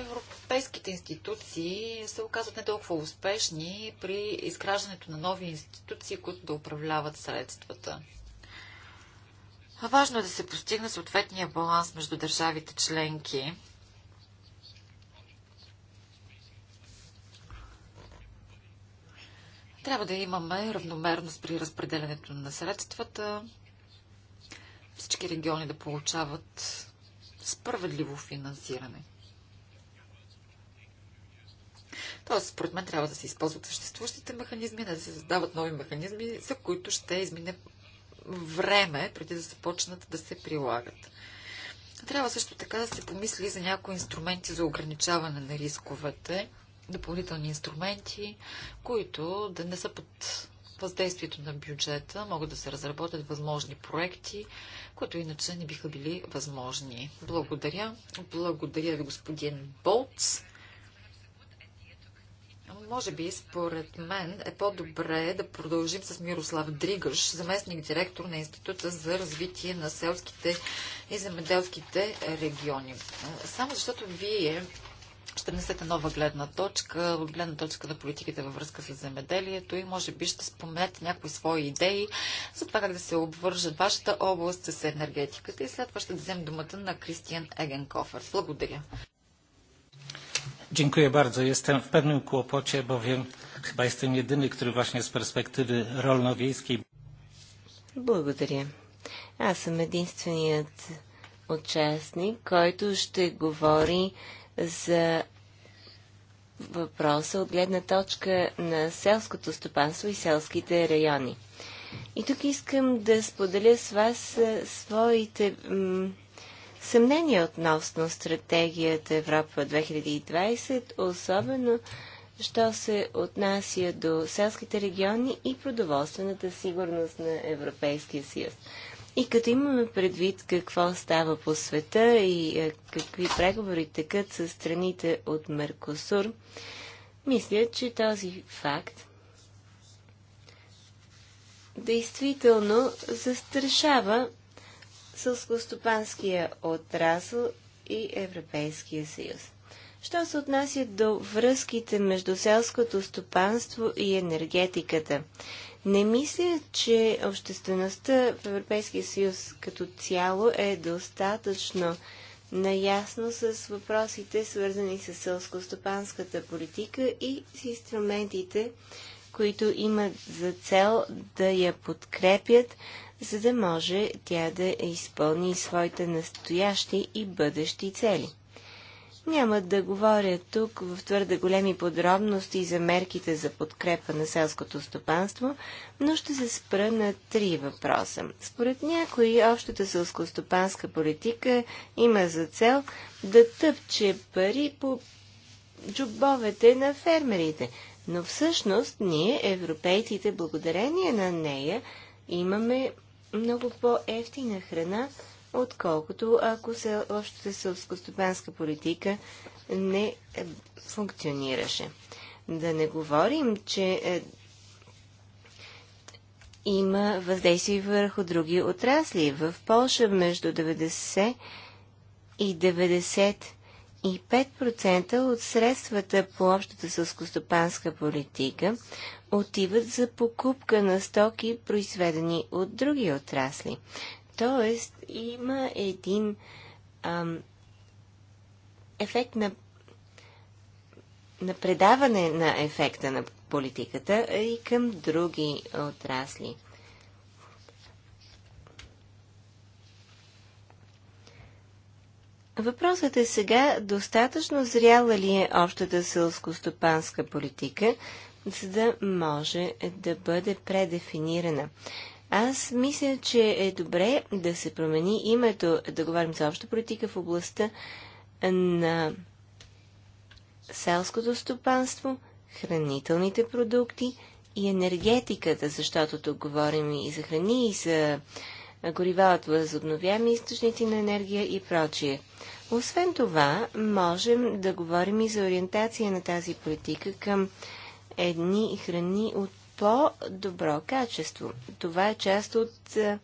европейските институции се оказват не толкова успешни при изграждането на нови институции, които да управляват средствата. Важно е да се постигне съответния баланс между държавите членки. Трябва да имаме равномерност при разпределянето на средствата, всички региони да получават справедливо финансиране. Тоест, според мен трябва да се използват съществуващите механизми, да се създават нови механизми, за които ще измине време, преди да започнат да се прилагат. Трябва също така да се помисли за някои инструменти за ограничаване на рисковете, допълнителни инструменти, които да не са под въздействието на бюджета, могат да се разработят възможни проекти, които иначе не биха били възможни. Благодаря. Благодаря ви, господин Болц. Може би, според мен, е по-добре да продължим с Мирослав Дригаш, заместник директор на Института за развитие на селските и земеделските региони. Само защото вие ще внесете нова гледна точка, гледна точка на политиките във връзка с земеделието и може би ще споменете някои свои идеи за това как да се обвържат вашата област с енергетиката и след това ще вземем думата на Кристиан Егенкофер. Благодаря. Dziękuję bardzo. Jestem w pewnym kłopocie, bowiem chyba jestem jedyny, który właśnie z perspektywy rolnowiejskiej. wiejskiej Благодаря. Аз съм единственият участник, който ще говори за въпроса от гледна точка на селското стопанство и селските райони. И тук искам да споделя с вас своите съмнение относно стратегията Европа 2020, особено що се отнася до селските региони и продоволствената сигурност на Европейския съюз. И като имаме предвид какво става по света и е, какви преговори тъкат с страните от Меркосур, мисля, че този факт действително застрашава сълскостопанския отрасъл и Европейския съюз. Що се отнася до връзките между селското стопанство и енергетиката? Не мисля, че обществеността в Европейския съюз като цяло е достатъчно наясно с въпросите, свързани с сълскостопанската политика и с инструментите, които имат за цел да я подкрепят, за да може тя да изпълни своите настоящи и бъдещи цели. Няма да говоря тук в твърде големи подробности за мерките за подкрепа на селското стопанство, но ще се спра на три въпроса. Според някои, общата селскостопанска политика има за цел да тъпче пари по джубовете на фермерите, но всъщност ние, европейците, благодарение на нея, имаме много по-ефтина храна, отколкото ако се, общата селскостопанска политика не е, функционираше. Да не говорим, че е, има въздействие върху други отрасли. В Польша между 90 и 90 и 5% от средствата по общата сълскостопанска политика отиват за покупка на стоки, произведени от други отрасли. Тоест, има един ам, ефект на, на предаване на ефекта на политиката и към други отрасли. Въпросът е сега достатъчно зряла ли е общата селско стопанска политика, за да може да бъде предефинирана. Аз мисля, че е добре да се промени името, да говорим за обща политика в областта на селското стопанство, хранителните продукти и енергетиката, защото тук говорим и за храни, и за горива от възобновяеми източници на енергия и прочие. Освен това, можем да говорим и за ориентация на тази политика към едни храни от по-добро качество. Това е част от е,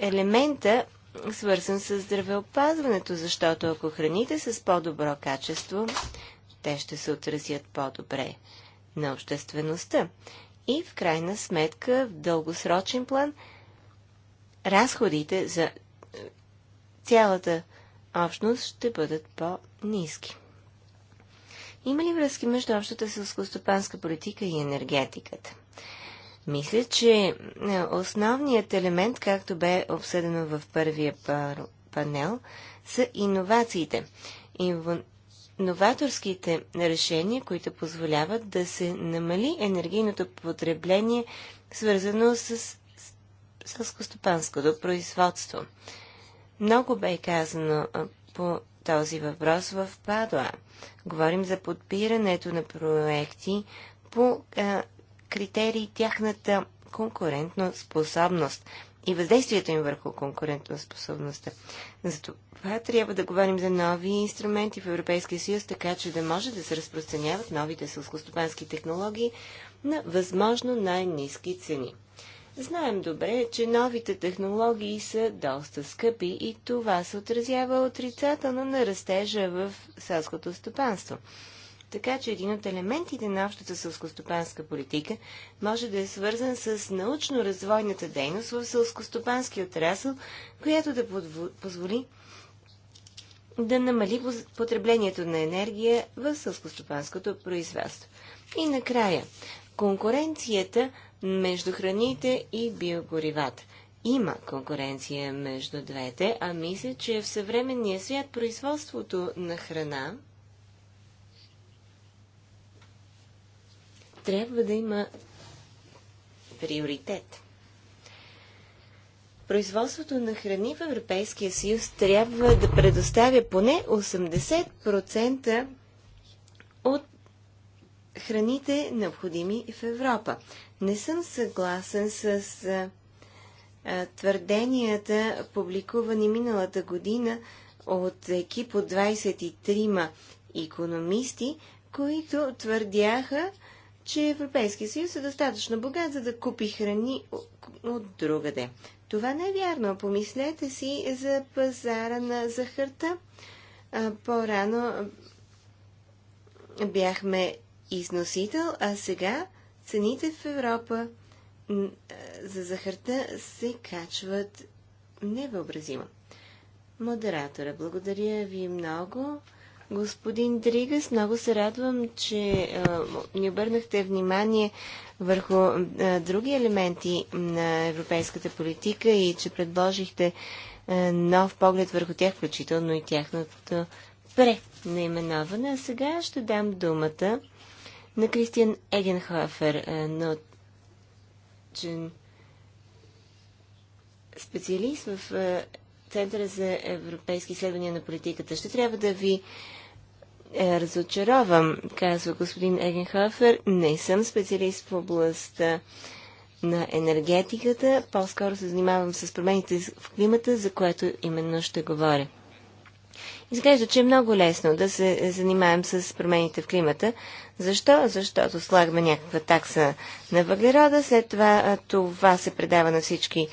елемента, свързан с здравеопазването, защото ако храните с по-добро качество, те ще се отразят по-добре на обществеността. И в крайна сметка, в дългосрочен план, разходите за е, цялата общност ще бъдат по-низки. Има ли връзки между общата селскостопанска политика и енергетиката? Мисля, че е, основният елемент, както бе обсъдено в първия панел, са иновациите. Иноваторските решения, които позволяват да се намали енергийното потребление, свързано с сълскостопанското производство. Много бе казано по този въпрос в Падуа. Говорим за подпирането на проекти по а, критерии тяхната конкурентна способност и въздействието им върху конкурентна способността. Затова трябва да говорим за нови инструменти в Европейския съюз, така че да може да се разпространяват новите сълскостопански технологии на възможно най-низки цени. Знаем добре, че новите технологии са доста скъпи и това се отразява отрицателно на растежа в селското стопанство. Така че един от елементите на общата сълскостопанска политика може да е свързан с научно-развойната дейност в сълскостопанския отрасъл, която да позволи да намали потреблението на енергия в сълскостопанското производство. И накрая, конкуренцията между храните и биогоривата. Има конкуренция между двете, а мисля, че в съвременния свят производството на храна трябва да има приоритет. Производството на храни в Европейския съюз трябва да предоставя поне 80% от храните, необходими в Европа. Не съм съгласен с твърденията, публикувани миналата година от екип от 23-ма економисти, които твърдяха, че Европейския съюз е достатъчно богат, за да купи храни от другаде. Това не е вярно. Помислете си за пазара на захарта. По-рано бяхме износител, а сега цените в Европа за захарта се качват невъобразимо. Модератора, благодаря ви много. Господин Дригас, много се радвам, че а, ни обърнахте внимание върху а, други елементи на европейската политика и че предложихте а, нов поглед върху тях, включително и тяхното пренаименоване. А сега ще дам думата на Кристиан Егенхофер, е, научен специалист в е, Центъра за европейски изследвания на политиката. Ще трябва да ви е, разочаровам, казва господин Егенхофер. Не съм специалист в областта на енергетиката. По-скоро се занимавам с промените в климата, за което именно ще говоря. Изглежда, че е много лесно да се занимаем с промените в климата. Защо? Защото слагаме някаква такса на въглерода, след това това се предава на всички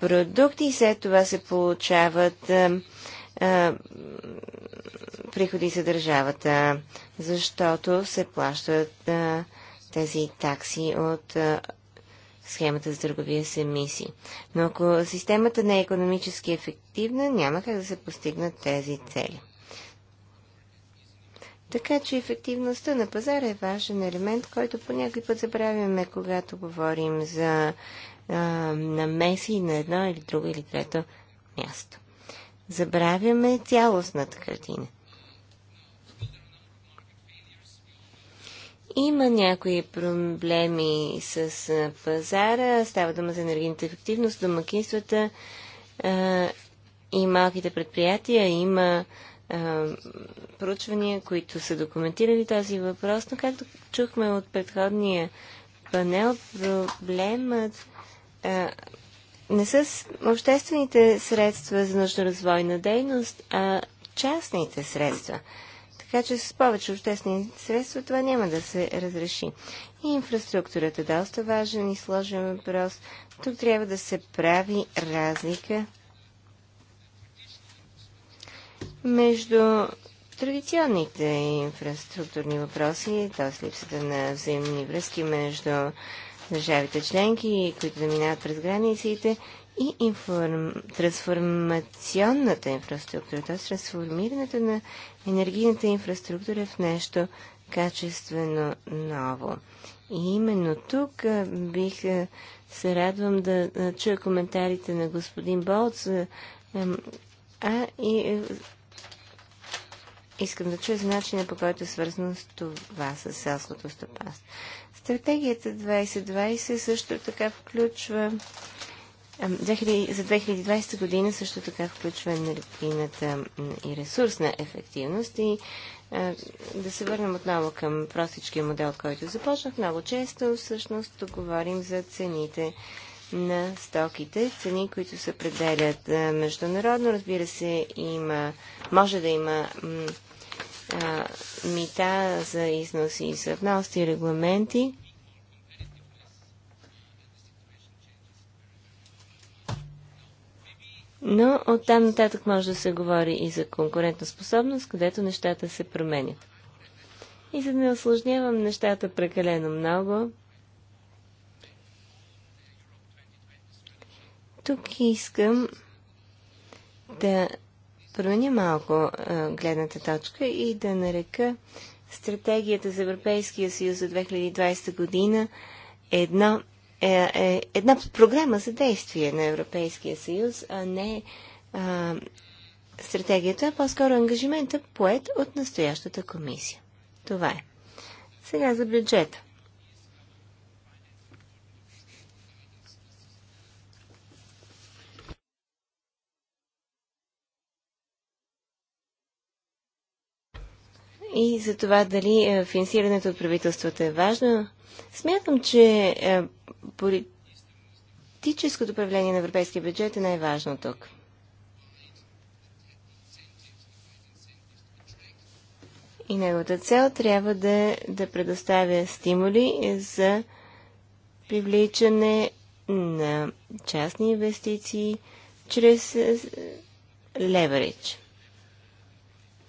продукти и след това се получават а, а, приходи за държавата, защото се плащат а, тези такси от а, схемата за търговия с емисии. Но ако системата не е економически ефективна, няма как да се постигнат тези цели. Така че ефективността на пазара е важен елемент, който по някой път забравяме, когато говорим за а, намеси на едно или друго или трето място. Забравяме цялостната картина. Има някои проблеми с пазара. Става дума за енергийната ефективност, домакинствата а, и малките предприятия. Има а, проучвания, които са документирали този въпрос, но както чухме от предходния панел, проблемът а, не с обществените средства за нужно развойна дейност, а частните средства – така че с повече обществени средства това няма да се разреши. И инфраструктурата да доста важен и сложен въпрос. Тук трябва да се прави разлика между традиционните инфраструктурни въпроси, т.е. липсата на взаимни връзки между държавите членки, които да минават през границите, и информ... трансформационната инфраструктура, т.е. трансформирането на енергийната инфраструктура в нещо качествено ново. И именно тук бих се радвам да чуя коментарите на господин Болц, а и искам да чуя за начина по който е свързано с това, с селското стопанство. Стратегията 2020 също така включва за 2020 година също така включва енергийната и ресурсна ефективност и да се върнем отново към простичкия модел, който започнах. Много често всъщност говорим за цените на стоките, цени, които се определят международно. Разбира се, има, може да има а, мита за износ и за внос и регламенти. Но оттам нататък може да се говори и за конкурентоспособност, където нещата се променят. И за да не осложнявам нещата прекалено много, тук искам да променя малко а, гледната точка и да нарека стратегията за Европейския съюз за 2020 година едно е, е една програма за действие на Европейския съюз, а не а, стратегията, а по-скоро ангажимента поет от настоящата комисия. Това е. Сега за бюджета. И за това дали е, финансирането от правителствата е важно, Смятам, че е, политическото правление на европейския бюджет е най-важно тук. И неговата цел трябва да, да предоставя стимули за привличане на частни инвестиции чрез е, леверидж.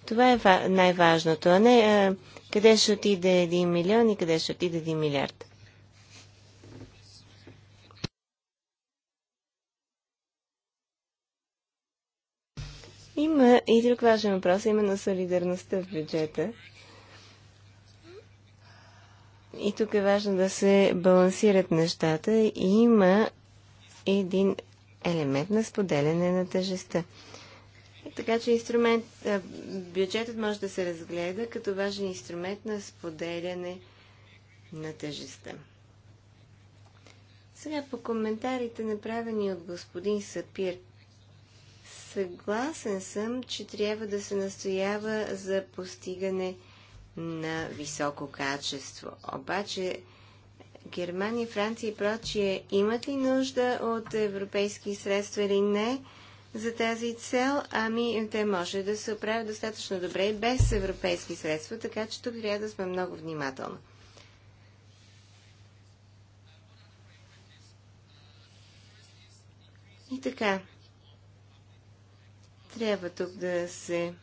Това е най-важното, а не е, къде ще отиде 1 милион и къде ще отиде 1 милиард. Има и друг важен въпрос, именно солидарността в бюджета. И тук е важно да се балансират нещата. Има един елемент на споделяне на тъжеста. Така че инструмент, бюджетът може да се разгледа като важен инструмент на споделяне на тежестта. Сега по коментарите, направени от господин Сапир. Съгласен съм, че трябва да се настоява за постигане на високо качество. Обаче Германия, Франция и прочие имат ли нужда от европейски средства или не? за тази цел, ами те може да се оправят достатъчно добре и без европейски средства, така че тук трябва да сме много внимателни. И така, трябва тук да се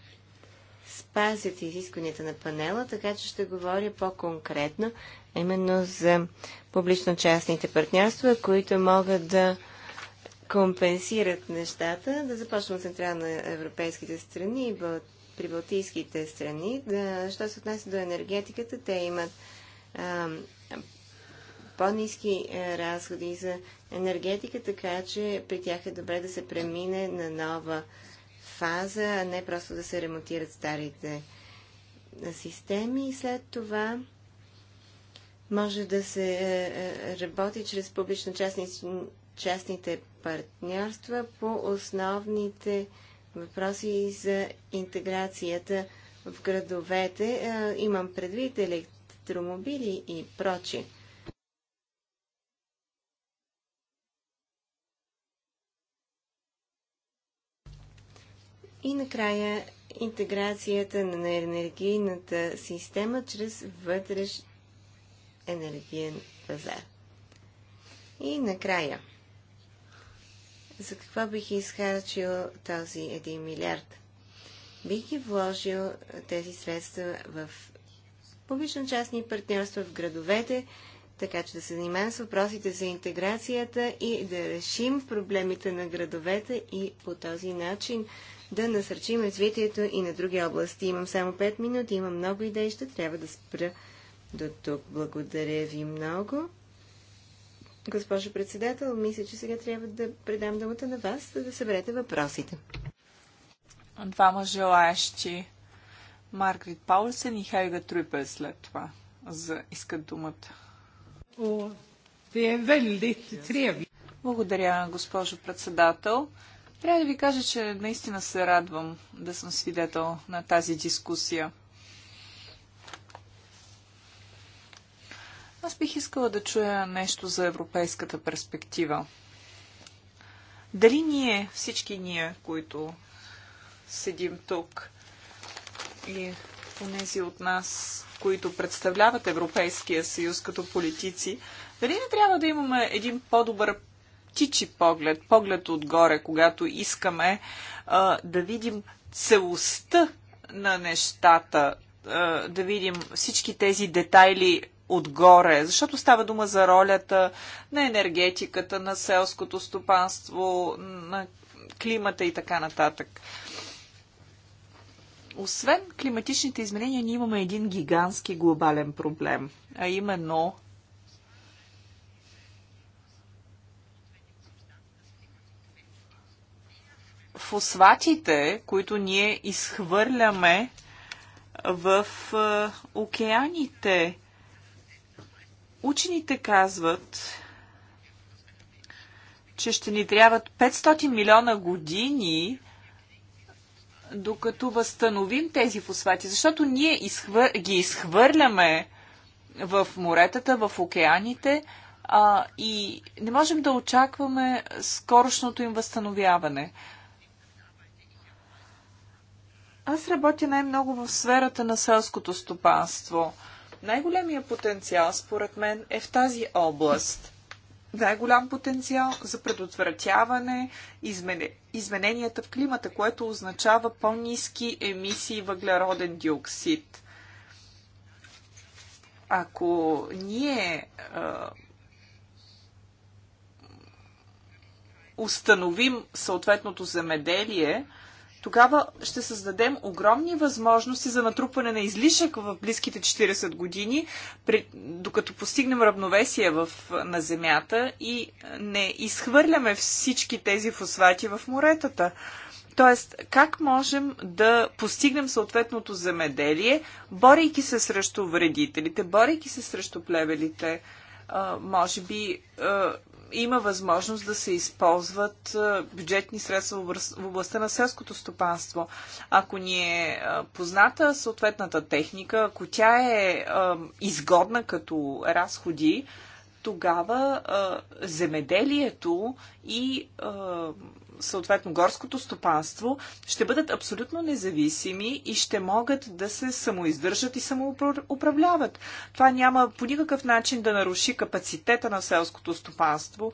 спазят изискванията на панела, така че ще говоря по-конкретно, именно за публично-частните партньорства, които могат да компенсират нещата, да започнем от централноевропейските страни и при балтийските страни. Да, що се отнася до енергетиката, те имат по-низки е, разходи за енергетика, така че при тях е добре да се премине на нова фаза, а не просто да се ремонтират старите е, системи. И след това може да се е, работи чрез публично-частните партньорства по основните въпроси за интеграцията в градовете. Е, имам предвид електромобили и прочи. И накрая интеграцията на енергийната система чрез вътреш енергиен пазар. И накрая за какво бих изхарчил този 1 милиард? Бих ги вложил тези средства в публично-частни партньорства в градовете, така че да се занимаем с въпросите за интеграцията и да решим проблемите на градовете и по този начин да насърчим развитието и на други области. Имам само 5 минути, имам много идеи, ще трябва да спра до тук. Благодаря ви много. Госпожо председател, мисля, че сега трябва да предам думата на вас, за да съберете въпросите. Двама желаящи. Маргарит Паулсен и Хайга Трюпел след това за искат думата. Е Благодаря, госпожо председател. Трябва да ви кажа, че наистина се радвам да съм свидетел на тази дискусия. Аз бих искала да чуя нещо за европейската перспектива. Дали ние, всички ние, които седим тук и понези от нас, които представляват Европейския съюз като политици, дали не трябва да имаме един по-добър птичи поглед, поглед отгоре, когато искаме а, да видим целостта на нещата, а, да видим всички тези детайли отгоре, защото става дума за ролята на енергетиката, на селското стопанство, на климата и така нататък. Освен климатичните изменения, ние имаме един гигантски глобален проблем, а именно фосфатите, които ние изхвърляме в е, океаните Учените казват, че ще ни трябват 500 милиона години, докато възстановим тези фосфати, защото ние изхвър... ги изхвърляме в моретата, в океаните а, и не можем да очакваме скорошното им възстановяване. Аз работя най-много в сферата на селското стопанство – най-големия потенциал, според мен, е в тази област. Най-голям потенциал за предотвратяване измен... измененията в климата, което означава по-низки емисии въглероден диоксид. Ако ние а, установим съответното земеделие, тогава ще създадем огромни възможности за натрупване на излишък в близките 40 години, при, докато постигнем равновесие в, на Земята и не изхвърляме всички тези фосфати в моретата. Тоест, как можем да постигнем съответното земеделие, борейки се срещу вредителите, борейки се срещу плевелите, може би има възможност да се използват бюджетни средства в областта на селското стопанство. Ако ни е позната съответната техника, ако тя е изгодна като разходи, тогава земеделието и съответно горското стопанство, ще бъдат абсолютно независими и ще могат да се самоиздържат и самоуправляват. Това няма по никакъв начин да наруши капацитета на селското стопанство,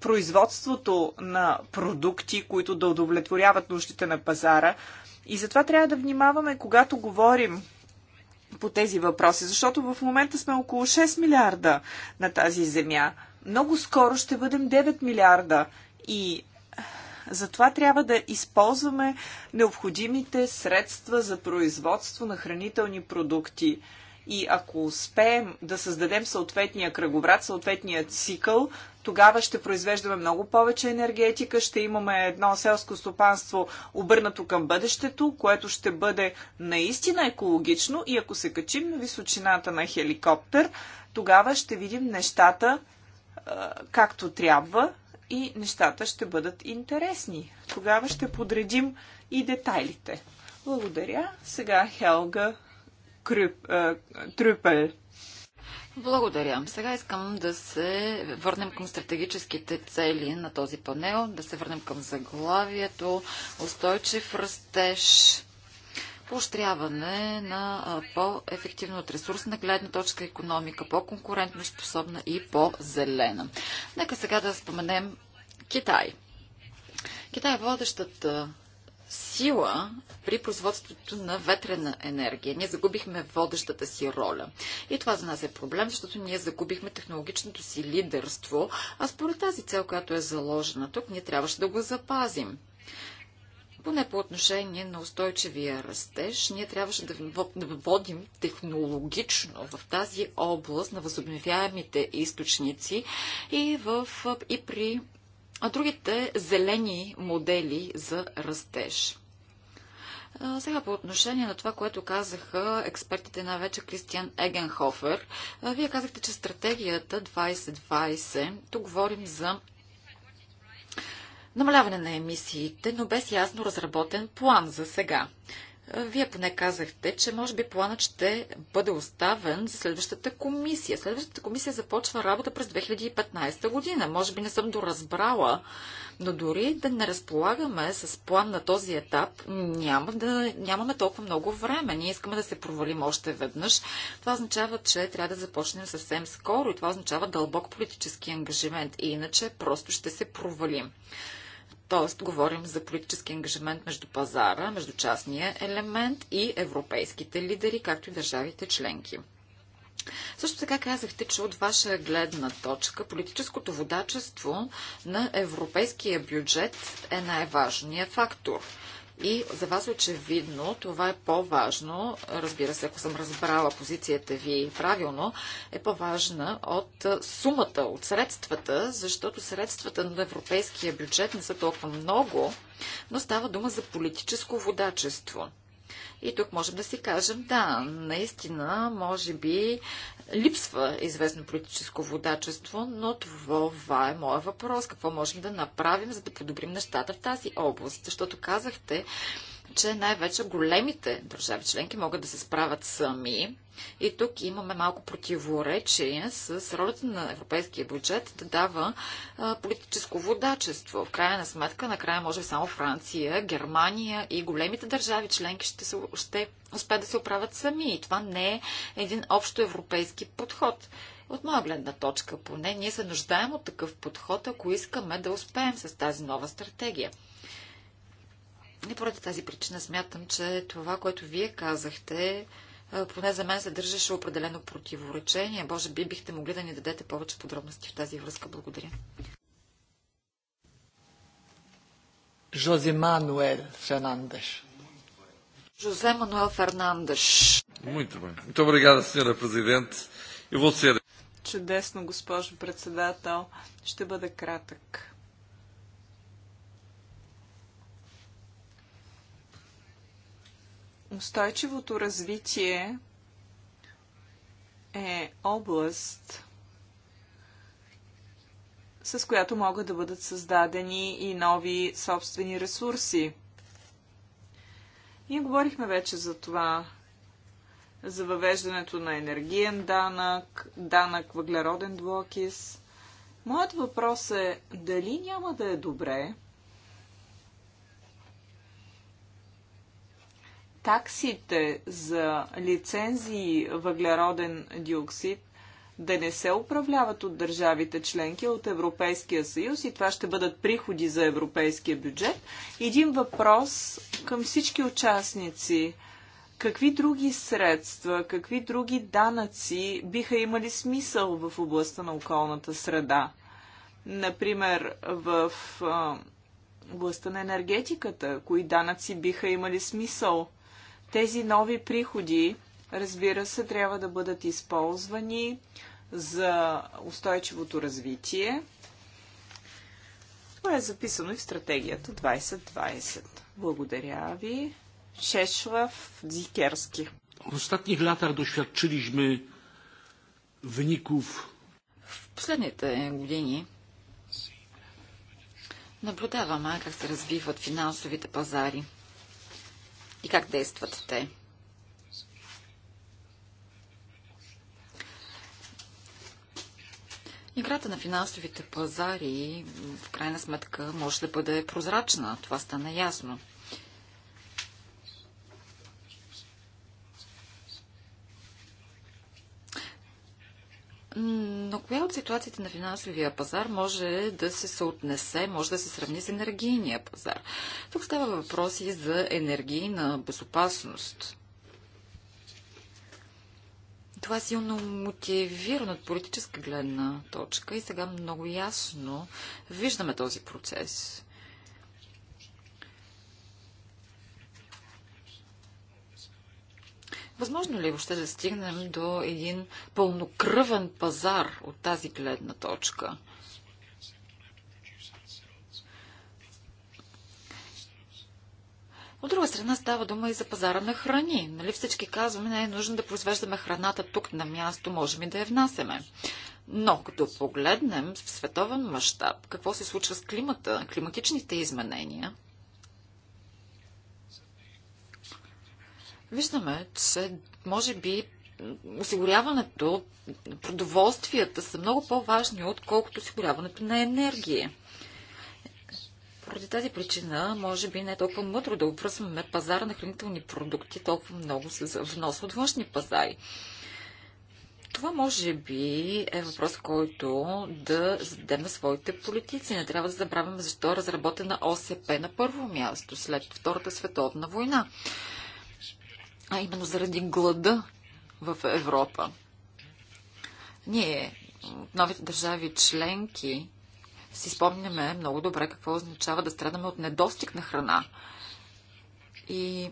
производството на продукти, които да удовлетворяват нуждите на пазара. И затова трябва да внимаваме, когато говорим по тези въпроси, защото в момента сме около 6 милиарда на тази земя. Много скоро ще бъдем 9 милиарда и затова трябва да използваме необходимите средства за производство на хранителни продукти. И ако успеем да създадем съответния кръговрат, съответния цикъл, тогава ще произвеждаме много повече енергетика, ще имаме едно селско стопанство обърнато към бъдещето, което ще бъде наистина екологично и ако се качим на височината на хеликоптер, тогава ще видим нещата както трябва и нещата ще бъдат интересни. Тогава ще подредим и детайлите. Благодаря. Сега Хелга Крюп, э, Трюпел. Благодаря. Сега искам да се върнем към стратегическите цели на този панел, да се върнем към заглавието, устойчив растеж, поощряване на по-ефективно от ресурсна гледна точка економика, по-конкурентно способна и по-зелена. Нека сега да споменем Китай. Китай е водещата сила при производството на ветрена енергия. Ние загубихме водещата си роля. И това за нас е проблем, защото ние загубихме технологичното си лидерство, а според тази цел, която е заложена тук, ние трябваше да го запазим. Поне по отношение на устойчивия растеж, ние трябваше да водим технологично в тази област на възобновяемите източници и, в, и при другите зелени модели за растеж. Сега по отношение на това, което казаха експертите на вече Кристиан Егенхофер, вие казахте, че стратегията 2020, тук говорим за намаляване на емисиите, но без ясно разработен план за сега. Вие поне казахте, че може би планът ще бъде оставен за следващата комисия. Следващата комисия започва работа през 2015 година. Може би не съм доразбрала, но дори да не разполагаме с план на този етап, няма да, нямаме толкова много време. Ние искаме да се провалим още веднъж. Това означава, че трябва да започнем съвсем скоро и това означава дълбок политически ангажимент. И иначе просто ще се провалим. Тоест, говорим за политически ангажимент между пазара, между частния елемент и европейските лидери, както и държавите членки. Също така казахте, че от ваша гледна точка политическото водачество на европейския бюджет е най-важният фактор. И за вас очевидно това е по-важно, разбира се, ако съм разбрала позицията ви правилно, е по-важна от сумата, от средствата, защото средствата на европейския бюджет не са толкова много, но става дума за политическо водачество. И тук можем да си кажем, да, наистина, може би липсва известно политическо водачество, но това е моят въпрос. Какво можем да направим, за да подобрим нещата в тази област? Защото казахте, че най-вече големите държави членки могат да се справят сами. И тук имаме малко противоречие с ролята на европейския бюджет да дава а, политическо водачество. В крайна сметка, накрая може само Франция, Германия и големите държави членки ще, се, ще успеят да се оправят сами. И това не е един общо европейски подход. От моя гледна точка поне, ние се нуждаем от такъв подход, ако искаме да успеем с тази нова стратегия. И поради тази причина смятам, че това, което вие казахте, поне за мен съдържаше определено противоречение. Боже би бихте могли да ни дадете повече подробности в тази връзка. Благодаря. Жозе Мануел Фернандеш. Жозе Мануел Фернандеш. Добре bem. Muito президент. senhora presidente. Eu Чудесно, госпожо председател. Ще бъда кратък. Устойчивото развитие е област, с която могат да бъдат създадени и нови собствени ресурси. Ние говорихме вече за това, за въвеждането на енергиен данък, данък въглероден двуокис. Моят въпрос е дали няма да е добре таксите за лицензии въглероден диоксид да не се управляват от държавите членки, от Европейския съюз и това ще бъдат приходи за европейския бюджет. Един въпрос към всички участници. Какви други средства, какви други данъци биха имали смисъл в областта на околната среда? Например, в областта на енергетиката, кои данъци биха имали смисъл? Тези нови приходи, разбира се, трябва да бъдат използвани за устойчивото развитие. Това е записано и в стратегията 2020. Благодаря ви. Шешлав Дзикерски. В ostatnich latach doświadczyliśmy wyników. В последните години наблюдаваме как се развиват финансовите пазари и как действат те. Играта на финансовите пазари в крайна сметка може да бъде прозрачна. Това стана ясно. ситуацията на финансовия пазар може да се съотнесе, може да се сравни с енергийния пазар. Тук става въпроси за енергийна безопасност. Това е силно мотивирано от политическа гледна точка и сега много ясно виждаме този процес. Възможно ли е въобще да стигнем до един пълнокръвен пазар от тази гледна точка? От друга страна става дума и за пазара на храни. Нали всички казваме, не е нужно да произвеждаме храната тук на място, можем и да я внасяме. Но като погледнем в световен мащаб какво се случва с климата, климатичните изменения, Виждаме, че може би осигуряването, продоволствията са много по-важни, отколкото осигуряването на енергия. Поради тази причина, може би не е толкова мъдро да обвързваме пазара на хранителни продукти толкова много с внос от външни пазари. Това може би е въпрос, който да зададем на своите политици. Не трябва да забравяме защо е разработена ОСП на първо място след Втората световна война а именно заради глада в Европа. Ние, новите държави членки, си спомняме много добре какво означава да страдаме от недостиг на храна. И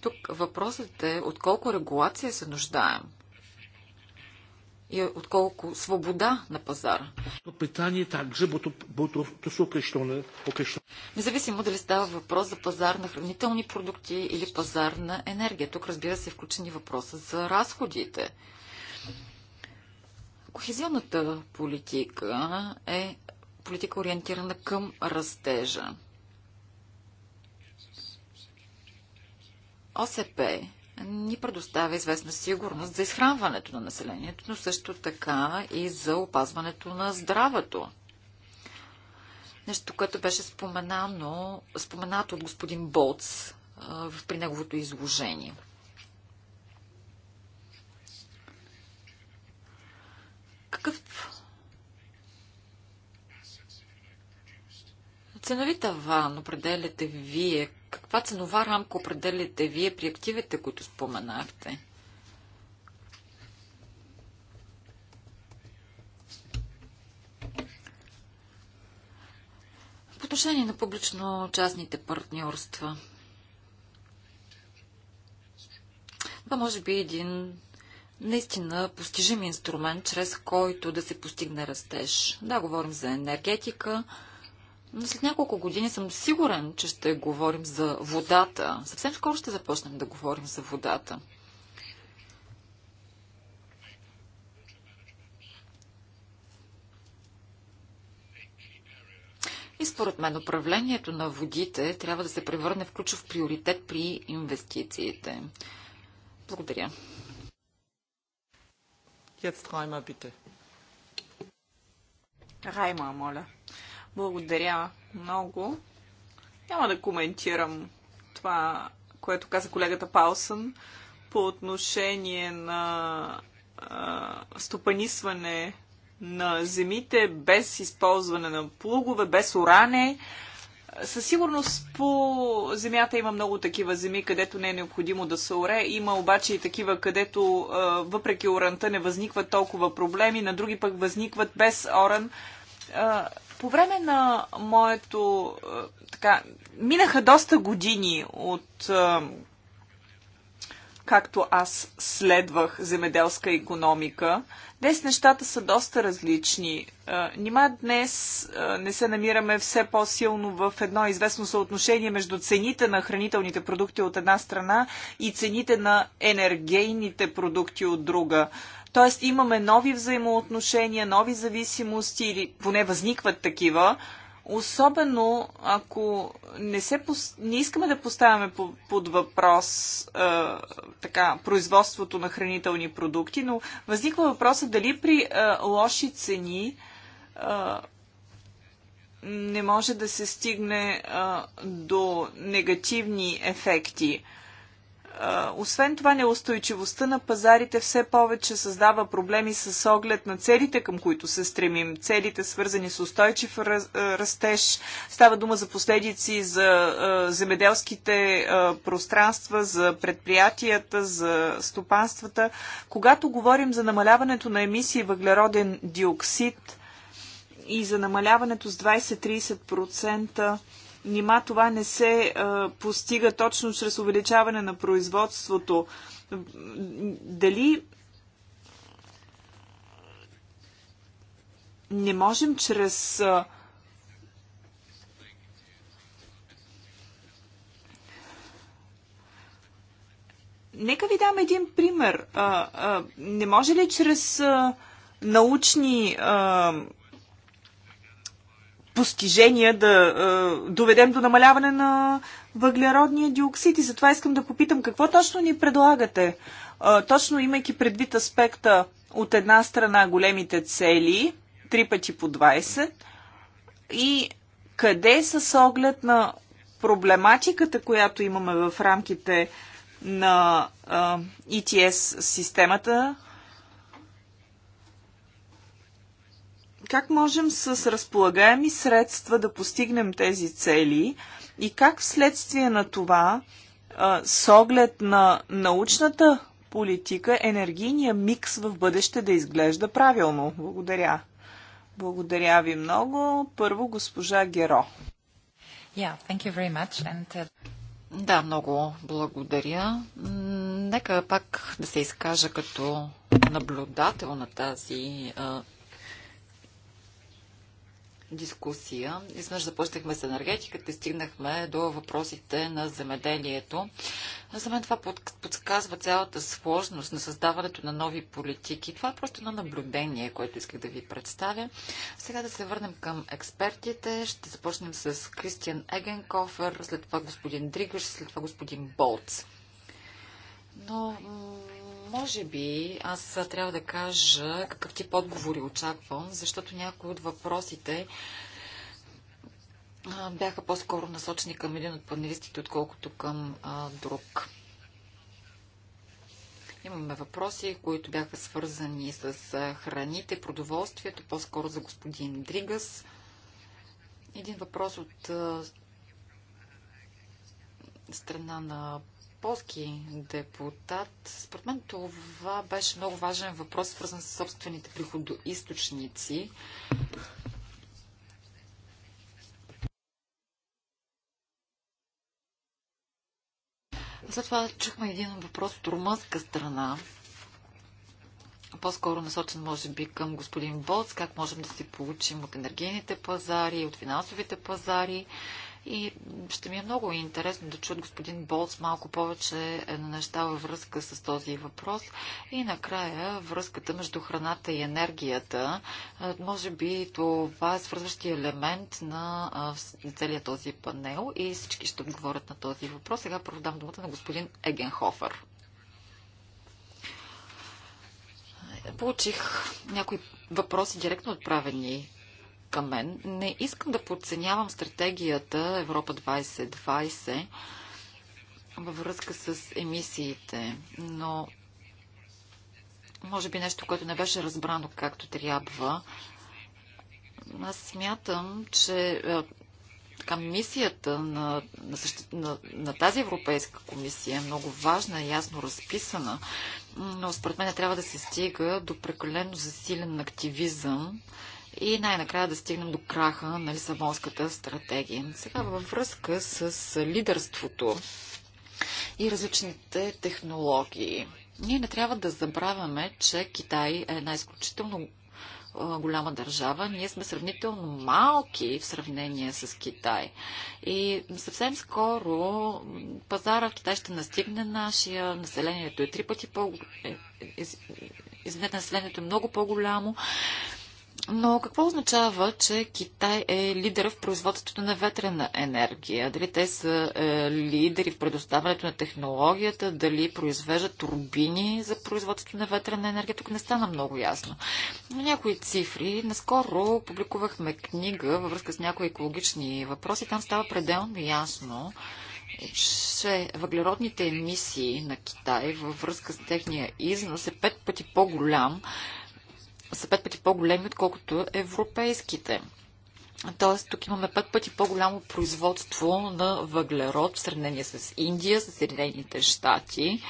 тук въпросът е отколко регулация се нуждаем и свобода на пазара. Е Независимо дали става въпрос за пазар на хранителни продукти или пазар на енергия. Тук разбира се включени въпроса за разходите. Кохезионната политика е политика ориентирана към растежа. ОСП ни предоставя известна сигурност за изхранването на населението, но също така и за опазването на здравето. Нещо, което беше споменано, споменато от господин Болц а, при неговото изложение. Какъв ценови таван определяте вие каква ценова рамка определяте вие при активите, които споменахте? По отношение на публично-частните партньорства. Това може би е един наистина постижим инструмент, чрез който да се постигне растеж. Да, говорим за енергетика, но след няколко години съм сигурен, че ще говорим за водата. Съвсем скоро ще започнем да говорим за водата. И според мен управлението на водите трябва да се превърне в ключов приоритет при инвестициите. Благодаря. Jetzt Reimer, bitte. Reimer, моля. Благодаря много. Няма да коментирам това, което каза колегата Паусън по отношение на а, стопанисване на земите без използване на плугове, без оране. Със сигурност по земята има много такива земи, където не е необходимо да се оре. Има обаче и такива, където въпреки оранта не възникват толкова проблеми, на други пък възникват без оран по време на моето... Е, така, минаха доста години от е, както аз следвах земеделска економика. Днес нещата са доста различни. Е, нима днес не се намираме все по-силно в едно известно съотношение между цените на хранителните продукти от една страна и цените на енергийните продукти от друга. Тоест имаме нови взаимоотношения, нови зависимости или поне възникват такива, особено ако не, се, не искаме да поставяме под въпрос е, така, производството на хранителни продукти, но възниква въпроса дали при е, лоши цени е, не може да се стигне е, до негативни ефекти. Освен това, неустойчивостта на пазарите все повече създава проблеми с оглед на целите, към които се стремим. Целите, свързани с устойчив растеж, става дума за последици за земеделските пространства, за предприятията, за стопанствата. Когато говорим за намаляването на емисии въглероден диоксид и за намаляването с 20-30%, Нима това не се а, постига точно чрез увеличаване на производството. Дали не можем чрез а, Нека ви дам един пример. А, а, не може ли чрез а, научни а, постижения да е, доведем до намаляване на въглеродния диоксид. И затова искам да попитам какво точно ни предлагате. Е, точно имайки предвид аспекта от една страна големите цели, 3 пъти по 20, и къде с оглед на проблематиката, която имаме в рамките на ETS системата, как можем с разполагаеми средства да постигнем тези цели и как вследствие на това, с оглед на научната политика, енергийния микс в бъдеще да изглежда правилно? Благодаря. Благодаря ви много. Първо госпожа Геро. Yeah, thank you very much. And, uh, да, много благодаря. Нека пак да се изкажа като наблюдател на тази дискусия. Изнъж започнахме с енергетиката и стигнахме до въпросите на земеделието. За мен това подсказва цялата сложност на създаването на нови политики. Това е просто едно наблюдение, което исках да ви представя. Сега да се върнем към експертите. Ще започнем с Кристиан Егенкофер, след това господин Дригаш, след това господин Болц. Но може би аз трябва да кажа какъв тип отговори очаквам, защото някои от въпросите бяха по-скоро насочени към един от панелистите, отколкото към а, друг. Имаме въпроси, които бяха свързани с храните, продоволствието, по-скоро за господин Дригас. Един въпрос от страна на полски депутат. Според мен това беше много важен въпрос, свързан с собствените приходоисточници. След това чухме един въпрос от румънска страна, по-скоро насочен, може би, към господин Болц, как можем да си получим от енергийните пазари, от финансовите пазари. И ще ми е много интересно да чуят господин Болц малко повече е, на неща във връзка с този въпрос. И накрая връзката между храната и енергията. Е, може би това е свързващия елемент на целият този панел и всички ще отговорят на този въпрос. Сега първо дам думата на господин Егенхофер. Получих някои въпроси директно отправени към мен. Не искам да подценявам стратегията Европа 2020 във връзка с емисиите, но може би нещо, което не беше разбрано както трябва. Аз смятам, че е, така, мисията на, на, на, на тази Европейска комисия е много важна, ясно разписана, но според мен трябва да се стига до прекалено засилен активизъм и най-накрая да стигнем до краха на Лисабонската стратегия. Сега във връзка с лидерството и различните технологии. Ние не трябва да забравяме, че Китай е една изключително голяма държава. Ние сме сравнително малки в сравнение с Китай. И съвсем скоро пазара в Китай ще настигне нашия. Населението е три пъти по... Е, е, извинете, населението е много по-голямо. Но какво означава, че Китай е лидер в производството на ветрена енергия? Дали те са е, лидери в предоставянето на технологията, дали произвеждат турбини за производството на ветрена енергия? Тук не стана много ясно. Но някои цифри. Наскоро публикувахме книга във връзка с някои екологични въпроси. Там става пределно ясно, че въглеродните емисии на Китай във връзка с техния износ е пет пъти по-голям са пет пъти по-големи, отколкото европейските. Тоест, тук имаме пет пъти по-голямо производство на въглерод в сравнение с Индия, с Съединените щати.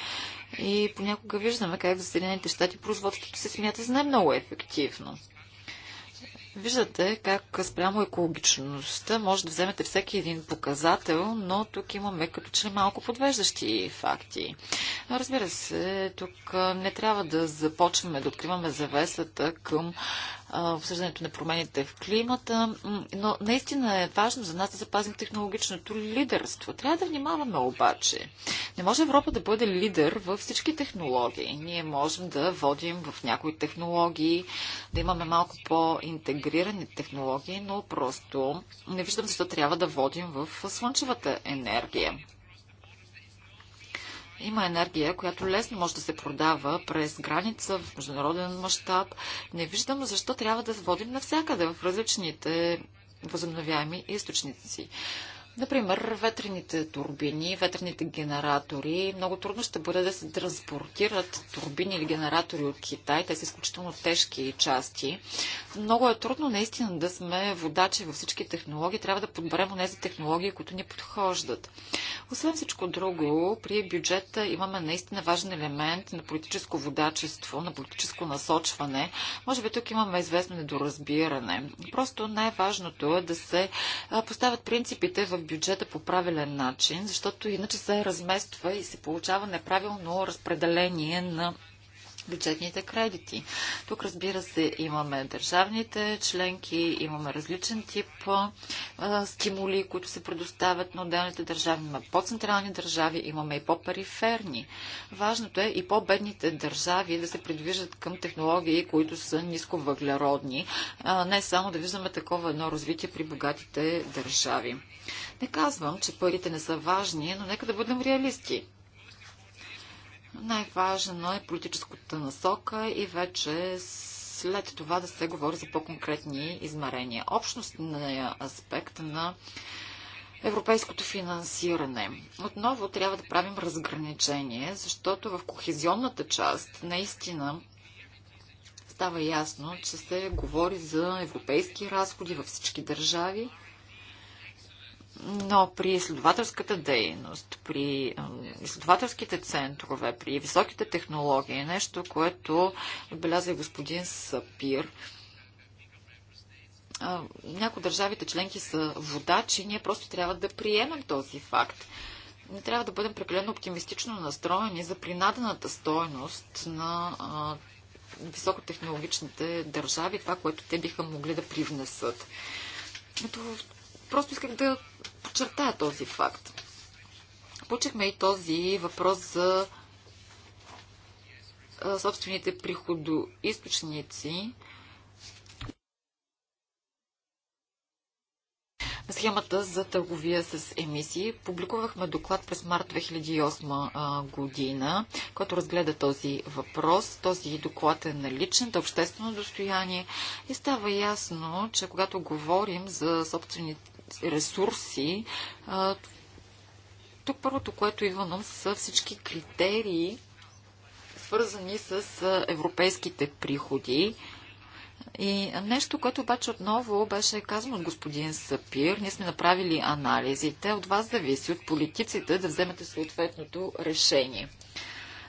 И понякога виждаме как в Съединените щати производството се смята за най-много ефективно. Виждате как спрямо екологичността може да вземете всеки един показател, но тук имаме като че малко подвеждащи факти. Разбира се, тук не трябва да започваме да откриваме завесата към обсъждането на промените в климата, но наистина е важно за нас да запазим технологичното лидерство. Трябва да внимаваме обаче. Не може Европа да бъде лидер във всички технологии. Ние можем да водим в някои технологии, да имаме малко по-интегрирани технологии, но просто не виждам защо трябва да водим в слънчевата енергия. Има енергия, която лесно може да се продава през граница, в международен мащаб. Не виждам защо трябва да водим навсякъде в различните възобновяеми източници. Например, ветрените турбини, ветрените генератори. Много трудно ще бъде да се транспортират турбини или генератори от Китай. Те са изключително тежки части. Много е трудно наистина да сме водачи във всички технологии. Трябва да подберем тези технологии, които ни подхождат. Освен всичко друго, при бюджета имаме наистина важен елемент на политическо водачество, на политическо насочване. Може би тук имаме известно недоразбиране. Просто най-важното е да се поставят принципите в бюджета по правилен начин, защото иначе се размества и се получава неправилно разпределение на бюджетните кредити. Тук, разбира се, имаме държавните членки, имаме различен тип стимули, които се предоставят на отделните държави. Имаме по-централни държави, имаме и по-периферни. Важното е и по-бедните държави да се придвижат към технологии, които са нисковъглеродни, въглеродни. не само да виждаме такова едно развитие при богатите държави. Не казвам, че парите не са важни, но нека да бъдем реалисти. Най-важно е политическата насока и вече след това да се говори за по-конкретни измерения. Общностният аспект на европейското финансиране. Отново трябва да правим разграничение, защото в кохезионната част наистина става ясно, че се говори за европейски разходи във всички държави но при изследователската дейност, при изследователските центрове, при високите технологии, нещо, което отбеляза и господин Сапир, някои държавите членки са водачи, ние просто трябва да приемем този факт. Не трябва да бъдем прекалено оптимистично настроени за принадената стойност на а, високотехнологичните държави, това, което те биха могли да привнесат. Ето, просто исках да подчертая този факт. почехме и този въпрос за собствените приходоисточници. На схемата за търговия с емисии публикувахме доклад през март 2008 година, който разгледа този въпрос. Този доклад е наличен, да обществено достояние и става ясно, че когато говорим за собствените ресурси. Тук първото, което идва нам, са всички критерии, свързани с европейските приходи. И нещо, което обаче отново беше казано от господин Сапир, ние сме направили анализите, от вас зависи, от политиците да вземете съответното решение.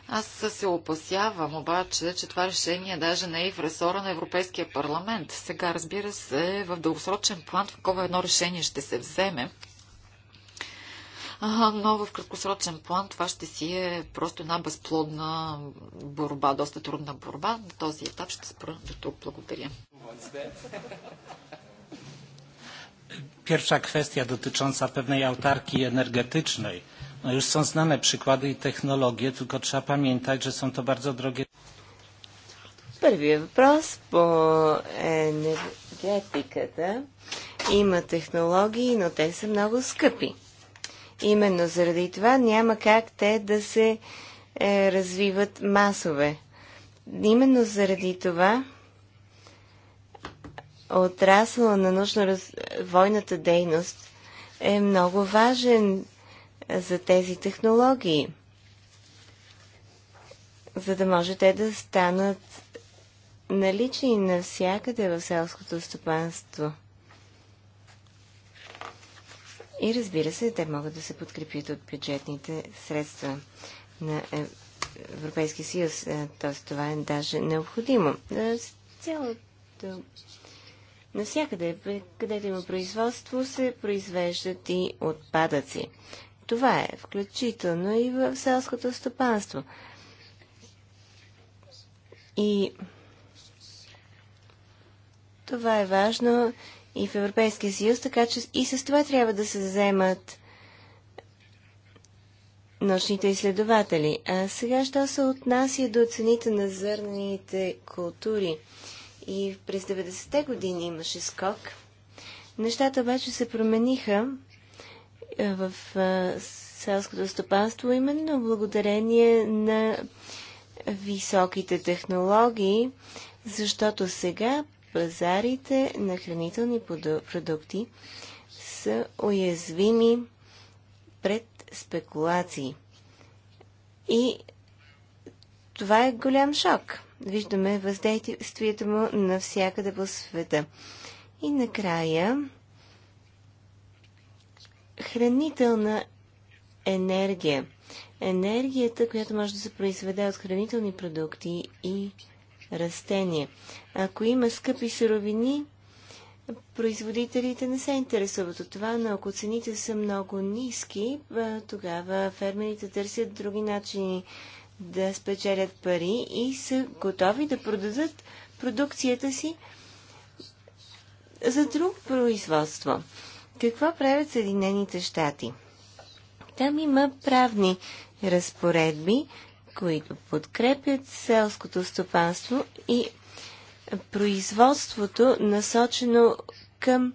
Аз се опасявам обаче, че това решение даже не е и в ресора на Европейския парламент. Сега, разбира се, в дългосрочен план такова едно решение ще се вземе. Но в краткосрочен план това ще си е просто една безплодна борба, доста трудна борба. На този етап ще спра до тук. Благодаря. квестия, kwestia певна pewnej autarki енергетичной. No już są znane przykłady i technologie, tylko trzeba pamiętać, że są to bardzo drogie. Първият въпрос по енергетиката има технологии, но те са много скъпи. Именно заради това няма как те да се е, развиват масове. Именно заради това отрасъла на научно войната дейност е много важен за тези технологии, за да може те да станат налични навсякъде в селското стопанство. И разбира се, те могат да се подкрепят от бюджетните средства на е- Европейския съюз. Т.е. това е даже необходимо. Цялото... Навсякъде, където има производство, се произвеждат и отпадъци. Това е включително и в селското стопанство. И това е важно и в Европейския съюз, така че и с това трябва да се вземат научните изследователи. А сега, що се отнася до цените на зърнените култури? И през 90-те години имаше скок. Нещата обаче се промениха е, в е, селското стопанство, именно благодарение на високите технологии, защото сега пазарите на хранителни продукти са уязвими пред спекулации. И това е голям шок. Виждаме въздействието му навсякъде по света. И накрая хранителна енергия. Енергията, която може да се произведе от хранителни продукти и растения. Ако има скъпи суровини, производителите не се интересуват от това, но ако цените са много ниски, тогава фермерите търсят други начини да спечелят пари и са готови да продадат продукцията си за друго производство. Какво правят Съединените щати? Там има правни разпоредби, които подкрепят селското стопанство и производството насочено към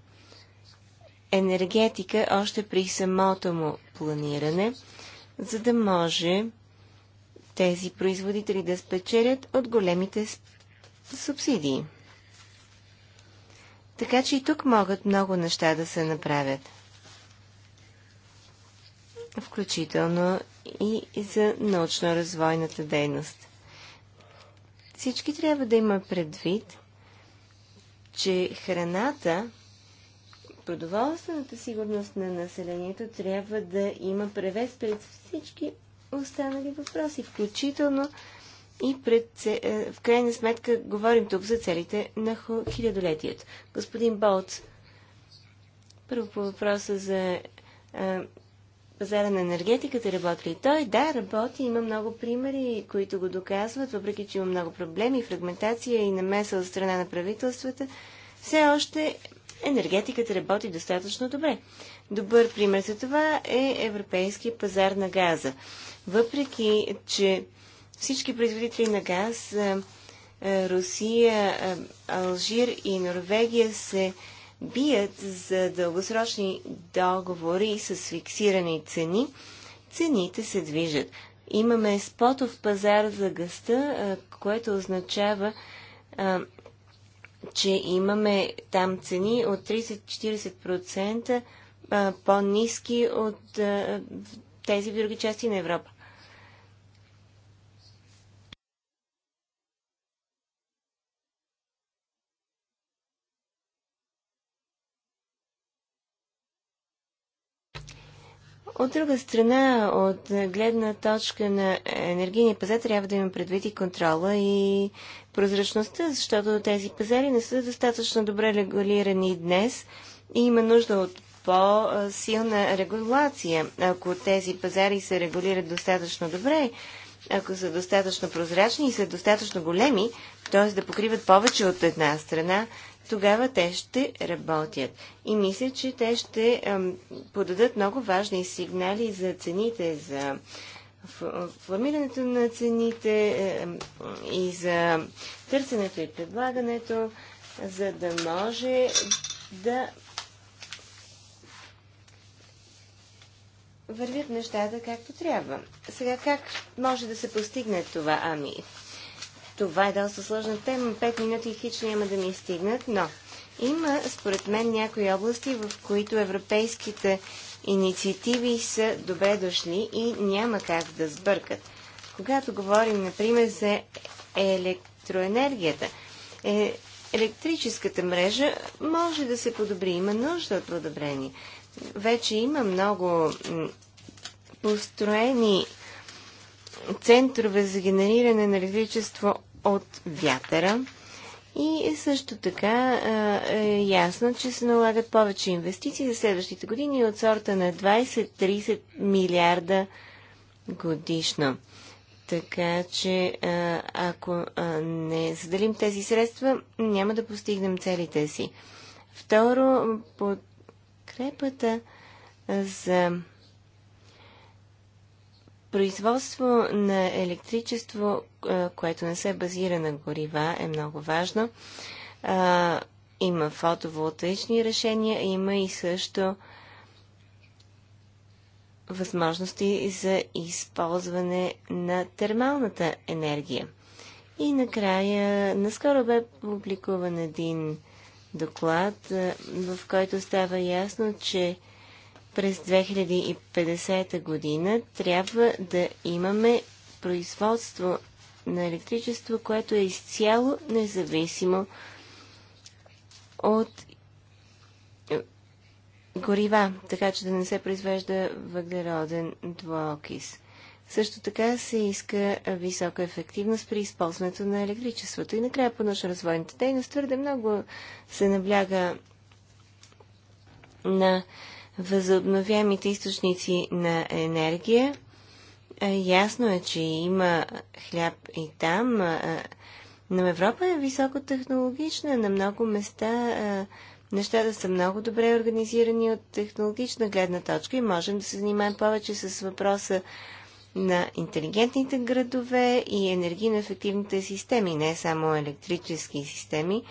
енергетика още при самото му планиране, за да може тези производители да спечелят от големите субсидии. Така че и тук могат много неща да се направят. Включително и за научно-развойната дейност. Всички трябва да има предвид, че храната, продоволствената сигурност на населението трябва да има превес пред всички останали въпроси, включително и пред, е, в крайна сметка говорим тук за целите на хилядолетието. Господин Болц, първо по въпроса за е, пазара на енергетиката работи ли той? Да, работи. Има много примери, които го доказват, въпреки че има много проблеми, фрагментация и намеса от страна на правителствата. Все още енергетиката работи достатъчно добре. Добър пример за това е европейския пазар на газа. Въпреки, че всички производители на газ, Русия, Алжир и Норвегия се бият за дългосрочни договори с фиксирани цени, цените се движат. Имаме спотов пазар за гъста, което означава, че имаме там цени от 30-40% по-низки от тези в други части на Европа. От друга страна, от гледна точка на енергийния пазар трябва да има предвид и контрола и прозрачността, защото тези пазари не са достатъчно добре регулирани днес и има нужда от по-силна регулация. Ако тези пазари се регулират достатъчно добре, ако са достатъчно прозрачни и са достатъчно големи, т.е. да покриват повече от една страна, тогава те ще работят. И мисля, че те ще подадат много важни сигнали за цените, за формирането на цените и за търсенето и предлагането, за да може да вървят нещата както трябва. Сега как може да се постигне това? Ами, това е доста сложна тема. Пет минути хич няма да ми стигнат, но има, според мен, някои области, в които европейските инициативи са добре дошли и няма как да сбъркат. Когато говорим, например, за електроенергията, е, електрическата мрежа може да се подобри, има нужда от подобрение вече има много построени центрове за генериране на електричество от вятъра. И също така е ясно, че се налагат повече инвестиции за следващите години от сорта на 20-30 милиарда годишно. Така че ако не заделим тези средства, няма да постигнем целите си. Второ, под подкрепата за производство на електричество, което не се базира на горива, е много важно. Има фотоволтаични решения, има и също възможности за използване на термалната енергия. И накрая, наскоро бе публикуван един доклад, е, в който става ясно, че през 2050 година трябва да имаме производство на електричество, което е изцяло независимо от е, горива, така че да не се произвежда въглероден двуокис. Също така се иска висока ефективност при използването на електричеството. И накрая по научно-развойната дейност твърде много се набляга на възобновяемите източници на енергия. Ясно е, че има хляб и там. Но Европа е високотехнологична. На много места нещата са много добре организирани от технологична гледна точка и можем да се занимаем повече с въпроса на интелигентните градове и енергийно ефективните системи, не само електрически системи,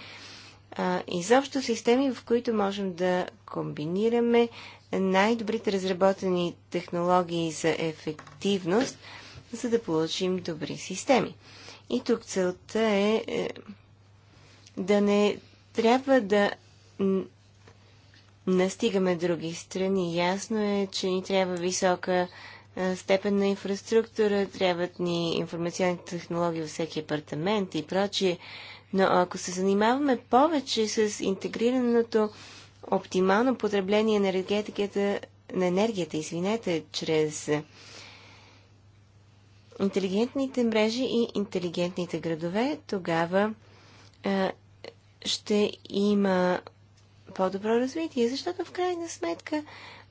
а изобщо системи, в които можем да комбинираме най-добрите разработени технологии за ефективност, за да получим добри системи. И тук целта е, е да не трябва да настигаме други страни. Ясно е, че ни трябва висока е, степен на инфраструктура, трябват ни информационни технологии във всеки апартамент и прочие. Но ако се занимаваме повече с интегрираното оптимално потребление на енергетиката, на енергията, извинете, чрез интелигентните мрежи и интелигентните градове, тогава а, е, ще има по-добро развитие, защото в крайна сметка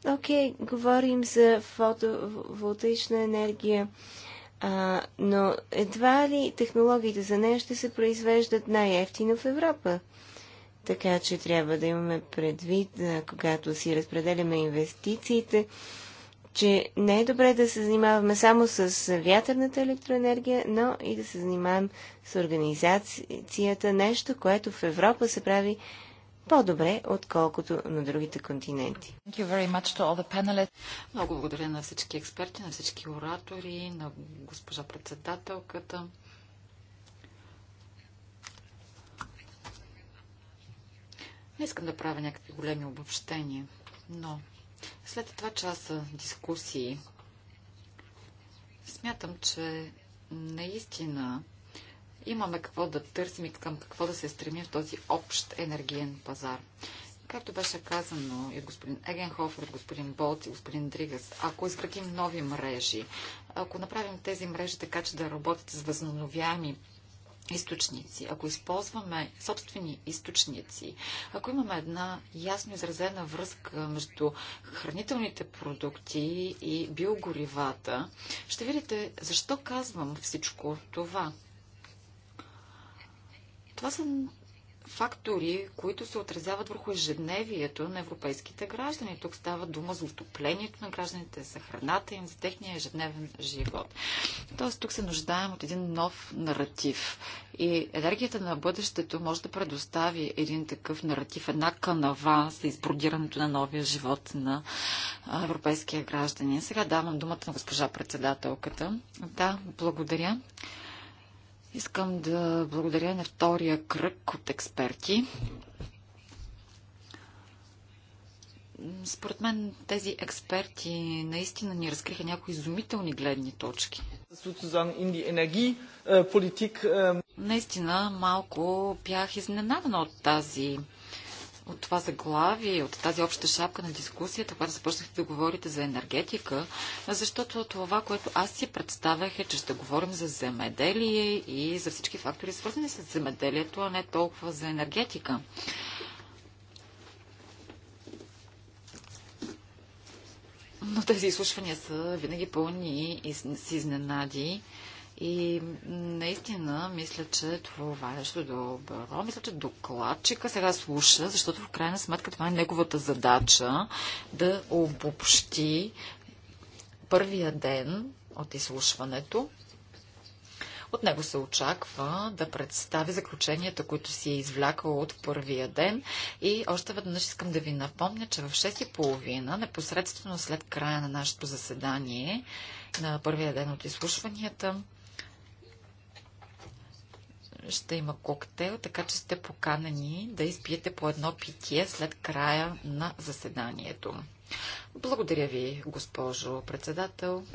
Окей, okay, говорим за фотоволтаична енергия, а, но едва ли технологиите за нея ще се произвеждат най-ефтино в Европа? Така че трябва да имаме предвид, когато си разпределяме инвестициите, че не е добре да се занимаваме само с вятърната електроенергия, но и да се занимаваме с организацията, нещо, което в Европа се прави по-добре, отколкото на другите континенти. Много благодаря на всички експерти, на всички оратори, на госпожа председателката. Не искам да правя някакви големи обобщения, но след това часа дискусии смятам, че наистина имаме какво да търсим и към какво да се стремим в този общ енергиен пазар. Както беше казано и от господин Егенхофер, от господин Болт и господин Дригас, ако изградим нови мрежи, ако направим тези мрежи така, че да работят с възобновяеми източници, ако използваме собствени източници, ако имаме една ясно изразена връзка между хранителните продукти и биогоривата, ще видите защо казвам всичко това. Това са фактори, които се отразяват върху ежедневието на европейските граждани. Тук става дума за отоплението на гражданите, за храната им, за техния ежедневен живот. Тоест тук се нуждаем от един нов наратив. И енергията на бъдещето може да предостави един такъв наратив, една канава за избродирането на новия живот на европейския граждани. Сега давам думата на госпожа председателката. Да, благодаря. Искам да благодаря на втория кръг от експерти. Според мен тези експерти наистина ни разкриха някои изумителни гледни точки. Наистина малко бях изненадана от тази от това заглавие, от тази обща шапка на дискусията, когато започнахте да говорите за енергетика, защото това, което аз си представях е, че ще говорим за земеделие и за всички фактори, свързани с земеделието, а не толкова за енергетика. Но тези изслушвания са винаги пълни и с изненади. И наистина, мисля, че това е нещо добро. Мисля, че докладчика сега слуша, защото в крайна сметка това е неговата задача да обобщи първия ден от изслушването. От него се очаква да представи заключенията, които си е извлякал от първия ден. И още веднъж искам да ви напомня, че в 6.30, непосредствено след края на нашето заседание, на първия ден от изслушванията, ще има коктейл, така че сте поканени да изпиете по едно питие след края на заседанието. Благодаря ви, госпожо председател.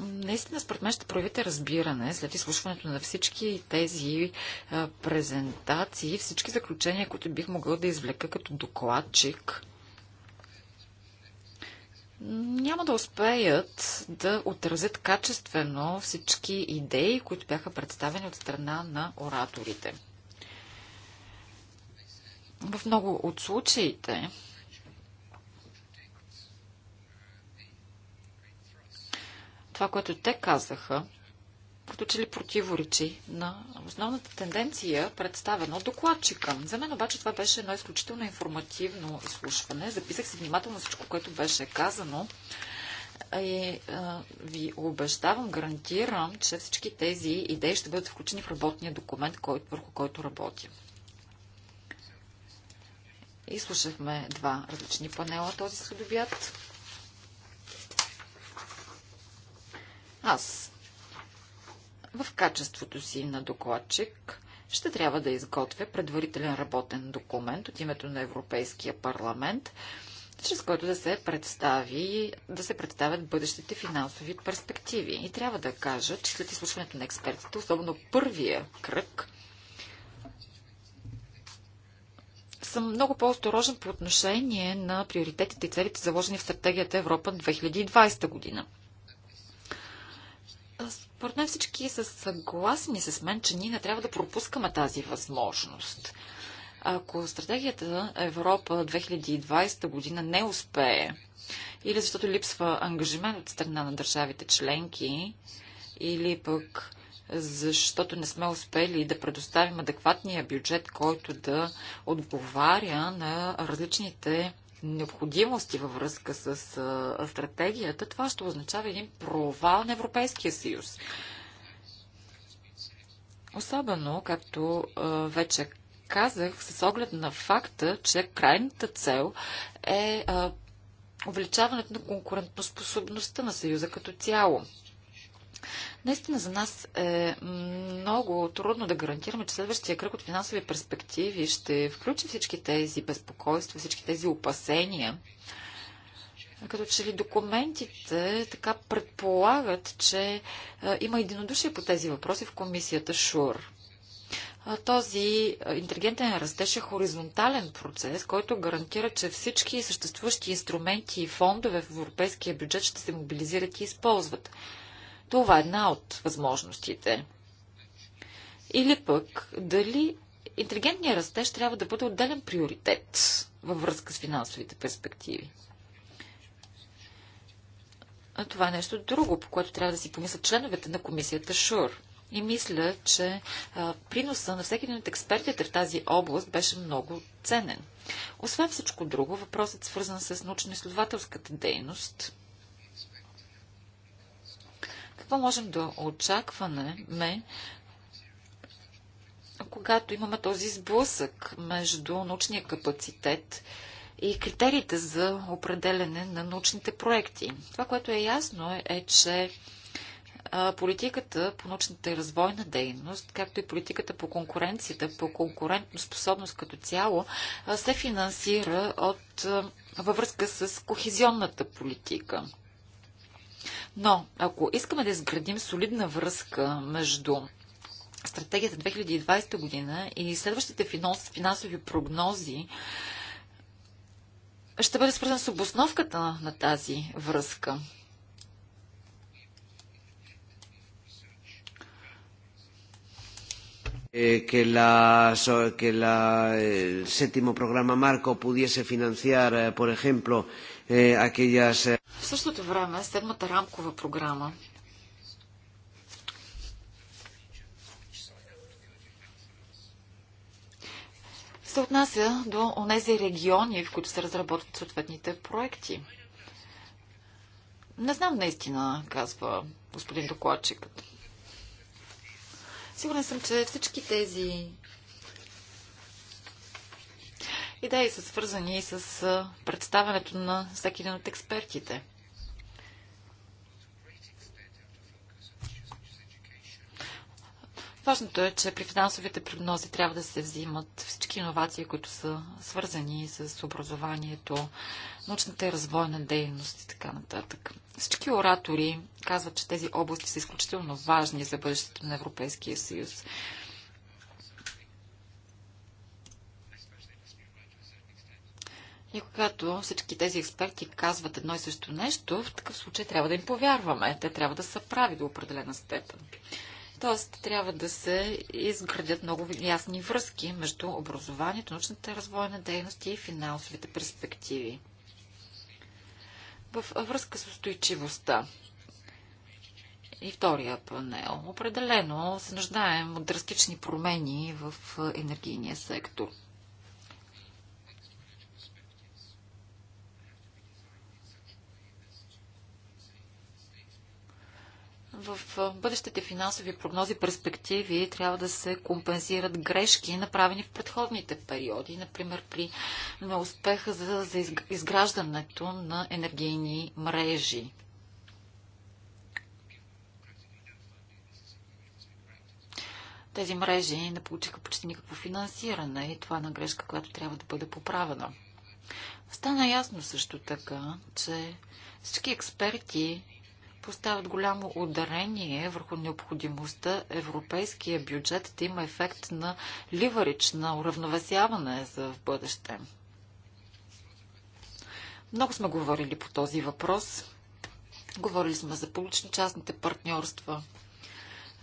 Наистина, според мен ще проявите разбиране след изслушването на всички тези презентации, всички заключения, които бих могъл да извлека като докладчик няма да успеят да отразят качествено всички идеи, които бяха представени от страна на ораторите. В много от случаите това, което те казаха, като че ли противоречи на основната тенденция, представена от докладчика. За мен обаче това беше едно изключително информативно изслушване. Записах си внимателно всичко, което беше казано и а, ви обещавам, гарантирам, че всички тези идеи ще бъдат включени в работния документ, който, върху който работим. И слушахме два различни панела този следобят. Аз в качеството си на докладчик ще трябва да изготвя предварителен работен документ от името на Европейския парламент, чрез който да се, представи, да се представят бъдещите финансови перспективи. И трябва да кажа, че след изслушването на експертите, особено първия кръг, съм много по-осторожен по отношение на приоритетите и целите, заложени в стратегията Европа 2020 година. Поред мен всички са съгласни с мен, че ние не трябва да пропускаме тази възможност. Ако стратегията Европа 2020 година не успее, или защото липсва ангажимент от страна на държавите членки, или пък защото не сме успели да предоставим адекватния бюджет, който да отговаря на различните необходимости във връзка с а, стратегията, това ще означава един провал на Европейския съюз. Особено, както а, вече казах, с оглед на факта, че крайната цел е а, увеличаването на конкурентоспособността на Съюза като цяло. Наистина за нас е много трудно да гарантираме, че следващия кръг от финансови перспективи ще включи всички тези безпокойства, всички тези опасения. Като че ли документите така предполагат, че е, има единодушие по тези въпроси в комисията ШУР. Е, този е, интелигентен растеж е хоризонтален процес, който гарантира, че всички съществуващи инструменти и фондове в европейския бюджет ще се мобилизират и използват. Това е една от възможностите. Или пък, дали интелигентният растеж трябва да бъде отделен приоритет във връзка с финансовите перспективи. А това е нещо друго, по което трябва да си помислят членовете на комисията ШУР. И мисля, че а, приноса на всеки един от експертите в тази област беше много ценен. Освен всичко друго, въпросът свързан с научно-изследователската дейност какво можем да очакваме, когато имаме този сблъсък между научния капацитет и критериите за определене на научните проекти? Това, което е ясно е, е че политиката по научната и развойна дейност, както и политиката по конкуренцията, по способност като цяло, се финансира от, във връзка с кохезионната политика. Но, ако искаме да изградим солидна връзка между стратегията 2020 година и следващите финансови прогнози, ще бъде свързан с обосновката на тази връзка. que, la, que la, el séptimo programa marco pudiese financiar, por ejemplo, е, е, в същото време, седмата рамкова програма се отнася до онези региони, в които се разработват съответните проекти. Не знам наистина, казва господин докладчикът. Сигурен съм, че всички тези идеи са свързани и с представянето на всеки един от експертите. Важното е, че при финансовите прогнози трябва да се взимат всички иновации, които са свързани с образованието, научната и развойна дейност и така нататък. Всички оратори казват, че тези области са изключително важни за бъдещето на Европейския съюз. И когато всички тези експерти казват едно и също нещо, в такъв случай трябва да им повярваме. Те трябва да са прави до определена степен. Тоест, трябва да се изградят много ясни връзки между образованието, научната развойна дейност и финансовите перспективи. В връзка с устойчивостта и втория панел. Определено се нуждаем от драстични промени в енергийния сектор – в бъдещите финансови прогнози перспективи трябва да се компенсират грешки, направени в предходните периоди, например при неуспеха за, за изграждането на енергийни мрежи. Тези мрежи не получиха почти никакво финансиране и това е на грешка, която трябва да бъде поправена. Стана ясно също така, че всички експерти поставят голямо ударение върху необходимостта европейския бюджет да има ефект на ливарич, на уравновесяване за в бъдеще. Много сме говорили по този въпрос. Говорили сме за публично-частните партньорства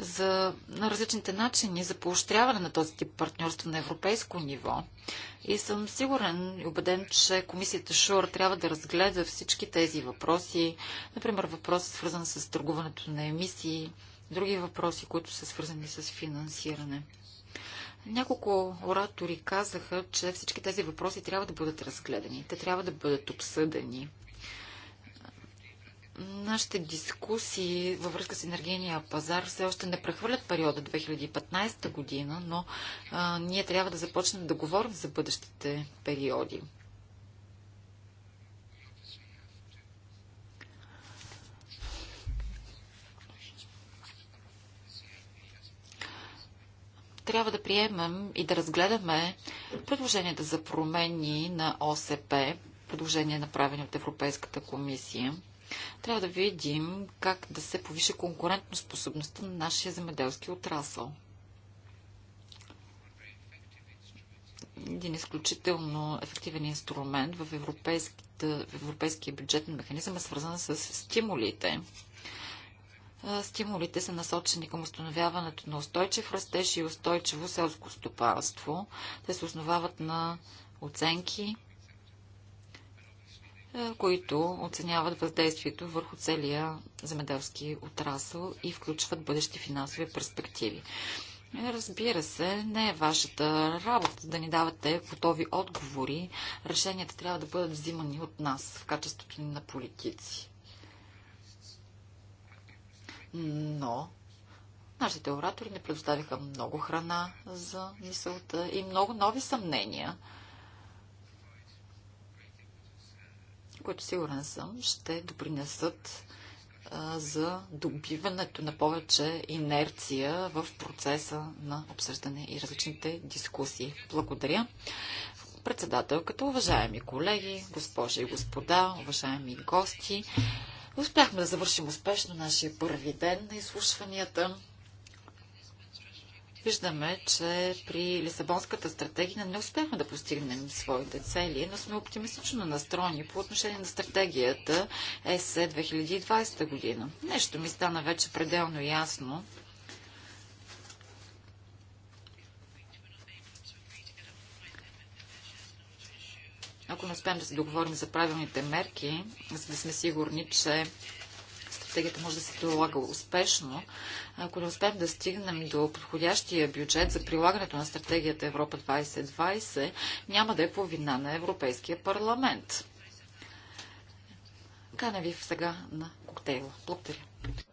за на различните начини за поощряване на този тип партньорство на европейско ниво. И съм сигурен и убеден, че комисията ШУР трябва да разгледа всички тези въпроси, например въпроси свързан с търгуването на емисии, други въпроси, които са свързани с финансиране. Няколко оратори казаха, че всички тези въпроси трябва да бъдат разгледани, те трябва да бъдат обсъдени. Нашите дискусии във връзка с енергийния пазар все още не прехвърлят периода 2015 година, но а, ние трябва да започнем да говорим за бъдещите периоди. трябва да приемем и да разгледаме предложенията за промени на ОСП, предложения направени от Европейската комисия. Трябва да видим как да се повиши способността на нашия земеделски отрасъл. един изключително ефективен инструмент в, в европейския бюджетен механизъм е свързан с стимулите. Стимулите са насочени към установяването на устойчив растеж и устойчиво селско стопанство. Те се основават на оценки които оценяват въздействието върху целия земеделски отрасъл и включват бъдещи финансови перспективи. Разбира се, не е вашата работа да ни давате готови отговори. Решенията трябва да бъдат взимани от нас в качеството ни на политици. Но нашите оратори не предоставиха много храна за мисълта и много нови съмнения – които сигурен съм ще допринесат за добиването на повече инерция в процеса на обсъждане и различните дискусии. Благодаря. Председателката, уважаеми колеги, госпожи и господа, уважаеми гости, успяхме да завършим успешно нашия първи ден на изслушванията. Виждаме, че при Лисабонската стратегия не успяхме да постигнем своите цели, но сме оптимистично настроени по отношение на стратегията ЕСЕ 2020 година. Нещо ми стана вече пределно ясно, ако не успеем да се договорим за правилните мерки, за да сме сигурни, че стратегията може да се прилага успешно, ако не успеем да стигнем до подходящия бюджет за прилагането на стратегията Европа 2020, няма да е по вина на Европейския парламент. Каня ви сега на коктейла. Благодаря.